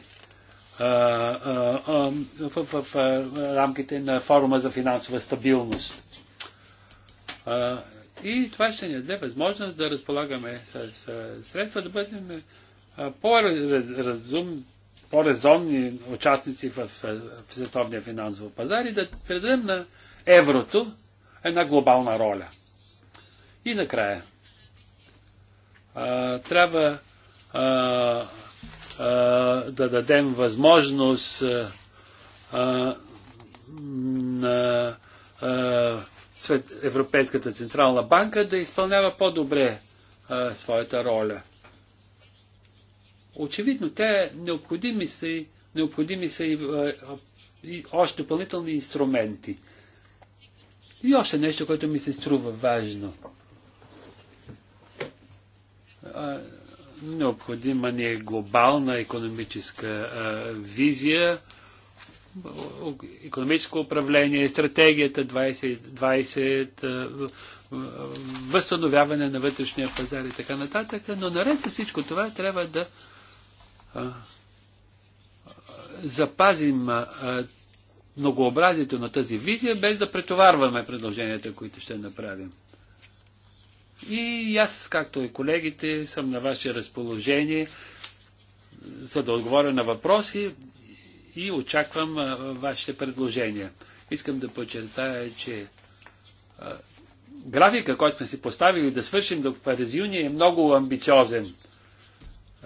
а, а, а, в, в, в рамките на форума за финансова стабилност. А, и това ще ни даде възможност да разполагаме с, с средства, да бъдем по-разум, по-резонни участници в, в световния финансов пазар и да предадем на еврото една глобална роля. И накрая. А, трябва а, а, да дадем възможност а, на а, Европейската централна банка да изпълнява по-добре своята роля. Очевидно, те необходими са и, необходими са и, и още допълнителни инструменти. И още нещо, което ми се струва важно. Необходима ни е глобална економическа а, визия, економическо управление, стратегията 2020, възстановяване на вътрешния пазар и така нататък. Но наред с всичко това трябва да запазим многообразието на тази визия, без да претоварваме предложенията, които ще направим. И аз, както и колегите, съм на ваше разположение, за да отговоря на въпроси и очаквам а, вашите предложения. Искам да подчертая, че а, графика, който сме си поставили да свършим до през юни е много амбициозен.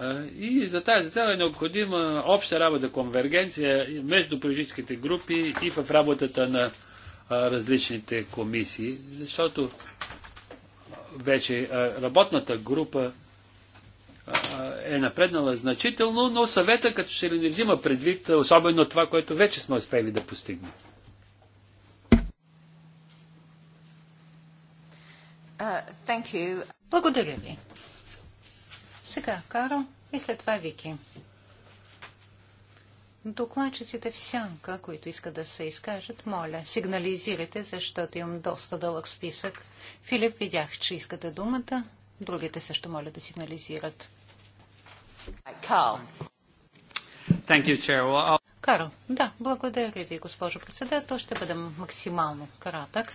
А, и за тази цел е необходима обща работа, конвергенция между политическите групи и в работата на различните комисии, защото вече работната група е напреднала значително, но съвета като ще ли не взима предвид, е, особено това, което вече сме успели да постигнем. Uh, Благодаря ви. Сега, Каро, и след това Вики. Докладчиците в сянка, които искат да се изкажат, моля, сигнализирайте, защото имам доста дълъг списък. Филип, видях, че искате думата. Другите също моля да сигнализират. Карл. да, благодаря ви, госпожо председател. Ще бъдем максимално кратък.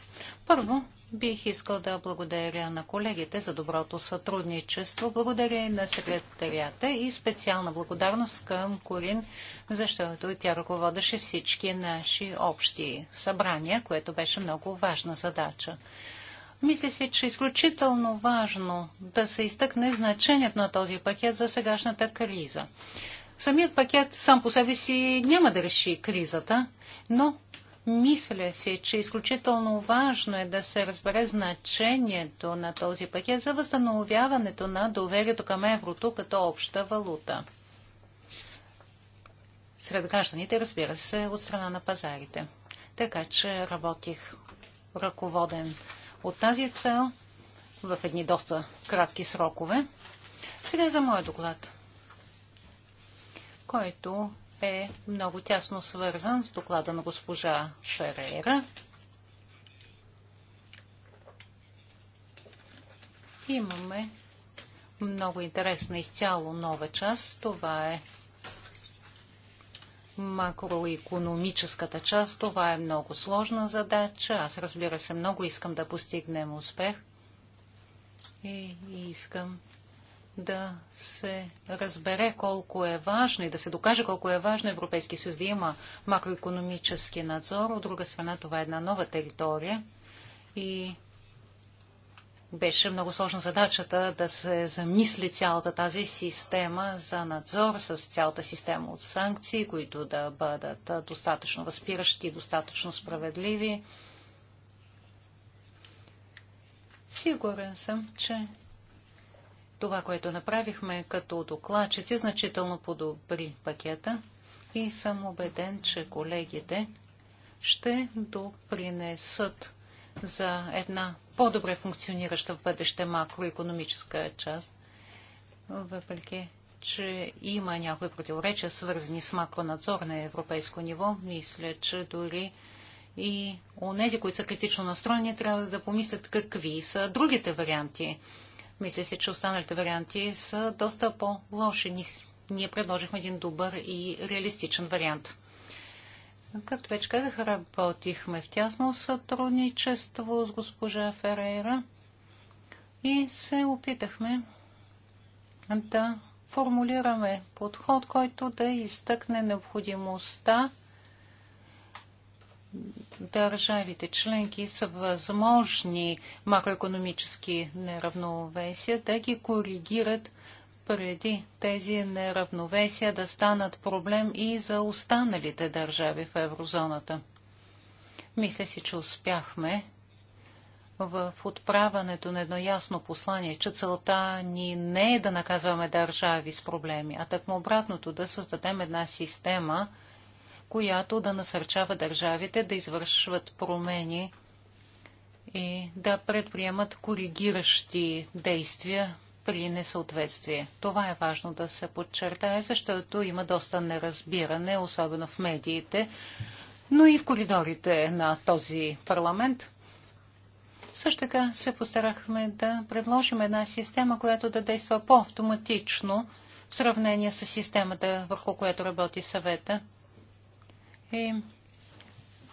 Първо, бих искал да благодаря на колегите за доброто сътрудничество. Благодаря и на секретарията и специална благодарност към Корин, защото тя ръководеше всички наши общи събрания, което беше много важна задача. Мисля се, че е изключително важно да се изтъкне значението на този пакет за сегашната криза. Самият пакет сам по себе си няма да реши кризата, но мисля си, че изключително важно е да се разбере значението на този пакет за възстановяването на доверието към еврото като обща валута. Сред гражданите, разбира се, от страна на пазарите. Така че работих ръководен от тази цел в едни доста кратки срокове. Сега за моя доклад, който е много тясно свързан с доклада на госпожа Ферера. Имаме много интересна изцяло нова част. Това е макроекономическата част. Това е много сложна задача. Аз разбира се много искам да постигнем успех и искам да се разбере колко е важно и да се докаже колко е важно Европейски съюз да има макроекономически надзор. От друга страна това е една нова територия и беше много сложна задачата да се замисли цялата тази система за надзор, с цялата система от санкции, които да бъдат достатъчно възпиращи, достатъчно справедливи. Сигурен съм, че това, което направихме като докладчици, е значително подобри пакета и съм убеден, че колегите ще допринесат за една по-добре функционираща в бъдеще макроекономическа част, въпреки че има някои противоречия, свързани с макронадзор на европейско ниво. Мисля, че дори и нези, които са критично настроени, трябва да помислят какви са другите варианти. Мисля се, че останалите варианти са доста по-лоши. Ние предложихме един добър и реалистичен вариант. Както вече казах, работихме в тясно сътрудничество с госпожа Ферейра и се опитахме да формулираме подход, който да изтъкне необходимостта държавите членки са възможни макроекономически неравновесия да ги коригират преди тези неравновесия да станат проблем и за останалите държави в еврозоната. Мисля си, че успяхме в отправането на едно ясно послание, че целта ни не е да наказваме държави с проблеми, а такмо обратното да създадем една система, която да насърчава държавите да извършват промени и да предприемат коригиращи действия при несъответствие. Това е важно да се подчертае, защото има доста неразбиране, особено в медиите, но и в коридорите на този парламент. Също така се постарахме да предложим една система, която да действа по-автоматично в сравнение с системата, върху която работи съвета. И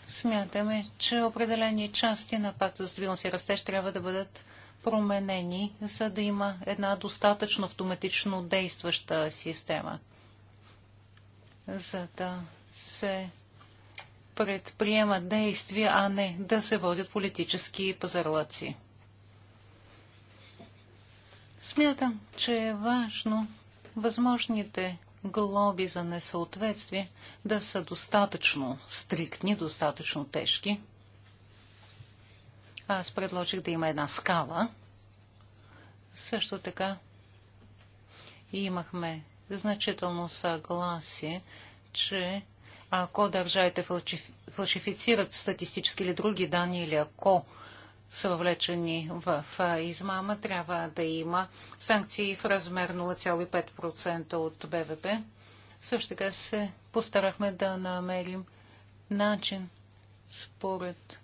смятаме, че определени части на пакта за стабилност и растеж трябва да бъдат променени, за да има една достатъчно автоматично действаща система, за да се предприемат действия, а не да се водят политически пазарлъци. Смятам, че е важно възможните глоби за несъответствие да са достатъчно стриктни, достатъчно тежки, аз предложих да има една скала. Също така имахме значително съгласие, че ако държавите фалшифицират статистически или други данни, или ако са въвлечени в измама, трябва да има санкции в размер 0,5% от БВП. Също така се постарахме да намерим начин, според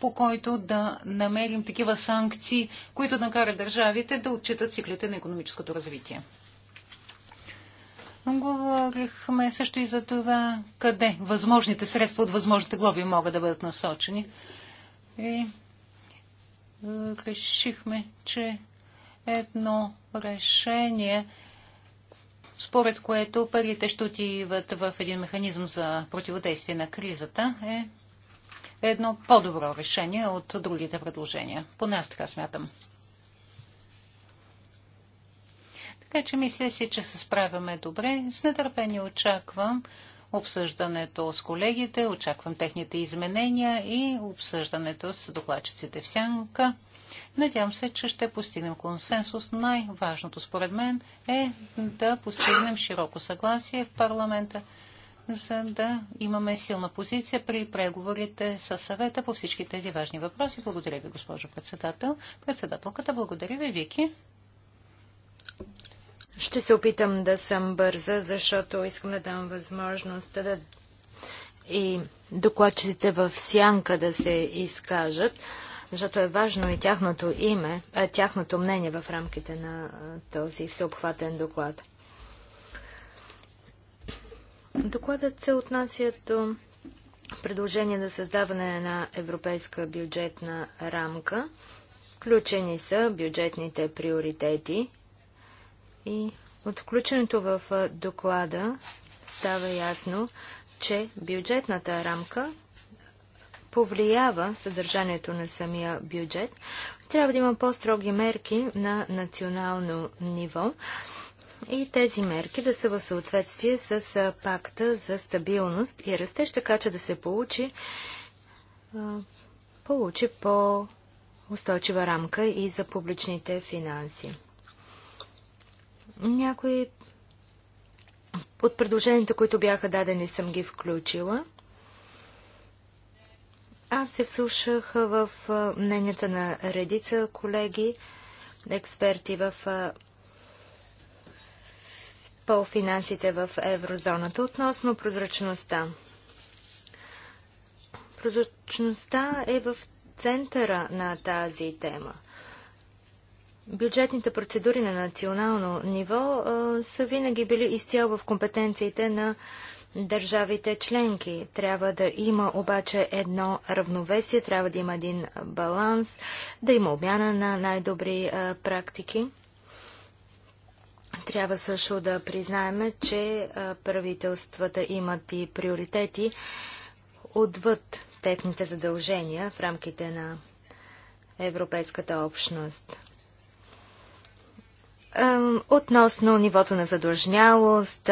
по който да намерим такива санкции, които накарат държавите да отчитат циклите на економическото развитие. Говорихме също и за това къде възможните средства от възможните глоби могат да бъдат насочени. И е, решихме, че едно решение, според което парите ще отиват в един механизъм за противодействие на кризата, е едно по-добро решение от другите предложения. Поне аз така смятам. Така че мисля си, че се справяме добре. С нетърпение очаквам обсъждането с колегите, очаквам техните изменения и обсъждането с докладчиците в сянка. Надявам се, че ще постигнем консенсус. Най-важното според мен е да постигнем широко съгласие в парламента за да имаме силна позиция при преговорите с съвета по всички тези важни въпроси. Благодаря ви, госпожо председател. Председателката, благодаря ви, Вики. Ще се опитам да съм бърза, защото искам да дам възможност да и докладчиците в сянка да се изкажат, защото е важно и тяхното име, а тяхното мнение в рамките на този всеобхватен доклад. Докладът се отнася до предложение за създаване на европейска бюджетна рамка. Включени са бюджетните приоритети и от включването в доклада става ясно, че бюджетната рамка повлиява съдържанието на самия бюджет. Трябва да има по-строги мерки на национално ниво, и тези мерки да са в съответствие с пакта за стабилност и растеж, така че да се получи, получи по-устойчива рамка и за публичните финанси. Някои от предложенията, които бяха дадени, съм ги включила. Аз се вслушах в мненията на редица колеги, експерти в по финансите в еврозоната относно прозрачността. Прозрачността е в центъра на тази тема. Бюджетните процедури на национално ниво а, са винаги били изцяло в компетенциите на държавите членки. Трябва да има обаче едно равновесие, трябва да има един баланс, да има обмяна на най-добри практики. Трябва също да признаем, че правителствата имат и приоритети отвъд техните задължения в рамките на Европейската общност. Относно нивото на задължнялост,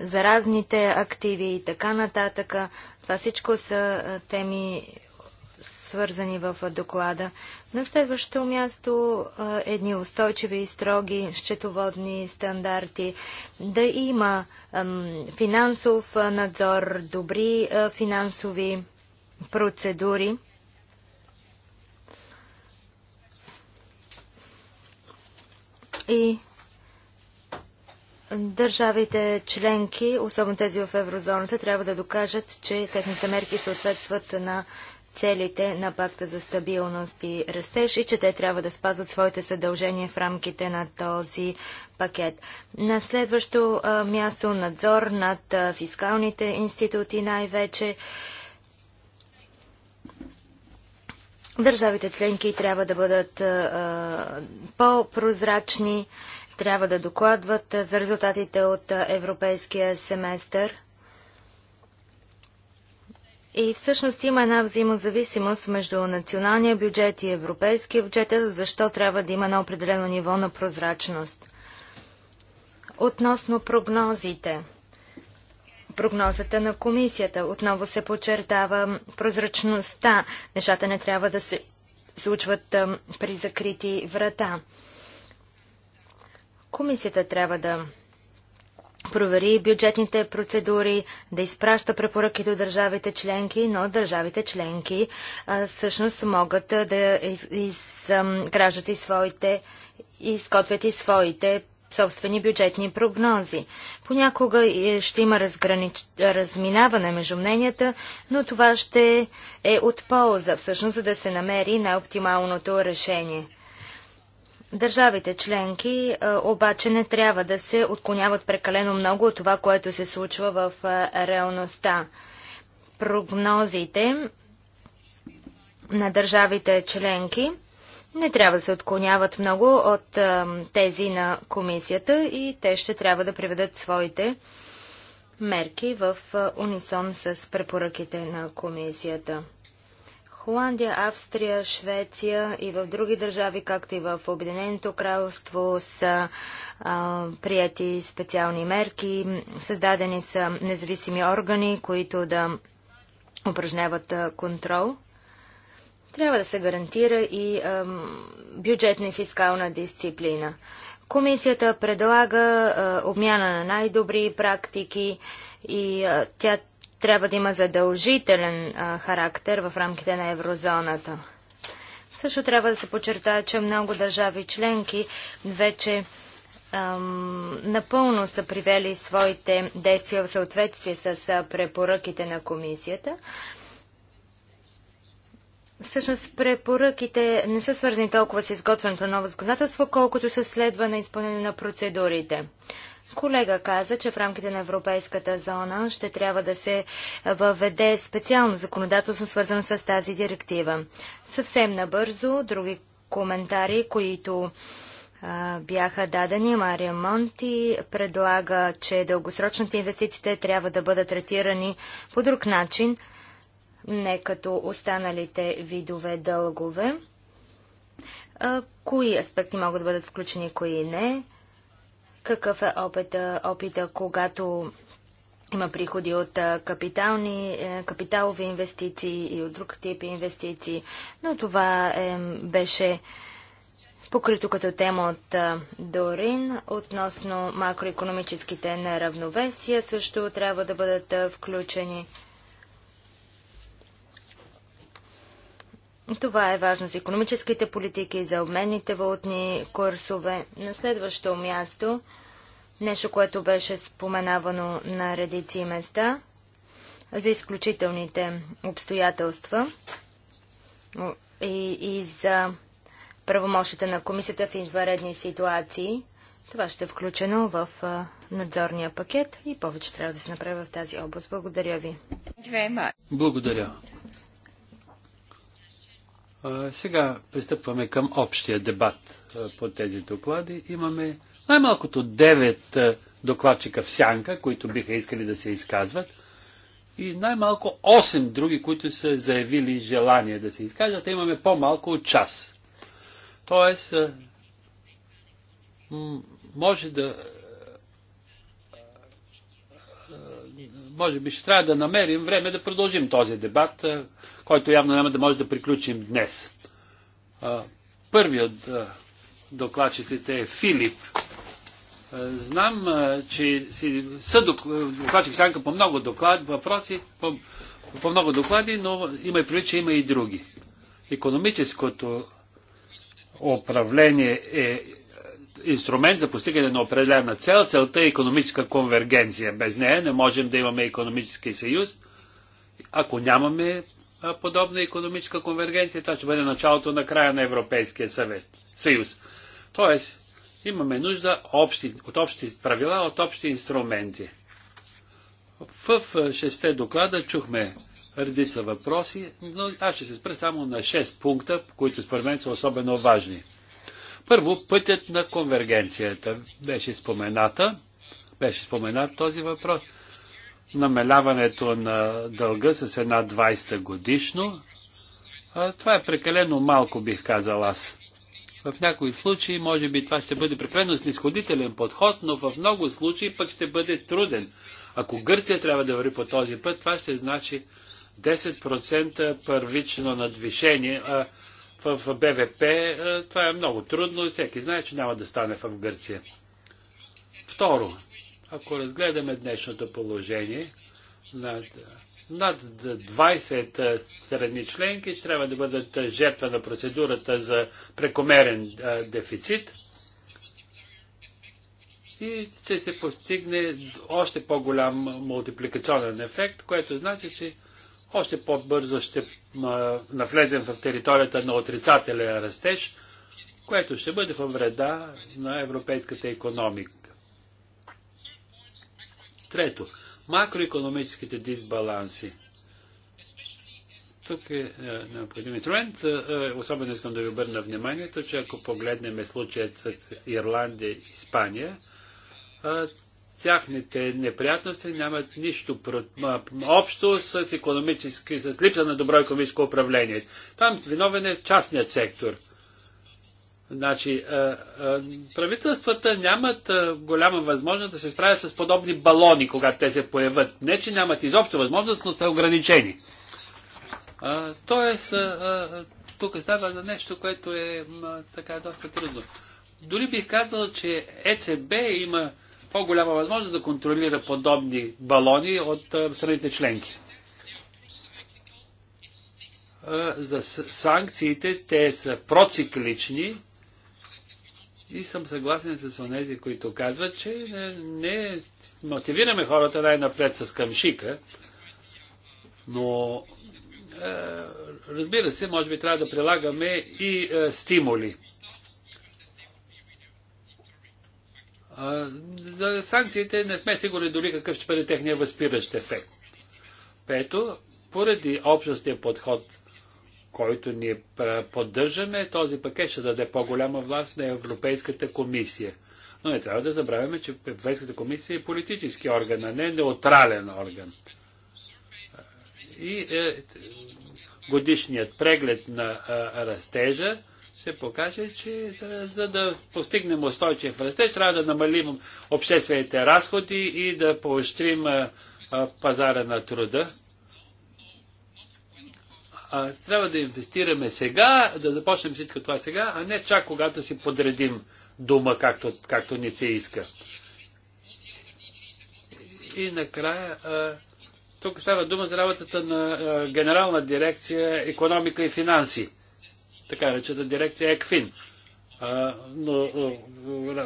заразните активи и така нататък, това всичко са теми, свързани в доклада. На следващо място едни устойчиви и строги счетоводни стандарти, да има финансов надзор, добри финансови процедури. И Държавите членки, особено тези в еврозоната, трябва да докажат, че техните мерки съответстват на целите на пакта за стабилност и растеж и че те трябва да спазват своите съдължения в рамките на този пакет. На следващо а, място надзор над а, фискалните институти най-вече. Държавите членки трябва да бъдат по-прозрачни, трябва да докладват а, за резултатите от европейския семестър. И всъщност има една взаимозависимост между националния бюджет и европейския бюджет, защо трябва да има на определено ниво на прозрачност. Относно прогнозите, прогнозата на комисията, отново се подчертава прозрачността. Нещата не трябва да се случват при закрити врата. Комисията трябва да провери бюджетните процедури, да изпраща препоръки до държавите членки, но държавите членки а, всъщност могат да из, изграждат и своите, изготвят и своите собствени бюджетни прогнози. Понякога е, ще има разгранич... разминаване между мненията, но това ще е от полза, всъщност, за да се намери най-оптималното решение. Държавите членки обаче не трябва да се отклоняват прекалено много от това, което се случва в реалността. Прогнозите на държавите членки не трябва да се отклоняват много от тези на комисията и те ще трябва да приведат своите мерки в унисон с препоръките на комисията. Холандия, Австрия, Швеция и в други държави, както и в Обединеното кралство, са а, прияти специални мерки. Създадени са независими органи, които да упражняват а, контрол. Трябва да се гарантира и а, бюджетна и фискална дисциплина. Комисията предлага а, обмяна на най-добри практики и а, тя трябва да има задължителен а, характер в рамките на еврозоната. Също трябва да се подчертая, че много държави членки вече ам, напълно са привели своите действия в съответствие с препоръките на комисията. Всъщност препоръките не са свързани толкова с изготвянето на ново законодателство, колкото с следва на изпълнение на процедурите. Колега каза, че в рамките на Европейската зона ще трябва да се въведе специално законодателство, свързано с тази директива. Съвсем набързо, други коментари, които а, бяха дадени. Мария Монти предлага, че дългосрочните инвестициите трябва да бъдат третирани по друг начин, не като останалите видове дългове. А, кои аспекти могат да бъдат включени, кои не? Какъв е опита, опита когато има приходи от капитални, е, капиталови инвестиции и от друг тип инвестиции, но това е, беше покрито като тема от Дорин относно макроекономическите неравновесия също трябва да бъдат включени. Това е важно за економическите политики, за обменните валутни курсове. На следващо място, нещо, което беше споменавано на редици места, за изключителните обстоятелства и, и за правомощите на комисията в извънредни ситуации. Това ще е включено в надзорния пакет и повече трябва да се направи в тази област. Благодаря ви. Благодаря. Сега пристъпваме към общия дебат по тези доклади. Имаме най-малкото 9 докладчика в сянка, които биха искали да се изказват и най-малко 8 други, които са заявили желание да се изкажат, имаме по-малко от час. Тоест, може да може би ще трябва да намерим време да продължим този дебат, който явно няма да може да приключим днес. Първият докладчиците е Филип. Знам, че си докладчик сянка по много доклад, въпроси, по, по много доклади, но има и прилича, има и други. Економическото управление е инструмент за постигане на определена цел. Целта е економическа конвергенция. Без нея не можем да имаме економически съюз. Ако нямаме подобна економическа конвергенция, това ще бъде началото на края на Европейския съвет, съюз. Тоест, имаме нужда общи, от общи правила, от общи инструменти. В шесте доклада чухме редица въпроси, но аз ще се спра само на шест пункта, които според мен са особено важни. Първо, пътят на конвергенцията беше спомената, беше споменат този въпрос. Намеляването на дълга с една 20 та годишно, а, това е прекалено малко, бих казал аз. В някои случаи, може би, това ще бъде прекалено снисходителен подход, но в много случаи пък ще бъде труден. Ако Гърция трябва да върви по този път, това ще значи 10% първично надвишение, а в БВП, е, това е много трудно и всеки знае, че няма да стане в Гърция. Второ, ако разгледаме днешното положение, над, над 20 е, страни членки ще трябва да бъдат е, жертва на процедурата за прекомерен дефицит и ще се постигне още по-голям мултипликационен ефект, което значи, че още по-бързо ще навлезем в територията на отрицателен растеж, което ще бъде във вреда на европейската економика. Трето, макроекономическите дисбаланси. Тук е, е необходим инструмент. Е, е, особено искам да ви обърна вниманието, че ако погледнем случаят с Ирландия и Испания, тяхните неприятности нямат нищо общо с, економически, с липса на добро економическо управление. Там виновен е частният сектор. Значи, правителствата нямат голяма възможност да се справят с подобни балони, когато те се появят. Не, че нямат изобщо възможност, но са ограничени. Тоест, тук става за нещо, което е така доста трудно. Дори бих казал, че ЕЦБ има по-голяма възможност да контролира подобни балони от страните членки. За санкциите те са проциклични и съм съгласен с онези, които казват, че не мотивираме хората най-напред с камшика, но разбира се, може би трябва да прилагаме и стимули. За санкциите не сме сигурни дори какъв ще бъде техния възпиращ ефект. Пето, поради общностния подход, който ние поддържаме, този пакет ще даде по-голяма власт на Европейската комисия. Но не трябва да забравяме, че Европейската комисия е политически орган, а не неутрален орган. И е, годишният преглед на а, растежа ще покаже, че е, за да постигнем устойчив растеж, трябва да намалим обществените разходи и да поощрим е, е, пазара на труда. А, трябва да инвестираме сега, да започнем всичко това сега, а не чак когато си подредим дума, както, както ни се иска. И накрая, а, тук става дума за работата на а, Генерална дирекция економика и финанси така речета дирекция ЕКФИН. Но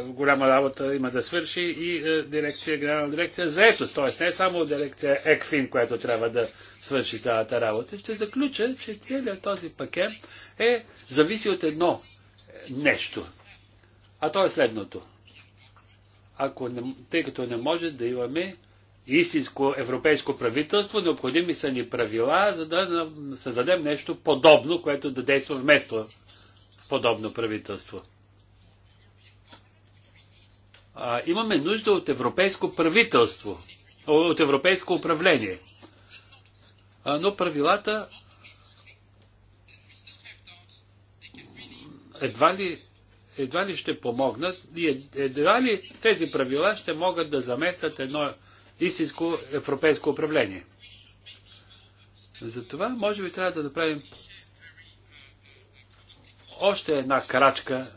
голяма работа има да свърши и е, дирекция, генерална дирекция заетост. Т.е. не само дирекция ЕКФИН, която трябва да свърши цялата работа. Ще заключа, че целият този пакет е, зависи от едно нещо. А то е следното. Ако не, тъй като не може да имаме истинско европейско правителство, необходими са ни правила, за да създадем нещо подобно, което да действа вместо подобно правителство. А, имаме нужда от европейско правителство, от европейско управление. А, но правилата едва ли, едва ли ще помогнат и е- едва ли тези правила ще могат да заместят едно истинско европейско управление. Затова, може би, трябва да направим още една крачка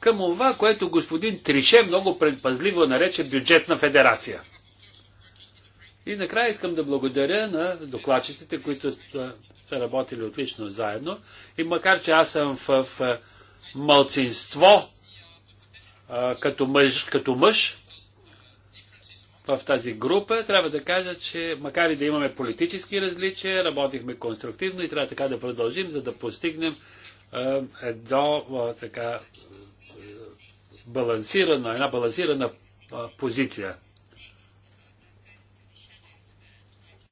към това, което господин Трише много предпазливо нарече бюджетна федерация. И накрая искам да благодаря на докладчиците, които са, са работили отлично заедно. И макар, че аз съм в, в мълцинство а, като мъж, като мъж в тази група, трябва да кажа, че макар и да имаме политически различия, работихме конструктивно и трябва така да продължим, за да постигнем едно така балансирана, една балансирана позиция.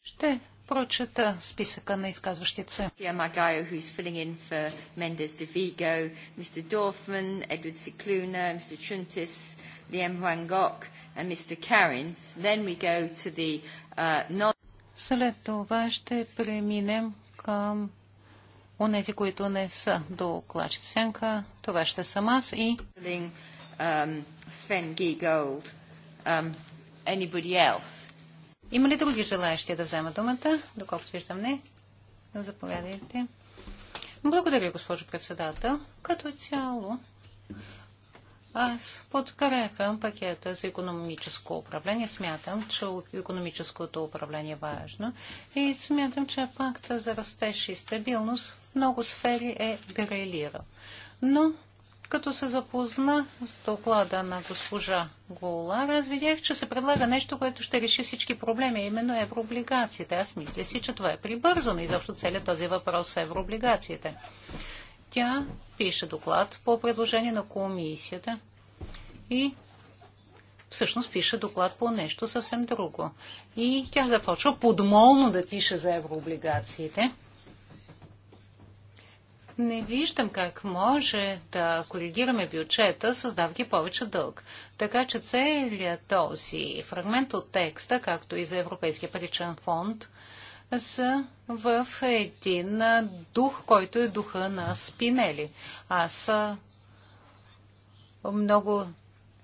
Ще прочета списъка на изказващите се. Tia Margaio, who's filling in for Mendes de Vigo, Mr. Dorfman, Edward Cicluna, Mr. Chuntis, Liam Wangok, Mr. Karins. Then we go to the uh, След това ще преминем към онези, които не са до клачета сенка. Това ще съм аз и... Um, Sven um, anybody else? Има ли други желаящи да вземат думата? Доколкото виждам не. Заповядайте. Благодаря, госпожо председател. Като цяло аз подкрепям пакета за економическо управление. Смятам, че економическото управление е важно и смятам, че пакта за растеж и стабилност в много сфери е дерелиран. Но като се запозна с доклада на госпожа Гола, аз видях, че се предлага нещо, което ще реши всички проблеми, именно еврооблигациите. Аз мисля си, че това е прибързано и защо целият този въпрос с е еврооблигациите. Тя пише доклад по предложение на комисията и всъщност пише доклад по нещо съвсем друго. И тя започва подмолно да пише за еврооблигациите. Не виждам как може да коригираме бюджета, създавайки повече дълг. Така че целият този фрагмент от текста, както и за Европейския паричен фонд, са в един дух, който е духа на Спинели. Аз много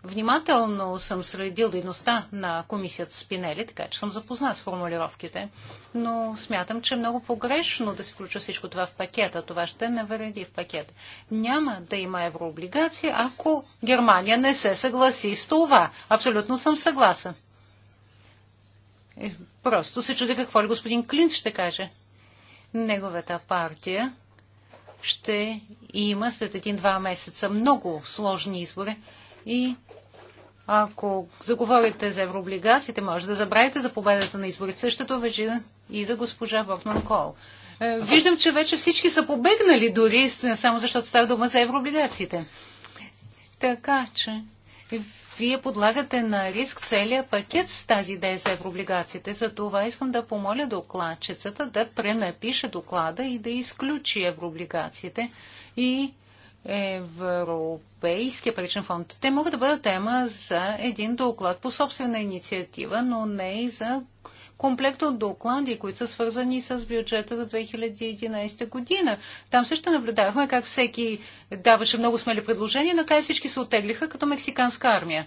Внимателно съм следил дейността на комисията Спинели, така че съм запознат с формулировките, но смятам, че е много погрешно да се включва всичко това в пакета. Това ще навреди в пакет. Няма да има еврооблигация, ако Германия не се съгласи с това. Абсолютно съм съгласен. Е, просто се чуди какво ли господин Клинц ще каже. Неговата партия ще има след един-два месеца много сложни избори и ако заговорите за еврооблигациите, може да забравите за победата на изборите. Същото вече и за госпожа Вортман Кол. Е, виждам, че вече всички са побегнали дори, само защото става дума за еврооблигациите. Така че, вие подлагате на риск целия пакет с тази идея за еврооблигациите. За това искам да помоля докладчицата да пренапише доклада и да изключи еврооблигациите и Европейския паричен фонд. Те могат да бъдат тема за един доклад по собствена инициатива, но не и за комплект от доклади, които са свързани с бюджета за 2011 година. Там също наблюдавахме как всеки даваше много смели предложения, накрая всички се отеглиха като мексиканска армия.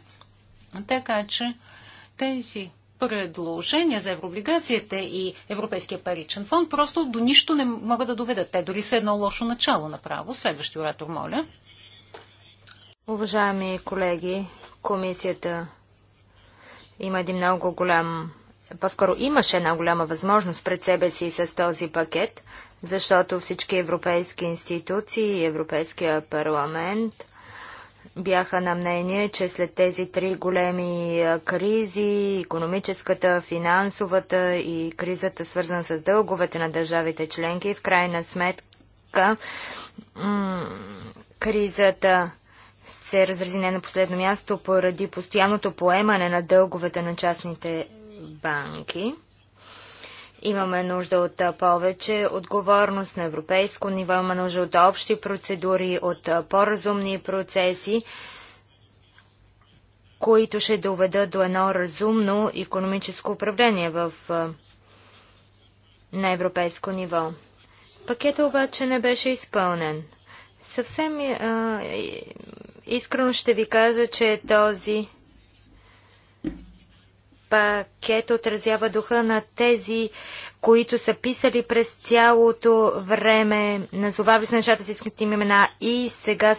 Така че тези предложения за еврооблигациите и Европейския паричен фонд просто до нищо не могат да доведат. Те дори са едно лошо начало направо. Следващи оратор, моля. Уважаеми колеги, комисията има един много голям по-скоро имаше една голяма възможност пред себе си с този пакет, защото всички европейски институции и Европейския парламент бяха на мнение, че след тези три големи кризи, економическата, финансовата и кризата свързана с дълговете на държавите членки, в крайна сметка кризата се разрази не на последно място поради постоянното поемане на дълговете на частните банки. Имаме нужда от повече отговорност на европейско ниво, имаме нужда от общи процедури, от по-разумни процеси, които ще доведат до едно разумно економическо управление в, на европейско ниво. Пакета обаче не беше изпълнен. Съвсем а, искрено ще ви кажа, че този пакет отразява духа на тези, които са писали през цялото време, назовали се нещата с искат им имена и сега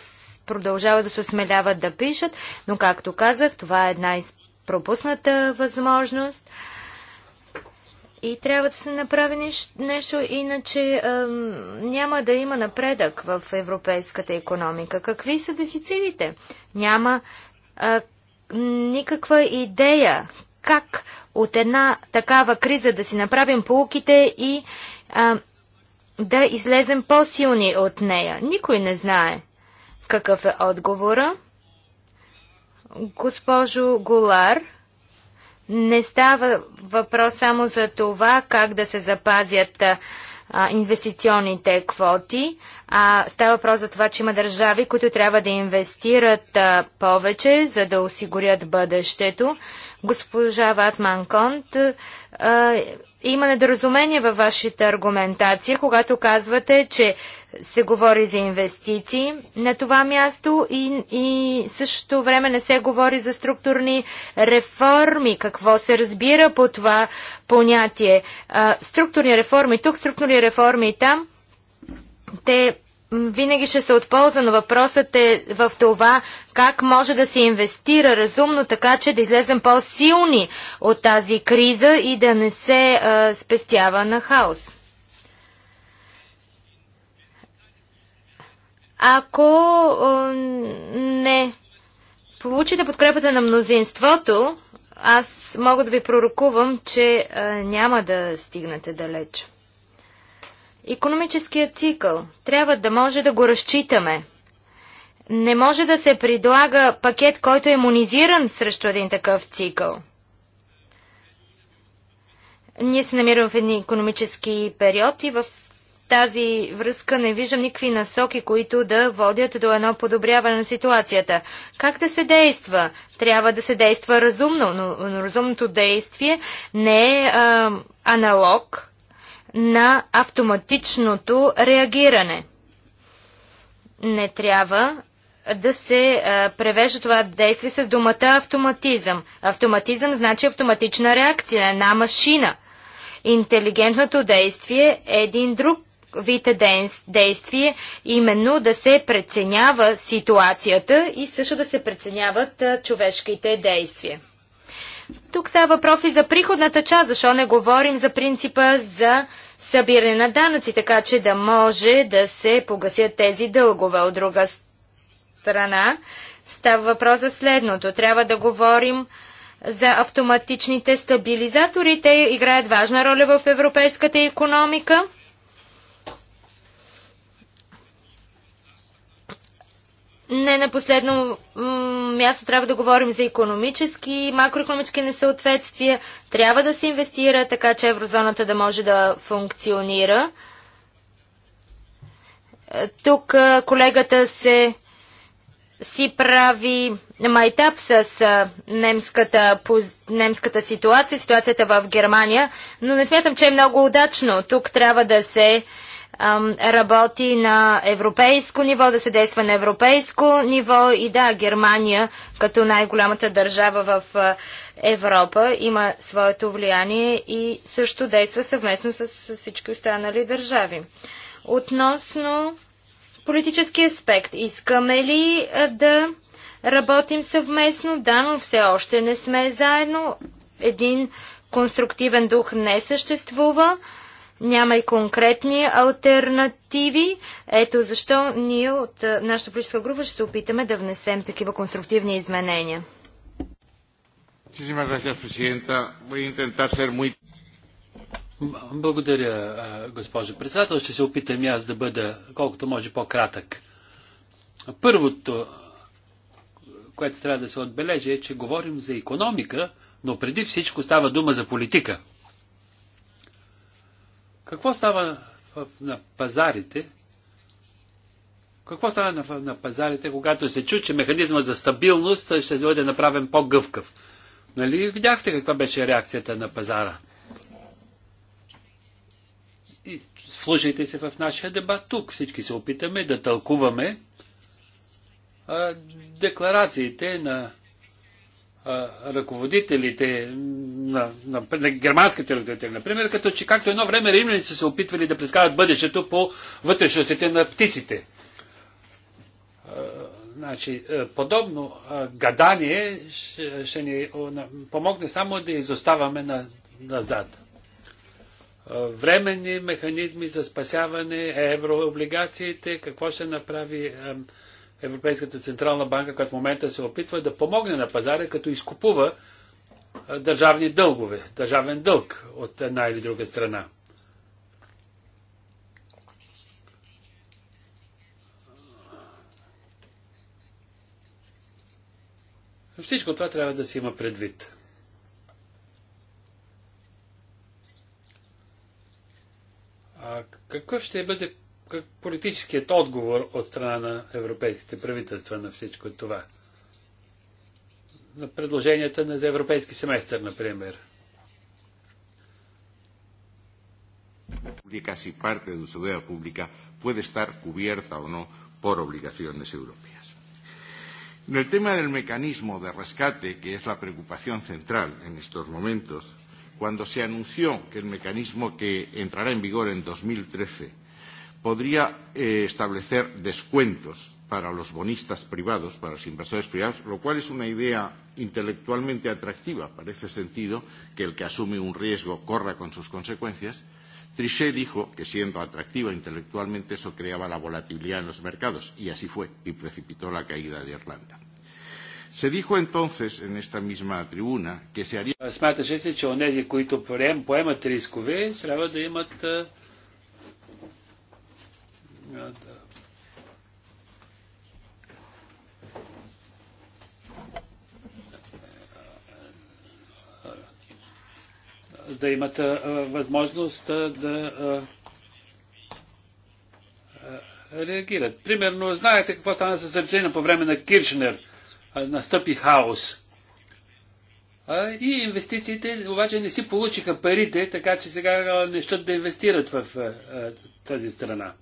продължават да се осмеляват да пишат, но както казах, това е една из пропусната възможност. И трябва да се направи нещо, иначе няма да има напредък в европейската економика. Какви са дефицитите? Няма никаква идея как от една такава криза да си направим полуките и а, да излезем по-силни от нея. Никой не знае какъв е отговора. Госпожо Голар, не става въпрос само за това как да се запазят а, инвестиционните квоти. А, става въпрос за това, че има държави, които трябва да инвестират а, повече, за да осигурят бъдещето. Госпожа Ватман Конт а, има недоразумение във вашата аргументация, когато казвате, че се говори за инвестиции на това място и, и същото време не се говори за структурни реформи. Какво се разбира по това понятие? А, структурни реформи тук, структурни реформи там. Те винаги ще се отползва, но въпросът е в това как може да се инвестира разумно, така че да излезем по-силни от тази криза и да не се а, спестява на хаос. Ако а, не получите подкрепата на мнозинството, аз мога да ви пророкувам, че а, няма да стигнете далеч. Економическият цикъл трябва да може да го разчитаме. Не може да се предлага пакет, който е иммунизиран срещу един такъв цикъл. Ние се намираме в един економически период и в тази връзка не виждам никакви насоки, които да водят до едно подобряване на ситуацията. Как да се действа? Трябва да се действа разумно, но, но разумното действие не е а, аналог на автоматичното реагиране. Не трябва да се превежда това действие с думата автоматизъм. Автоматизъм значи автоматична реакция на една машина. Интелигентното действие е един друг вид действие, именно да се преценява ситуацията и също да се преценяват човешките действия. Тук става въпрос и за приходната част, защо не говорим за принципа за събиране на данъци, така че да може да се погасят тези дългове. От друга страна става въпрос за следното. Трябва да говорим за автоматичните стабилизатори. Те играят важна роля в европейската економика. Не на последно място трябва да говорим за економически и макроекономически несъответствия. Трябва да се инвестира така, че еврозоната да може да функционира. Е, тук е, колегата се си прави майтап с е, немската, немската ситуация, ситуацията в Германия, но не смятам, че е много удачно. Тук трябва да се работи на европейско ниво, да се действа на европейско ниво и да, Германия като най-голямата държава в Европа има своето влияние и също действа съвместно с всички останали държави. Относно политически аспект, искаме ли да работим съвместно? Да, но все още не сме заедно. Един конструктивен дух не съществува. Няма и конкретни альтернативи. Ето защо ние от нашата политическа група ще се опитаме да внесем такива конструктивни изменения. Благодаря, госпожо председател. Ще се опитам и аз да бъда колкото може по-кратък. Първото, което трябва да се отбележи е, че говорим за економика, но преди всичко става дума за политика – какво става на пазарите? Какво става на, пазарите, когато се чу, че механизма за стабилност ще бъде направен по-гъвкав? Нали видяхте каква беше реакцията на пазара? И слушайте се в нашия дебат тук. Всички се опитаме да тълкуваме а, декларациите на ръководителите на, на, на германските ръководители, например, като че както едно време римляните са се опитвали да предсказват бъдещето по вътрешностите на птиците. Значи, подобно гадание ще, ще ни помогне само да изоставаме на, назад. Временни механизми за спасяване, еврооблигациите, какво ще направи Европейската централна банка, която в момента се опитва да помогне на пазара, като изкупува държавни дългове, държавен дълг от една или друга страна. Всичко това трябва да се има предвид. А какъв ще бъде политическият отговор от страна на европейските правителства на всичко това? На предложенията на за европейски семестър, например. públicas y parte de su deuda pública puede estar cubierta o no por obligaciones europeas. En el tema del mecanismo de rescate, que es la preocupación central en estos momentos, cuando se anunció que el mecanismo que entrará en vigor en 2013 podría eh, establecer descuentos para los bonistas privados, para los inversores privados, lo cual es una idea intelectualmente atractiva. para ese sentido que el que asume un riesgo corra con sus consecuencias. Trichet dijo que siendo atractiva intelectualmente eso creaba la volatilidad en los mercados, y así fue, y precipitó la caída de Irlanda. Se dijo entonces en esta misma tribuna que se haría... Смяташе се, че онези, които поемат рискове, трябва да имат да имат възможност да реагират. Примерно, знаете какво стана с Аржена по време на Киршнер? Настъпи хаос. И инвестициите обаче не си получиха парите, така че сега не щат да инвестират в тази страна.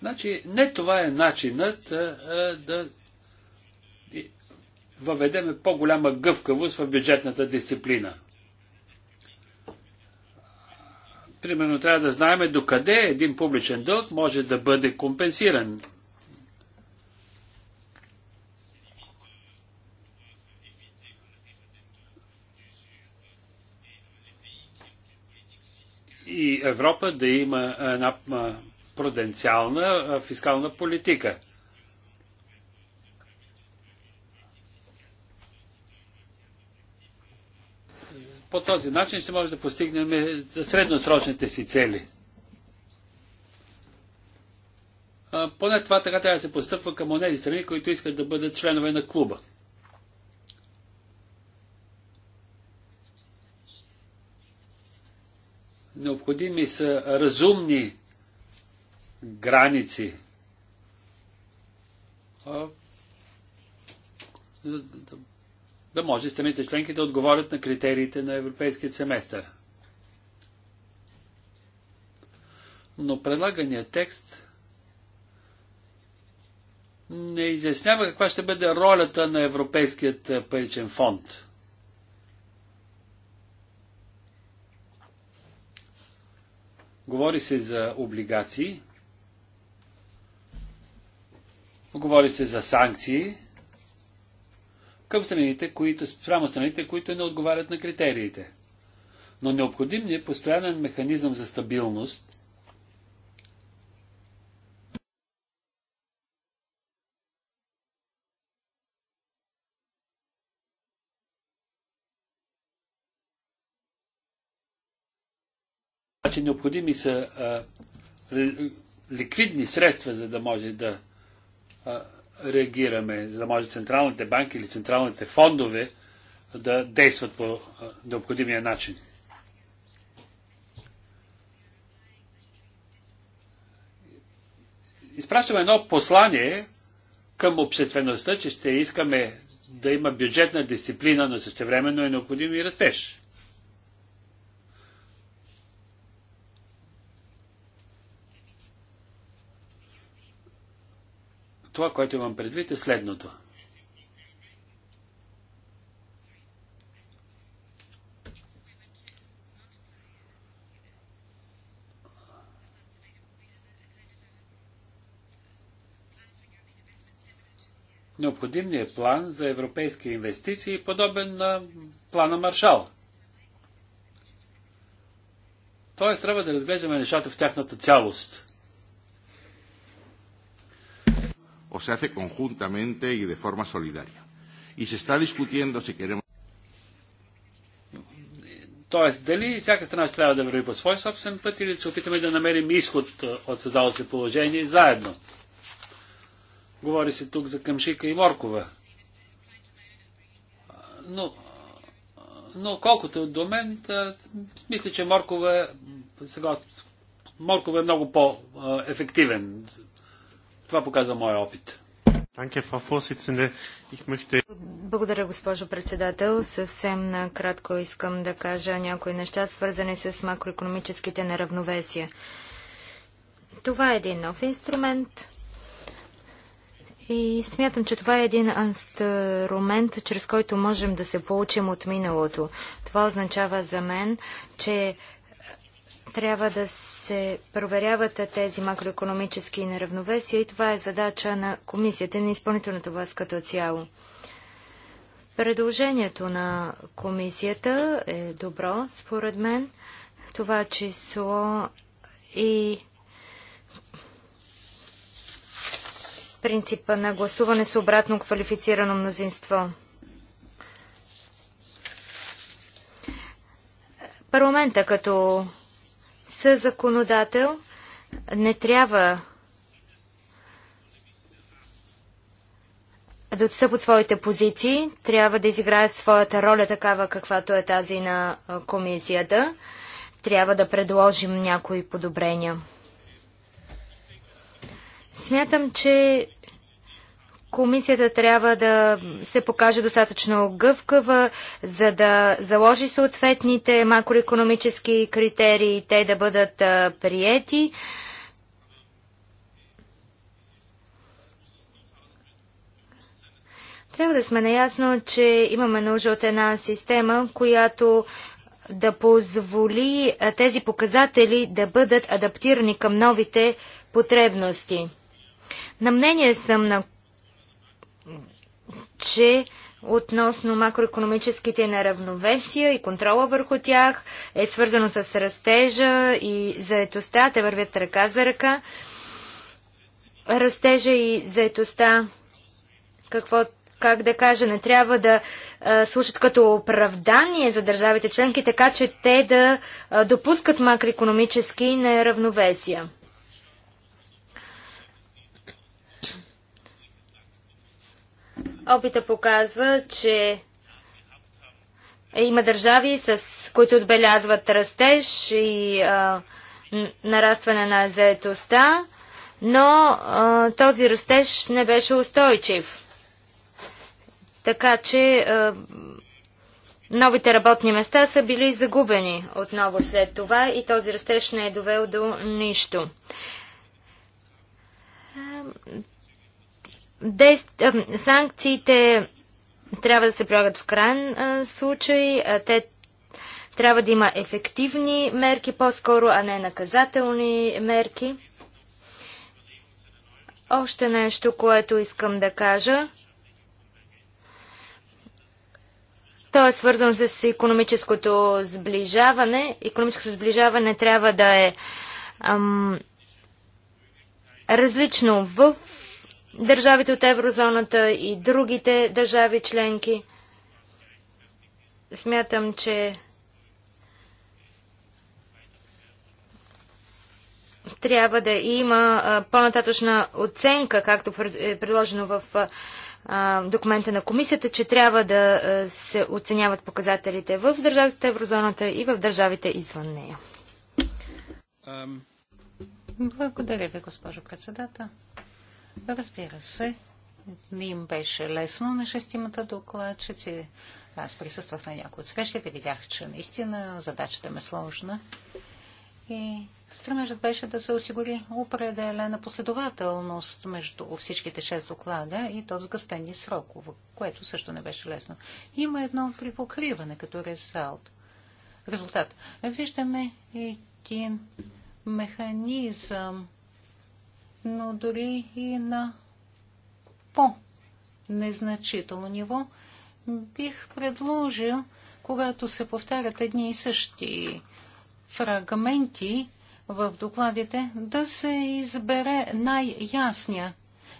Значи, не това е начинът а, да въведеме по-голяма гъвкавост в бюджетната дисциплина. Примерно трябва да знаем докъде един публичен дълг може да бъде компенсиран. И Европа да има една пруденциална фискална политика. По този начин ще може да постигнем е, средносрочните си цели. Поне това така трябва да се постъпва към онези страни, които искат да бъдат членове на клуба. Необходими са разумни граници. А, да, да, да може страните членки да отговорят на критериите на европейския семестър. Но предлагания текст не изяснява каква ще бъде ролята на Европейският е, паричен фонд. Говори се за облигации, Говори се за санкции към страните, които, спрямо страните, които не отговарят на критериите. Но необходим ни е постоянен механизъм за стабилност, значи необходими са а, ликвидни средства, за да може да реагираме, за да може централните банки или централните фондове да действат по необходимия начин. Изпращаме едно послание към обществеността, че ще искаме да има бюджетна дисциплина, но същевременно е необходим и растеж. Това, което имам предвид е следното. Необходим е план за европейски инвестиции, подобен на плана Маршал. Тоест трябва да разглеждаме нещата в тяхната цялост. o se hace conjuntamente y de forma solidaria. Y se está discutiendo si queremos. Тоест, дали всяка страна ще трябва да върви по свой собствен път или да се опитаме да намерим изход от създалото се положение заедно. Говори се тук за Къмшика и Моркова. Но, но колкото до мен, мисля, че Моркова сега Моркова е много по-ефективен това показва моя опит. Благодаря, госпожо председател. Съвсем накратко искам да кажа някои неща, свързани с макроекономическите неравновесия. Това е един нов инструмент и смятам, че това е един инструмент, чрез който можем да се получим от миналото. Това означава за мен, че трябва да се проверяват тези макроекономически неравновесия и това е задача на комисията на изпълнителната власт като цяло. Предложението на комисията е добро, според мен. Това число и принципа на гласуване с обратно квалифицирано мнозинство. Парламента като със законодател не трябва да отстъпват своите позиции, трябва да изиграе своята роля такава, каквато е тази на комисията. Трябва да предложим някои подобрения. Смятам, че Комисията трябва да се покаже достатъчно гъвкава, за да заложи съответните макроекономически критерии, те да бъдат приети. Трябва да сме наясно, че имаме нужда от една система, която да позволи тези показатели да бъдат адаптирани към новите потребности. На мнение съм на че относно макроекономическите неравновесия и контрола върху тях е свързано с растежа и заетостта. Те вървят ръка за ръка. Растежа и заетостта, какво, как да кажа, не трябва да а, слушат като оправдание за държавите членки, така че те да а, допускат макроекономически неравновесия. Опита показва, че има държави, с които отбелязват растеж и а, нарастване на заетостта, но а, този растеж не беше устойчив. Така че а, новите работни места са били загубени отново след това и този растеж не е довел до нищо а, Санкциите трябва да се прилагат в крайен случай. Те трябва да има ефективни мерки по-скоро, а не наказателни мерки. Още нещо, което искам да кажа. То е свързано с економическото сближаване. Економическото сближаване трябва да е ам, различно в държавите от еврозоната и другите държави членки. Смятам, че трябва да има по-нататъчна оценка, както е предложено в документа на комисията, че трябва да се оценяват показателите в държавите еврозоната и в държавите извън нея. Благодаря ви, госпожо председател. Разбира се, не им беше лесно на шестимата докладчици. Аз присъствах на някои от срещите, видях, че наистина задачата ме сложна. И стремежът беше да се осигури определена последователност между всичките шест доклада и то с гъстени срокове, което също не беше лесно. Има едно припокриване като резултат. резултат. Виждаме един механизъм но дори и на по-незначително ниво, бих предложил, когато се повтарят едни и същи фрагменти в докладите, да се избере най-ясния,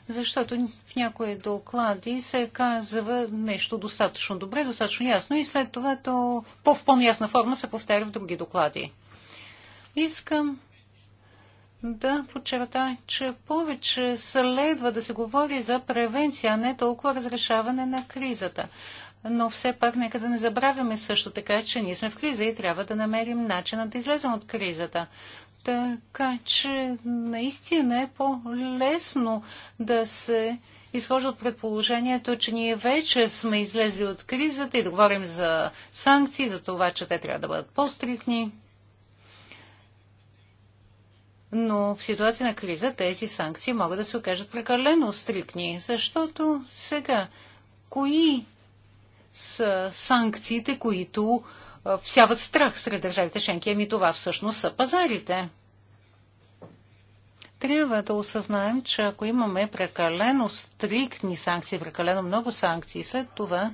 защото в някои доклади се казва нещо достатъчно добре, достатъчно ясно и след това то по в по-ясна форма се повтаря в други доклади. Искам да подчертай, че повече следва да се говори за превенция, а не толкова разрешаване на кризата. Но все пак нека да не забравяме също така, че ние сме в криза и трябва да намерим начина да излезем от кризата. Така че наистина е по-лесно да се изхожда от предположението, че ние вече сме излезли от кризата и да говорим за санкции, за това, че те трябва да бъдат по-стрикни но в ситуация на криза тези санкции могат да се окажат прекалено стрикни, защото сега кои са санкциите, които всяват страх сред държавите членки? Ами това всъщност са пазарите. Трябва да осъзнаем, че ако имаме прекалено стриктни санкции, прекалено много санкции, след това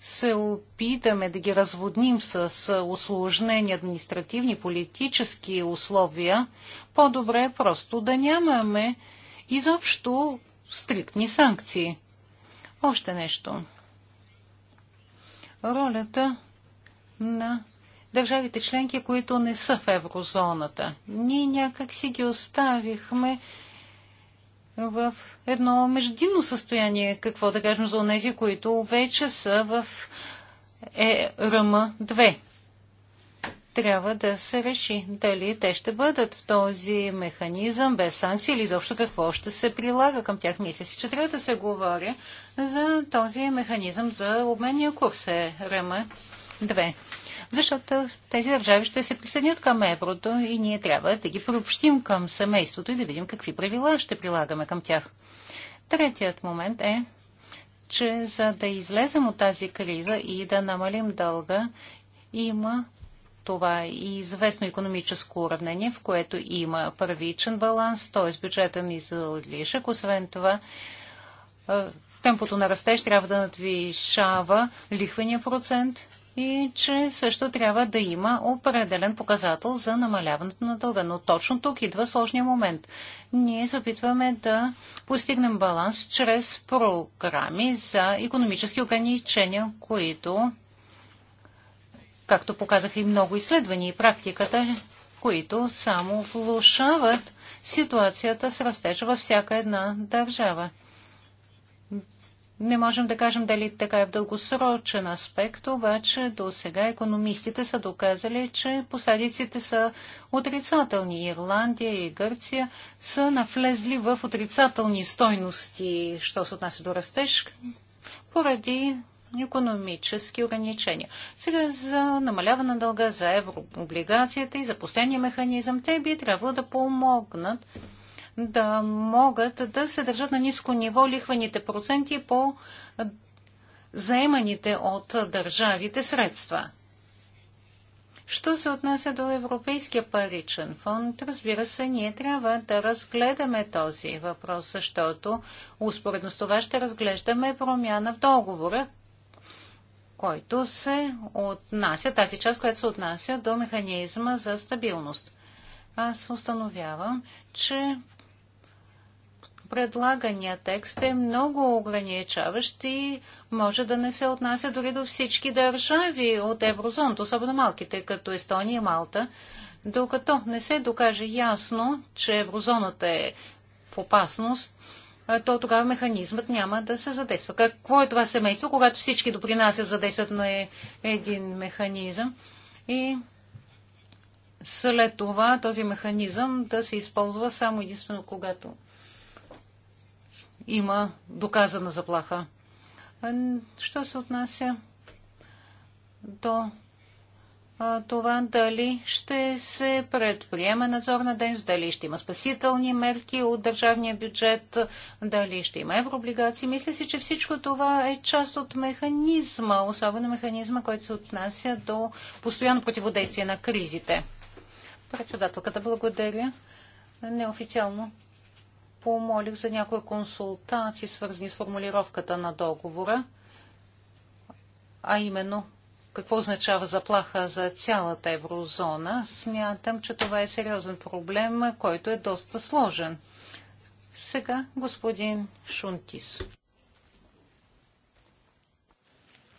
се опитаме да ги разводним с осложнени административни, политически условия, по-добре е просто да нямаме изобщо стриктни санкции. Още нещо. Ролята на държавите членки, които не са в еврозоната. Ние някак си ги оставихме в едно междинно състояние, какво да кажем за онези, които вече са в ЕРМ-2 трябва да се реши дали те ще бъдат в този механизъм без санкции или изобщо какво ще се прилага към тях. Мисля си, че трябва да се говори за този механизъм за обменния курс е РМ-2. Защото тези държави ще се присъединят към еврото и ние трябва да ги приобщим към семейството и да видим какви правила ще прилагаме към тях. Третият момент е, че за да излезем от тази криза и да намалим дълга, има това и известно економическо уравнение, в което има първичен баланс, т.е. бюджетен излишък. Освен това, темпото на растеж трябва да надвишава лихвения процент и че също трябва да има определен показател за намаляването на дълга. Но точно тук идва сложния момент. Ние се опитваме да постигнем баланс чрез програми за економически ограничения, които както показаха и много изследвания и практиката, които само влушават ситуацията с растежа във всяка една държава. Не можем да кажем дали така е в дългосрочен аспект, обаче до сега економистите са доказали, че последиците са отрицателни. Ирландия и Гърция са навлезли в отрицателни стойности, що се отнася до растеж, поради економически ограничения. Сега за намаляване на дълга за еврооблигацията и за последния механизъм, те би трябвало да помогнат да могат да се държат на ниско ниво лихвените проценти по заеманите от държавите средства. Що се отнася до Европейския паричен фонд, разбира се, ние трябва да разгледаме този въпрос, защото успоредно с това ще разглеждаме промяна в договора, който се отнася, тази част, която се отнася до механизма за стабилност. Аз установявам, че предлагания текст е много ограничаващ и може да не се отнася дори до всички държави от еврозоната, особено малките, като Естония и Малта, докато не се докаже ясно, че еврозоната е в опасност, то тогава механизмът няма да се задейства. Какво е това семейство, когато всички допринасят за действието на е-, един механизъм и след това този механизъм да се използва само единствено когато има доказана заплаха. Що се отнася до това дали ще се предприема надзорна дейност, дали ще има спасителни мерки от държавния бюджет, дали ще има еврооблигации. Мисля си, че всичко това е част от механизма, особено механизма, който се отнася до постоянно противодействие на кризите. Председателката, благодаря. Неофициално помолих за някои консултации, свързани с формулировката на договора, а именно какво означава заплаха за цялата еврозона, смятам, че това е сериозен проблем, който е доста сложен. Сега господин Шунтис.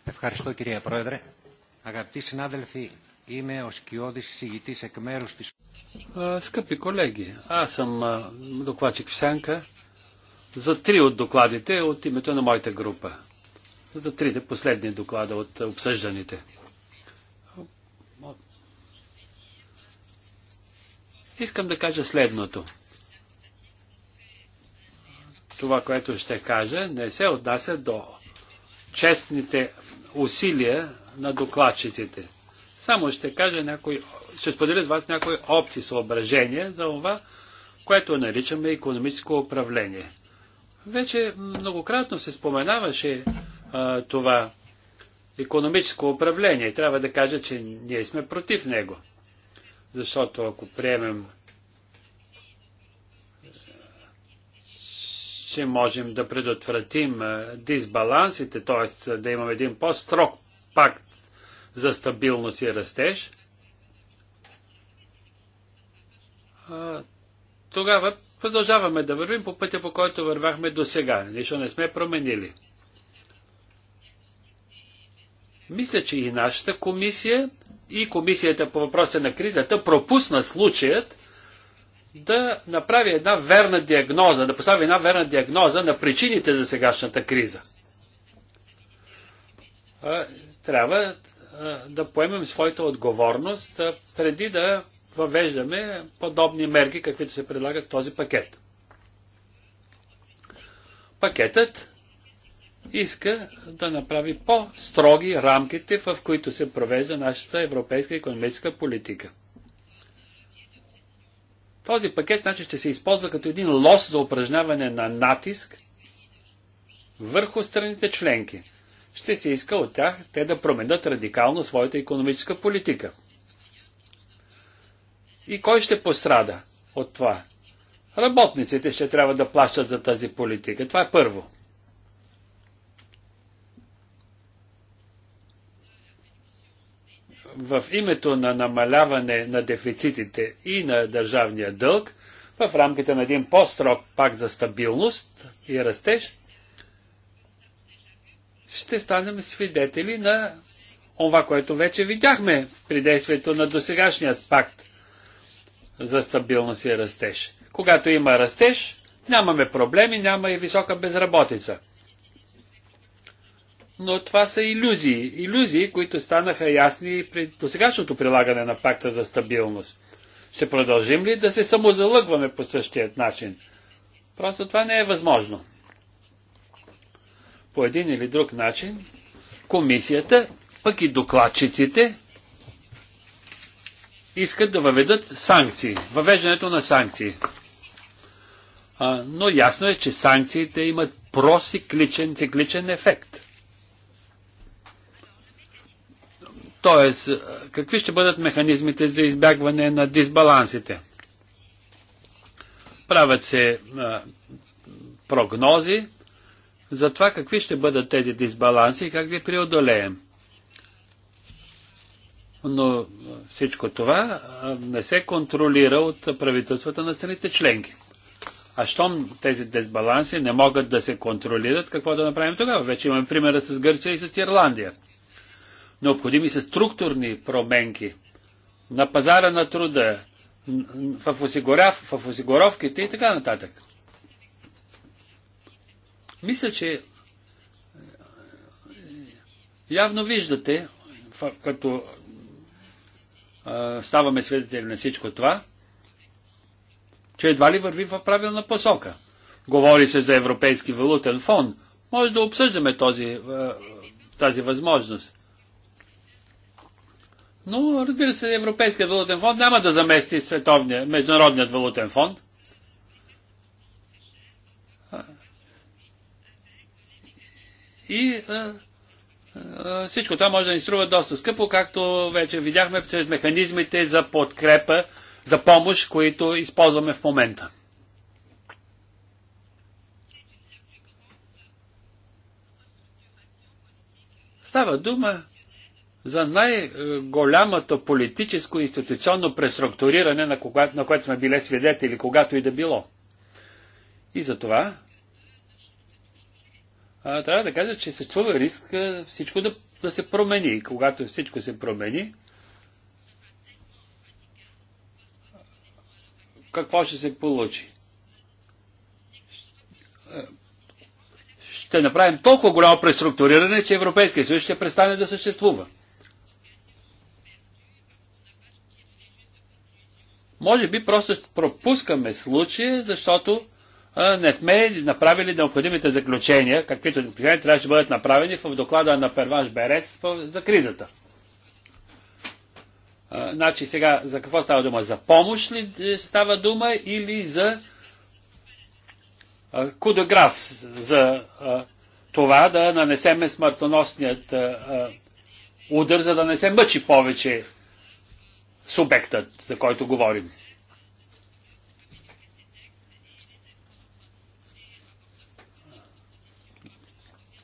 Ευχαριστώ κυρία Πρόεδρε. Αγαπητοί συνάδελφοι, είμαι ο σκιώδης συγητής εκ μέρους της... Скъпи колеги, аз съм докладчик в Сянка за три от докладите от името на моята група за трите последни доклада от обсъжданите. Искам да кажа следното. Това, което ще кажа, не се отнася до честните усилия на докладчиците. Само ще кажа някой, ще споделя с вас някои опти съображения за това, което наричаме економическо управление. Вече многократно се споменаваше а, това економическо управление. Трябва да кажа, че ние сме против него. Защото ако приемем, че можем да предотвратим дисбалансите, т.е. да имаме един по-строг пакт за стабилност и растеж, тогава продължаваме да вървим по пътя, по който вървахме до сега. Нищо не сме променили. Мисля, че и нашата комисия, и комисията по въпроса на кризата пропусна случаят да направи една верна диагноза, да постави една верна диагноза на причините за сегашната криза. Трябва да поемем своята отговорност преди да въвеждаме подобни мерки, каквито се предлагат в този пакет. Пакетът иска да направи по-строги рамките, в които се провежда нашата европейска економическа политика. Този пакет значи, ще се използва като един лос за упражняване на натиск върху страните членки. Ще се иска от тях те да променят радикално своята економическа политика. И кой ще пострада от това? Работниците ще трябва да плащат за тази политика. Това е първо. в името на намаляване на дефицитите и на държавния дълг, в рамките на един по-строг пакт за стабилност и растеж, ще станем свидетели на това, което вече видяхме при действието на досегашният пакт за стабилност и растеж. Когато има растеж, нямаме проблеми, няма и висока безработица но това са иллюзии. Иллюзии, които станаха ясни при досегашното прилагане на пакта за стабилност. Ще продължим ли да се самозалъгваме по същия начин? Просто това не е възможно. По един или друг начин, комисията, пък и докладчиците, искат да въведат санкции, въвеждането на санкции. А, но ясно е, че санкциите имат просикличен, цикличен ефект. Тоест, какви ще бъдат механизмите за избягване на дисбалансите? Правят се а, прогнози за това какви ще бъдат тези дисбаланси и как ги преодолеем. Но всичко това не се контролира от правителствата на страните членки. А щом тези дисбаланси не могат да се контролират, какво да направим тогава? Вече имаме примера с Гърция и с Ирландия. Необходими са структурни променки на пазара на труда, в, осигурав, в осигуровките и така нататък. Мисля, че е, явно виждате, като е, ставаме свидетели на всичко това, че едва ли върви в правилна посока. Говори се за Европейски валутен фонд. Може да обсъждаме този, е, тази възможност. Но, разбира се, Европейският валутен фонд няма да замести световния, Международният валутен фонд. И а, а, всичко това може да ни струва доста скъпо, както вече видяхме чрез механизмите за подкрепа, за помощ, които използваме в момента. Става дума за най-голямото политическо и институционно преструктуриране, на, кога, на което сме били свидетели, когато и да било. И за това а, трябва да кажа, че се чува риск а, всичко да, да се промени. Когато всичко се промени, какво ще се получи? Ще направим толкова голямо преструктуриране, че Европейския съюз ще престане да съществува. Може би просто пропускаме случая, защото а, не сме направили необходимите заключения, каквито заключения трябваше да бъдат направени в доклада на Перваш Берес за кризата. А, значи сега за какво става дума? За помощ ли е, става дума или за Кудограс за а, това да нанесеме смъртоносният а, удар, за да не се мъчи повече субектът, за който говорим.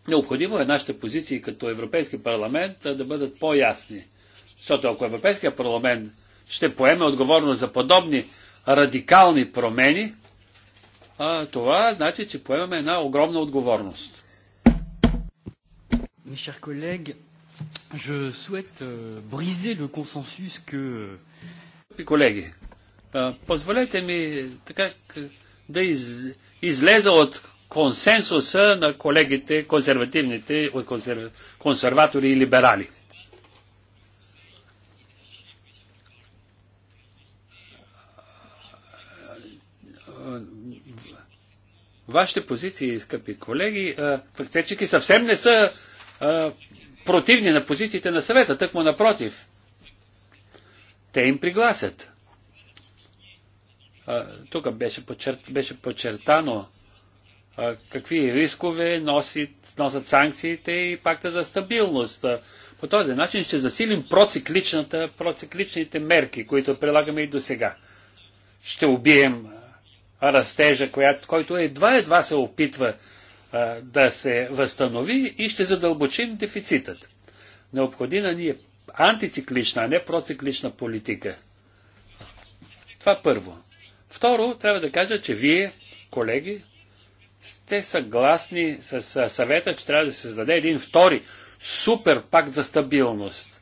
Необходимо е нашите позиции като Европейски парламент да бъдат по-ясни. Защото ако Европейския парламент ще поеме отговорност за подобни радикални промени, това значи, че поемаме една огромна отговорност. Мишер колеги, Je souhaite euh, briser le consensus que... Колеги, позволете ми така да из, от консенсуса на колегите консервативните, от консерватори и либерали. Вашите позиции, скъпи колеги, фактически съвсем не са противни на позициите на съвета, тъкмо напротив. Те им пригласят. Тук беше, подчерт, беше подчертано а, какви рискове носят, носят санкциите и пакта за стабилност. По този начин ще засилим процикличните мерки, които прилагаме и до сега. Ще убием растежа, която, който едва-едва се опитва а, да се възстанови и ще задълбочим дефицитът. Необходима ни е антициклична, а не проциклична политика. Това първо. Второ, трябва да кажа, че вие, колеги, сте съгласни с съвета, че трябва да се създаде един втори супер пакт за стабилност.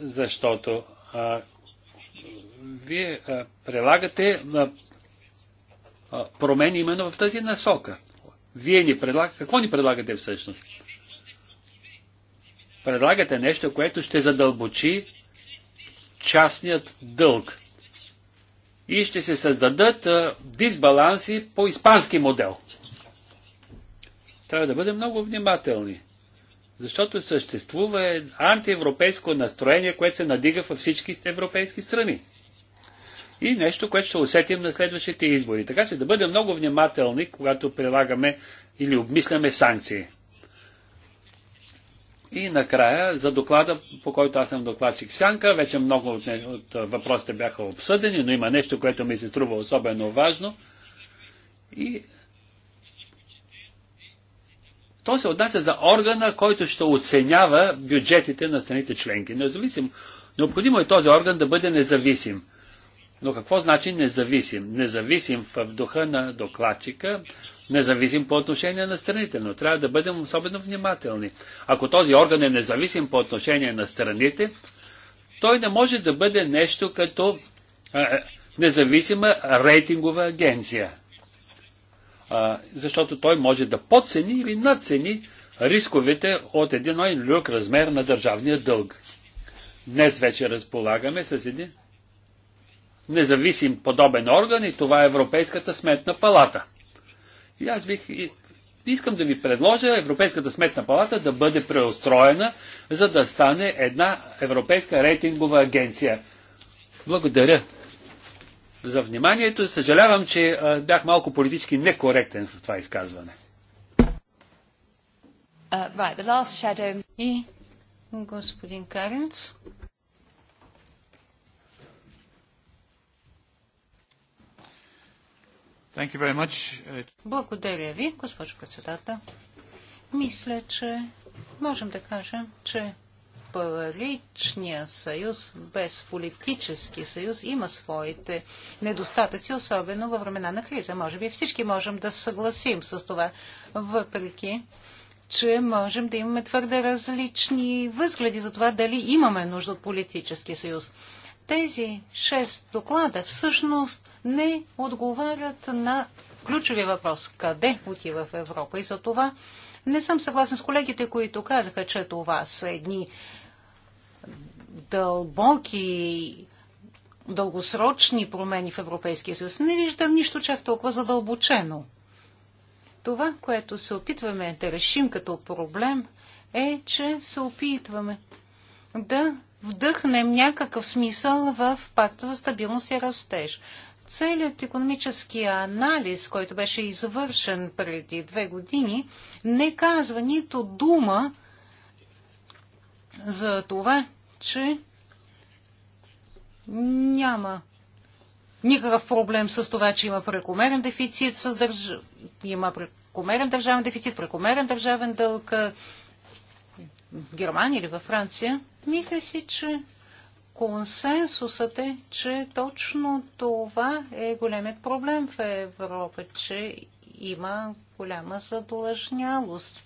Защото а, вие а, прилагате а, промени именно в тази насока. Вие ни предлагате, какво ни предлагате всъщност? Предлагате нещо, което ще задълбочи частният дълг. И ще се създадат а, дисбаланси по испански модел. Трябва да бъдем много внимателни. Защото съществува антиевропейско настроение, което се надига във всички европейски страни и нещо, което ще усетим на следващите избори. Така че да бъдем много внимателни, когато прилагаме или обмисляме санкции. И накрая, за доклада, по който аз съм докладчик Сянка, вече много от, не, от въпросите бяха обсъдени, но има нещо, което ми се струва особено важно. И то се отнася за органа, който ще оценява бюджетите на страните членки. Независимо, необходимо е този орган да бъде независим. Но какво значи независим? Независим в духа на докладчика, независим по отношение на страните, но трябва да бъдем особено внимателни. Ако този орган е независим по отношение на страните, той не може да бъде нещо като а, е, независима рейтингова агенция. А, защото той може да подцени или надцени рисковете от един люк размер на държавния дълг. Днес вече разполагаме с един независим подобен орган и това е Европейската сметна палата. И аз бих искам да ви предложа Европейската сметна палата да бъде преустроена, за да стане една европейска рейтингова агенция. Благодаря за вниманието. Съжалявам, че бях малко политически некоректен в това изказване. Uh, right, И господин Каренц. Благодаря ви, госпожо председател. Мисля, че можем да кажем, че Паричният съюз без политически съюз има своите недостатъци, особено във времена на криза. Може би всички можем да съгласим с това, въпреки че можем да имаме твърде различни възгледи за това дали имаме нужда от политически съюз. Тези шест доклада всъщност не отговарят на ключови въпрос – къде отива в Европа? И за това не съм съгласен с колегите, които казаха, че това са едни дълбоки дългосрочни промени в Европейския съюз. Не виждам нищо чак толкова задълбочено. Това, което се опитваме да решим като проблем, е, че се опитваме да вдъхнем някакъв смисъл в пакта за стабилност и растеж целият економически анализ, който беше извършен преди две години, не казва нито дума за това, че няма никакъв проблем с това, че има прекомерен дефицит, с държ... има прекомерен държавен дефицит, прекомерен държавен дълг в Германия или във Франция. Мисля си, че консенсусът е, че точно това е големият проблем в Европа, че има голяма задлъжнялост.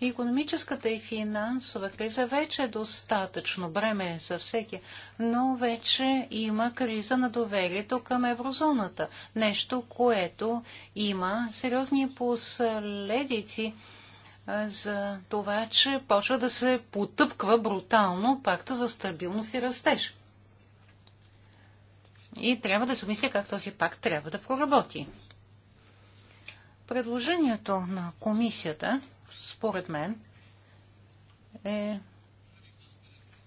Економическата и финансова криза вече е достатъчно бреме за всеки, но вече има криза на доверието към еврозоната. Нещо, което има сериозни последици за това, че почва да се потъпква брутално пакта за стабилност и растеж. И трябва да се мисля как този пакт трябва да проработи. Предложението на комисията, според мен, е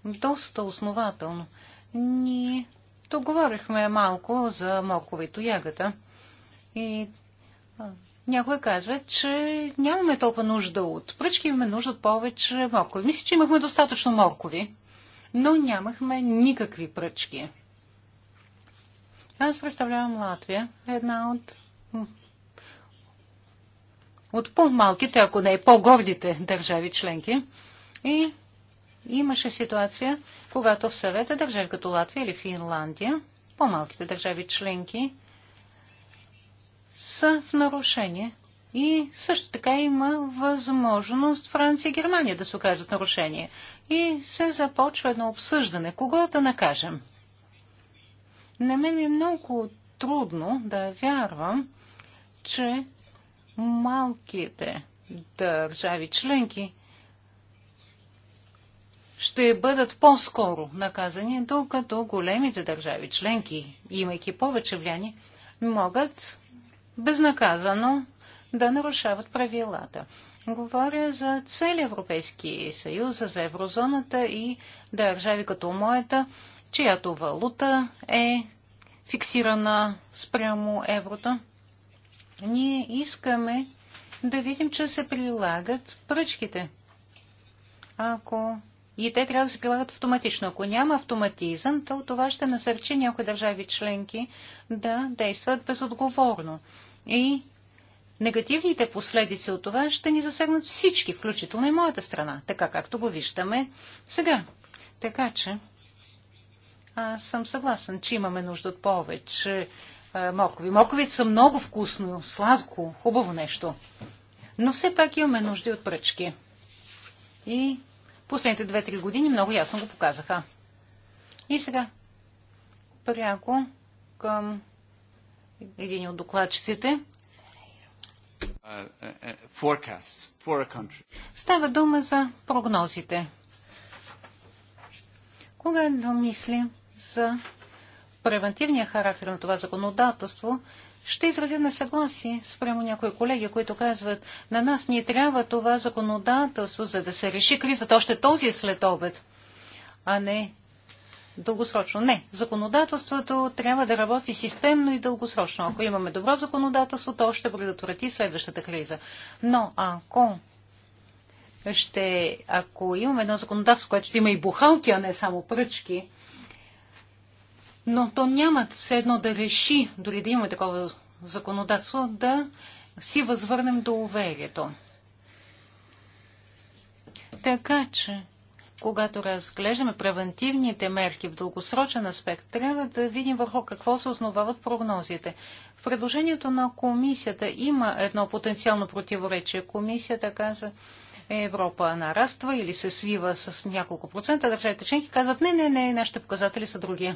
доста основателно. Ние договорихме малко за морковето ягата. И някой казва, че нямаме толкова нужда от пръчки, имаме нужда от повече моркови. Мисля, че имахме достатъчно моркови, но нямахме никакви пръчки. Аз представлявам Латвия, една от от по-малките, ако не и по-гордите държави членки. И имаше ситуация, когато в съвета държави като Латвия или Финландия, по-малките държави членки, са в нарушение. И също така има възможност Франция и Германия да се окажат нарушение. И се започва едно обсъждане. Кого да накажем? На мен е много трудно да вярвам, че малките държави членки ще бъдат по-скоро наказани, докато големите държави членки, имайки повече влияние, могат безнаказано да нарушават правилата. Говоря за целия Европейски съюз, за еврозоната и държави като моята, чиято валута е фиксирана спрямо еврото. Ние искаме да видим, че се прилагат пръчките. Ако и те трябва да се прилагат автоматично. Ако няма автоматизъм, то това ще насърчи някои държави членки да действат безотговорно. И негативните последици от това ще ни засегнат всички, включително и моята страна, така както го виждаме сега. Така че аз съм съгласен, че имаме нужда от повече мокови. Моковите са много вкусно, сладко, хубаво нещо. Но все пак имаме нужди от пръчки. И последните 2-3 години много ясно го показаха. И сега пряко към един от докладчиците. Uh, uh, uh, Става дума за прогнозите. да мисли за превентивния характер на това законодателство, ще изразя несъгласие спрямо някои колеги, които казват, на нас ни трябва това законодателство, за да се реши кризата още този след обед, а не дългосрочно. Не. Законодателството трябва да работи системно и дългосрочно. Ако имаме добро законодателство, то ще предотврати следващата криза. Но ако ще, ако имаме едно законодателство, което ще има и бухалки, а не само пръчки, но то няма все едно да реши, дори да имаме такова законодателство, да си възвърнем доверието. Така че когато разглеждаме превентивните мерки в дългосрочен аспект, трябва да видим върху какво се основават прогнозите. В предложението на комисията има едно потенциално противоречие. Комисията казва, Европа нараства или се свива с няколко процента, държавите членки казват, не, не, не, нашите показатели са други.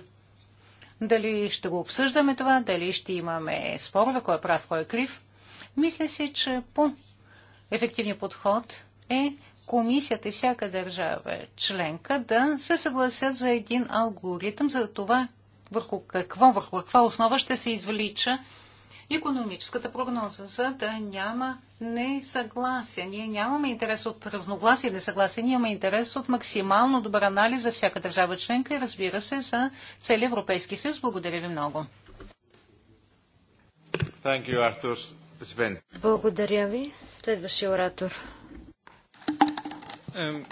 Дали ще го обсъждаме това, дали ще имаме спорове, кой е прав, кой е крив. Мисля си, че по-ефективният подход е комисията и всяка държава членка да се съгласят за един алгоритъм за това върху какво, върху каква основа ще се извлича економическата прогноза, за да няма несъгласие. Ние нямаме интерес от разногласие и несъгласие, ние имаме интерес от максимално добър анализ за всяка държава членка и разбира се за целия Европейски съюз. Благодаря ви много. You, Благодаря ви. Следващия оратор. Um,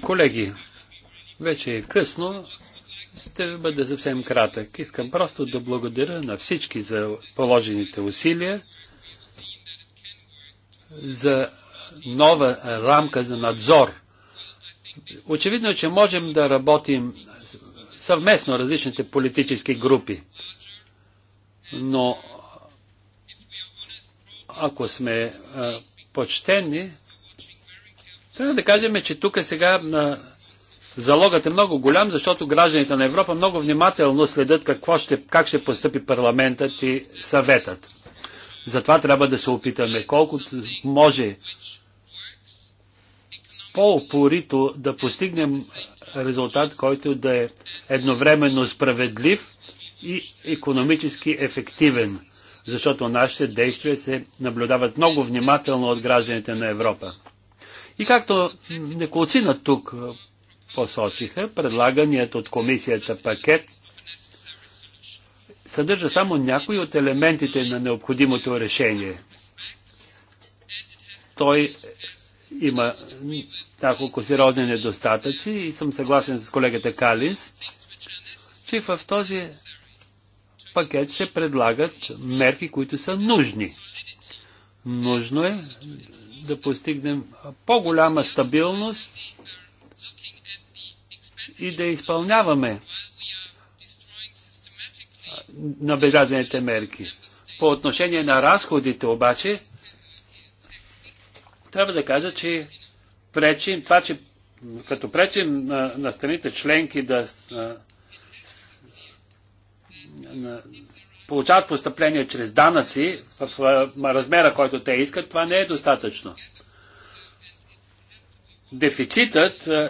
колеги, вече е късно. Ще бъда съвсем кратък. Искам просто да благодаря на всички за положените усилия, за нова рамка за надзор. Очевидно е, че можем да работим съвместно различните политически групи. Но ако сме почтени, трябва да кажем, че тук сега залогът е много голям, защото гражданите на Европа много внимателно следят какво ще, как ще постъпи парламентът и съветът. Затова трябва да се опитаме колкото може по-упорито да постигнем резултат, който да е едновременно справедлив и економически ефективен, защото нашите действия се наблюдават много внимателно от гражданите на Европа. И както неколцина тук посочиха, предлаганият от комисията пакет съдържа само някои от елементите на необходимото решение. Той има няколко сериозни недостатъци и съм съгласен с колегата Калис, че в този пакет се предлагат мерки, които са нужни. Нужно е да постигнем по-голяма стабилност и да изпълняваме набелязаните мерки. По отношение на разходите обаче, трябва да кажа, че пречим, това, че като пречим на, на страните членки да на, на, получават постъпления чрез данъци в размера, който те искат, това не е достатъчно. Дефицитът е,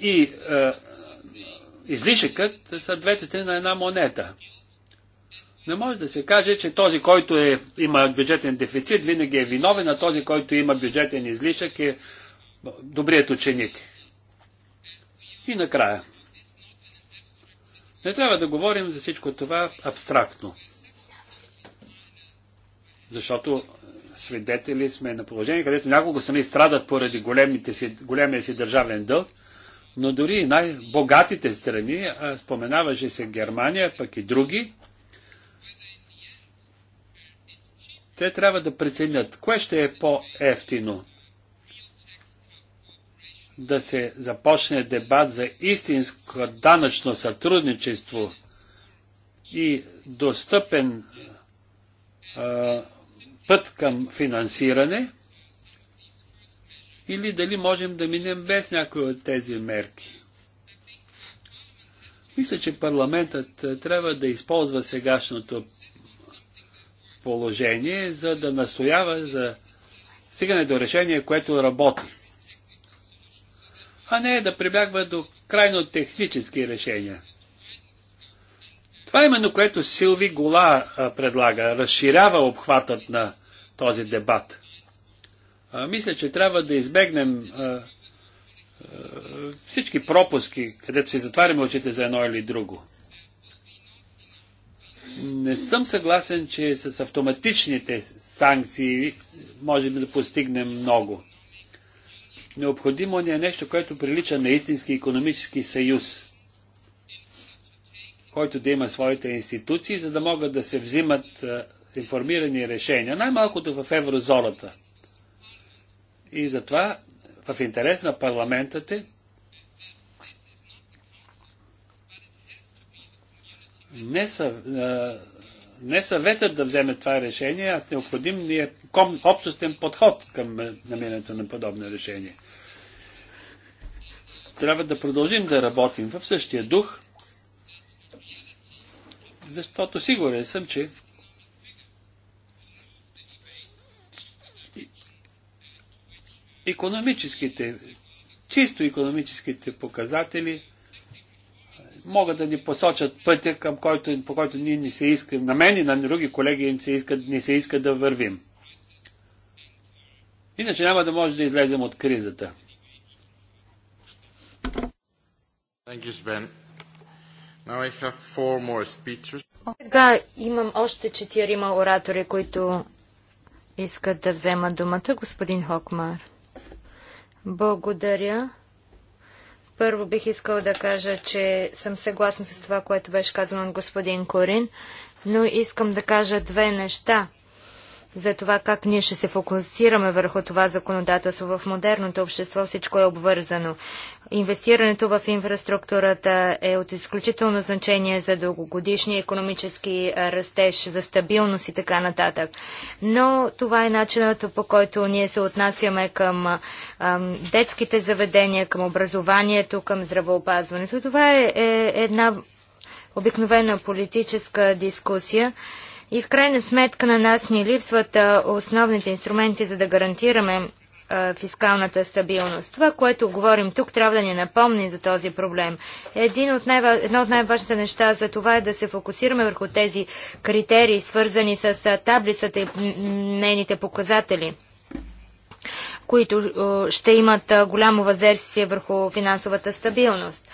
и е, излишъкът са двете страни на една монета. Не може да се каже, че този, който е, има бюджетен дефицит, винаги е виновен, а този, който има бюджетен излишък е добрият ученик. И накрая. Не трябва да говорим за всичко това абстрактно. Защото свидетели сме на положение, където няколко страни страдат поради големите си, големия си държавен дълг, но дори най-богатите страни, споменаваше се Германия, пък и други, те трябва да преценят кое ще е по-ефтино да се започне дебат за истинско данъчно сътрудничество и достъпен а, път към финансиране, или дали можем да минем без някои от тези мерки. Мисля, че парламентът трябва да използва сегашното положение, за да настоява за стигане до решение, което работи а не да прибягва до крайно технически решения. Това е именно което Силви Гола предлага, разширява обхватът на този дебат. А, мисля, че трябва да избегнем а, а, всички пропуски, където си затваряме очите за едно или друго. Не съм съгласен, че с автоматичните санкции можем да постигнем много. Необходимо ни е нещо, което прилича на истински економически съюз, който да има своите институции, за да могат да се взимат е, информирани решения, най-малкото в еврозоната. И затова в интерес на парламентът е не са, е, не съветът да вземе това решение, а необходим ни е ком, подход към намирането на подобно решение. Трябва да продължим да работим в същия дух, защото сигурен съм, че економическите, чисто економическите показатели – могат да ни посочат пътя, към който, по който ние не се иска, на мен и на други колеги им се иска, не се иска да вървим. Иначе няма да може да излезем от кризата. Сега имам още четирима оратори, които искат да вземат думата. Господин Хокмар. Благодаря. Първо бих искал да кажа, че съм съгласна с това, което беше казано от господин Корин, но искам да кажа две неща – за това как ние ще се фокусираме върху това законодателство. В модерното общество всичко е обвързано. Инвестирането в инфраструктурата е от изключително значение за дългогодишния економически растеж, за стабилност и така нататък. Но това е начинът по който ние се отнасяме към ам, детските заведения, към образованието, към здравеопазването. Това е, е една обикновена политическа дискусия. И в крайна сметка на нас ни липсват основните инструменти, за да гарантираме фискалната стабилност. Това, което говорим тук, трябва да ни напомни за този проблем. Един от най- едно от най-важните неща за това е да се фокусираме върху тези критерии, свързани с таблицата и нейните показатели които ще имат голямо въздействие върху финансовата стабилност.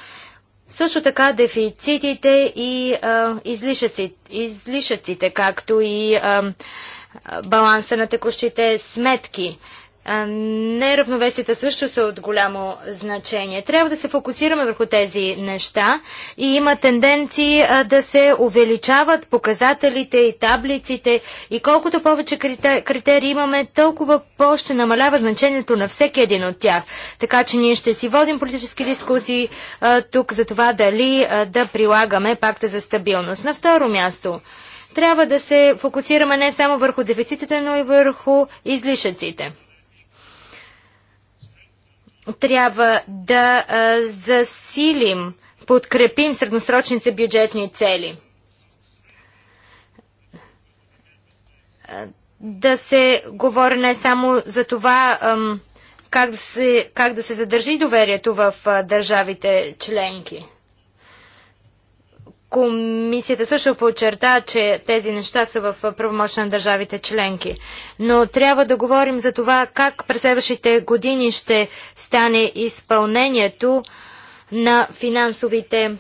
Също така дефицитите и а, излишъците, излишъците, както и а, баланса на текущите сметки неравновесията също са от голямо значение. Трябва да се фокусираме върху тези неща и има тенденции а, да се увеличават показателите и таблиците и колкото повече критерии имаме, толкова по-ще намалява значението на всеки един от тях. Така че ние ще си водим политически дискусии а, тук за това дали а, да прилагаме пакта за стабилност. На второ място трябва да се фокусираме не само върху дефицитите, но и върху излишъците трябва да засилим, подкрепим средносрочните бюджетни цели. Да се говори не само за това как да се, как да се задържи доверието в държавите членки. Комисията също подчерта, че тези неща са в правомощна на държавите членки. Но трябва да говорим за това как през следващите години ще стане изпълнението на финансовите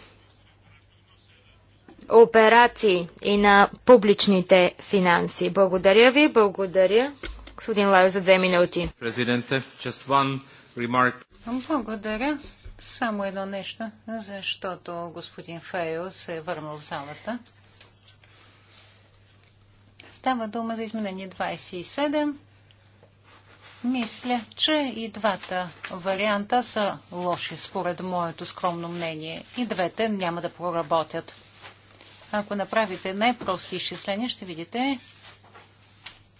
операции и на публичните финанси. Благодаря ви, благодаря. Господин Лайо за две минути. Президенте, just one remark. Благодаря. Само едно нещо, защото господин Фейл се е върнал в залата. Става дума за изменение 27. Мисля, че и двата варианта са лоши, според моето скромно мнение. И двете няма да проработят. Ако направите най-прости изчисления, ще видите,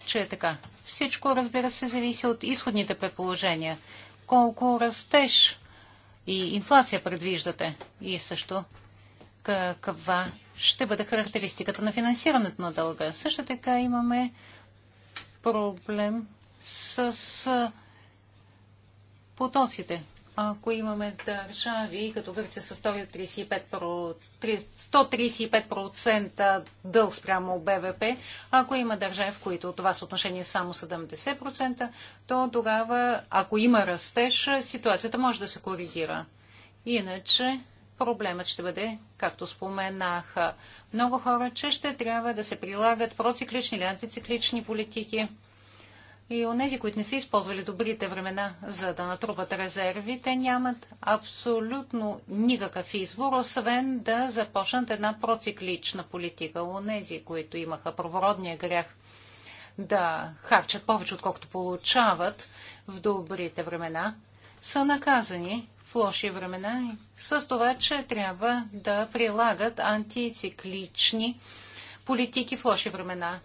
че е така. Всичко, разбира се, зависи от изходните предположения. Колко растеж и инфлация предвиждате? И също каква ще бъде характеристиката на финансирането на дълга? Също така имаме проблем с потоците. Ако имаме държави, като Гърция с 135% 135% дълг спрямо БВП, ако има държави, в които това съотношение е само 70%, то тогава, ако има растеж, ситуацията може да се коригира. Иначе проблемът ще бъде, както споменах, много хора, че ще трябва да се прилагат проциклични или антициклични политики – и онези, които не са използвали добрите времена, за да натрупат резерви, те нямат абсолютно никакъв избор, освен да започнат една проциклична политика. Онези, които имаха провородния грях да харчат повече, отколкото получават в добрите времена, са наказани в лоши времена с това, че трябва да прилагат антициклични политики в лоши времена.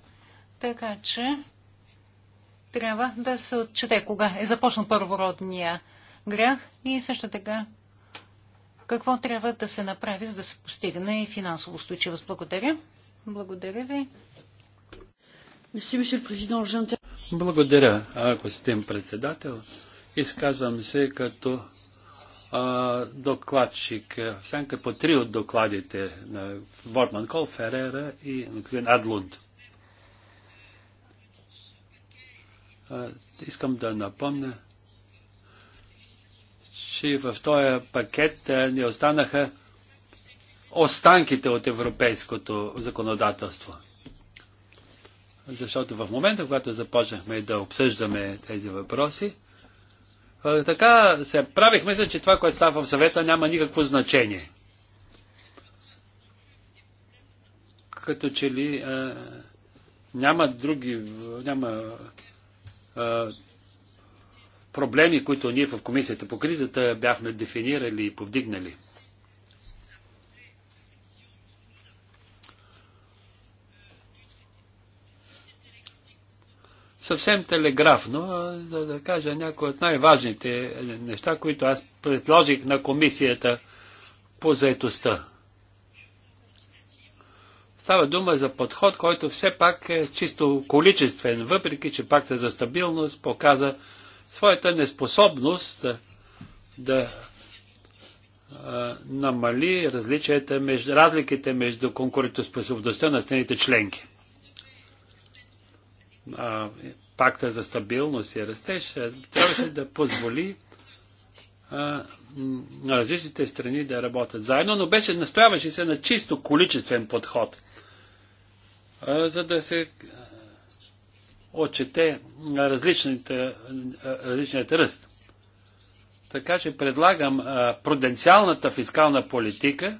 Така че трябва да се отчете кога е започнал първородния грях и също така какво трябва да се направи, за да се постигне и финансово устойчивост. Благодаря. Благодаря ви. Благодаря, господин председател. Изказвам се като а, докладчик, сянка по три от докладите на Бортман Кол, Ферера и Адлунд. искам да напомня, че в този пакет ни останаха останките от европейското законодателство. Защото в момента, когато започнахме да обсъждаме тези въпроси, така се правих мисля, че това, което става в съвета, няма никакво значение. Като че ли а, няма други, няма проблеми, които ние в Комисията по кризата бяхме дефинирали и повдигнали. съвсем телеграфно, за да кажа някои от най-важните неща, които аз предложих на комисията по заетостта. Става дума за подход, който все пак е чисто количествен, въпреки че пакта за стабилност показа своята неспособност да, да а, намали различията между, разликите между конкурентоспособността на страните членки. А, пакта за стабилност и растеж трябваше да позволи а, на различните страни да работят заедно, но беше настояваше се на чисто количествен подход за да се отчете различният ръст. Така че предлагам пруденциалната фискална политика,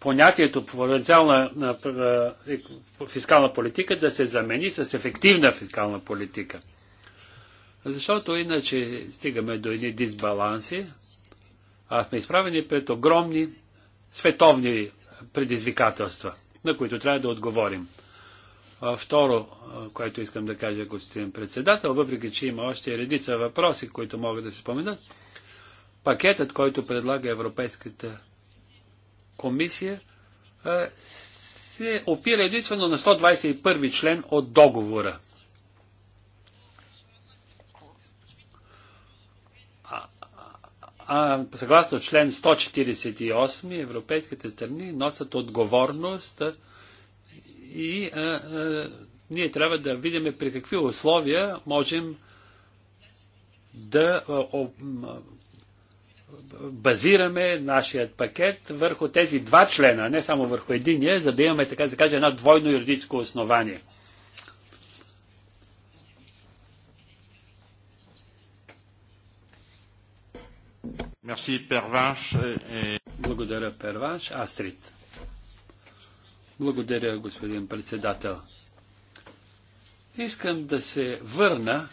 понятието пруденциална фискална политика да се замени с ефективна фискална политика. Защото иначе стигаме до едни дисбаланси, а сме изправени пред огромни световни предизвикателства – на които трябва да отговорим. Второ, което искам да кажа, господин председател, въпреки че има още редица въпроси, които могат да се споменат, пакетът, който предлага Европейската комисия, се опира единствено на 121 член от договора. а, съгласно член 148 европейските страни носят отговорност и а, а, ние трябва да видим при какви условия можем да а, а, базираме нашият пакет върху тези два члена, не само върху единия, за да имаме, така да кажа, каже, двойно юридическо основание. Благодаря, Перванш. Астрид. Благодаря, господин председател. Искам да се върна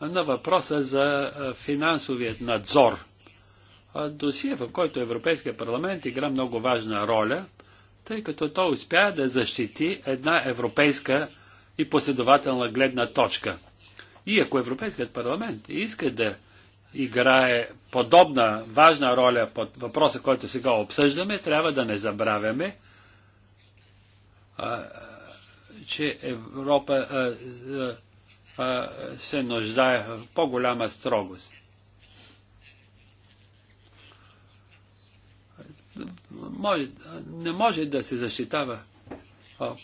на въпроса за финансовият надзор. Досие, в който Европейския парламент игра много важна роля, тъй като той успя да защити една европейска и последователна гледна точка. И ако Европейският парламент иска да играе подобна важна роля под въпроса, който сега обсъждаме, трябва да не забравяме, че Европа се нуждае в по-голяма строгост. Може, не може да се защитава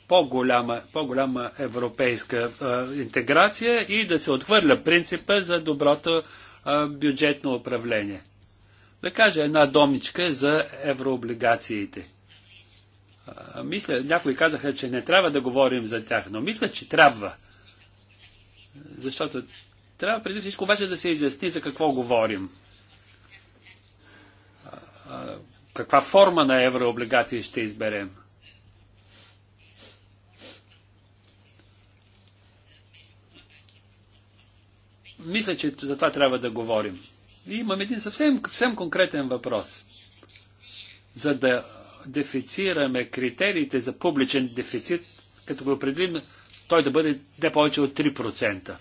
по-голяма, по-голяма европейска интеграция и да се отхвърля принципа за доброто бюджетно управление. Да кажа една домичка е за еврооблигациите. Мисля, някои казаха, че не трябва да говорим за тях, но мисля, че трябва. Защото трябва преди всичко обаче да се изясни за какво говорим. Каква форма на еврооблигации ще изберем? мисля, че за това трябва да говорим. И имам един съвсем, съвсем конкретен въпрос. За да дефицираме критериите за публичен дефицит, като го определим, той да бъде не повече от 3%.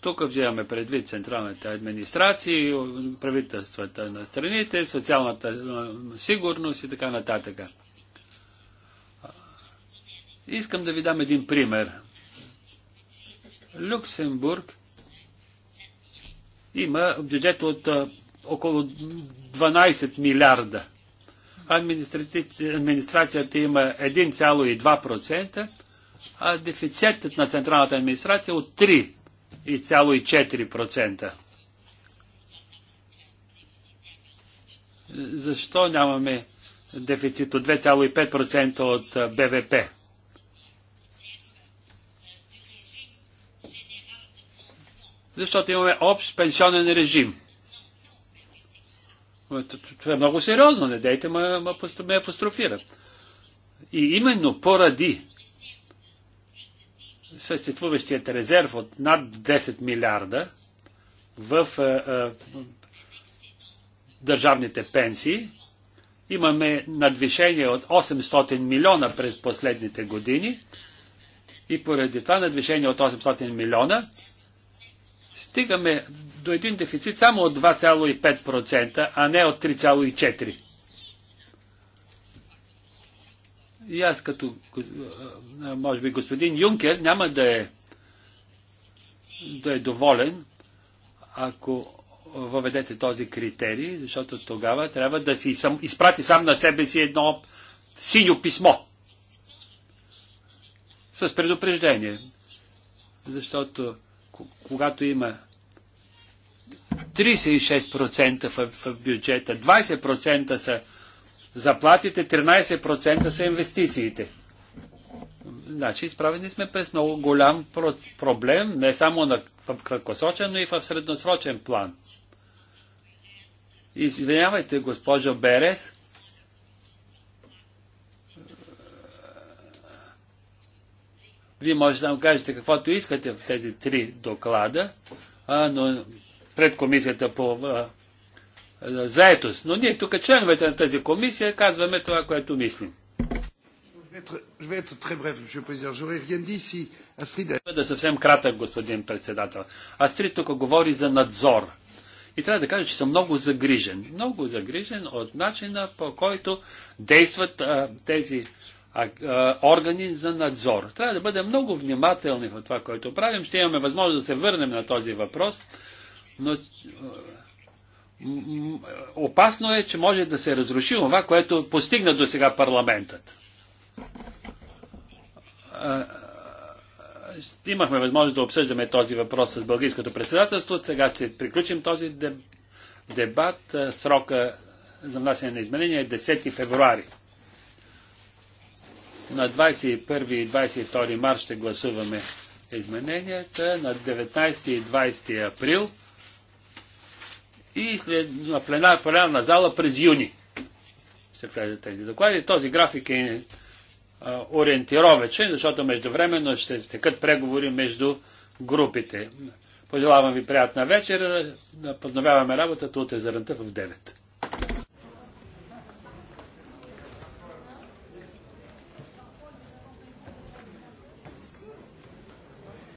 Тук вземаме предвид централните администрации, правителствата на страните, социалната сигурност и така нататък. Искам да ви дам един пример. Люксембург има бюджет от а, около 12 милиарда. Администрацията има 1,2%, а дефицитът на централната администрация е от 3,4%. Защо нямаме дефицит от 2,5% от БВП? защото имаме общ пенсионен режим. Това е много сериозно, не дайте ме, ме апострофират. И именно поради съществуващият резерв от над 10 милиарда в а, е, а, е, държавните пенсии, имаме надвишение от 800 милиона през последните години и поради това надвишение от 800 милиона стигаме до един дефицит само от 2,5%, а не от 3,4%. И аз като, може би, господин Юнкер няма да е, да е доволен, ако въведете този критерий, защото тогава трябва да си сам, изпрати сам на себе си едно синьо писмо с предупреждение. Защото когато има 36% в, в бюджета, 20% са заплатите, 13% са инвестициите. Значи, изправени сме през много голям проблем, не само на, в краткосрочен, но и в средносрочен план. Извинявайте, госпожо Берес, Вие може да му кажете каквото искате в тези три доклада, а, но пред комисията по а, а, заетост. Но ние тук, членовете на тази комисия, казваме това, което мислим. Да е съвсем кратък, господин председател. Астрид тук говори за надзор. И трябва да кажа, че съм много загрижен. Много загрижен от начина по който действат а, тези органи за надзор. Трябва да бъдем много внимателни в това, което правим. Ще имаме възможност да се върнем на този въпрос, но опасно е, че може да се разруши това, което постигна до сега парламентът. Имахме възможност да обсъждаме този въпрос с Българското председателство. Сега ще приключим този дебат. Срока за внасяне на изменения е 10 февруари. На 21 и 22 марта ще гласуваме измененията. На 19 и 20 април и след, на пленар, пленарна зала през юни ще влезат тези доклади. Този график е ориентировачен, защото междувременно ще текат преговори между групите. Пожелавам ви приятна вечер. Подновяваме работата от езерната в 9.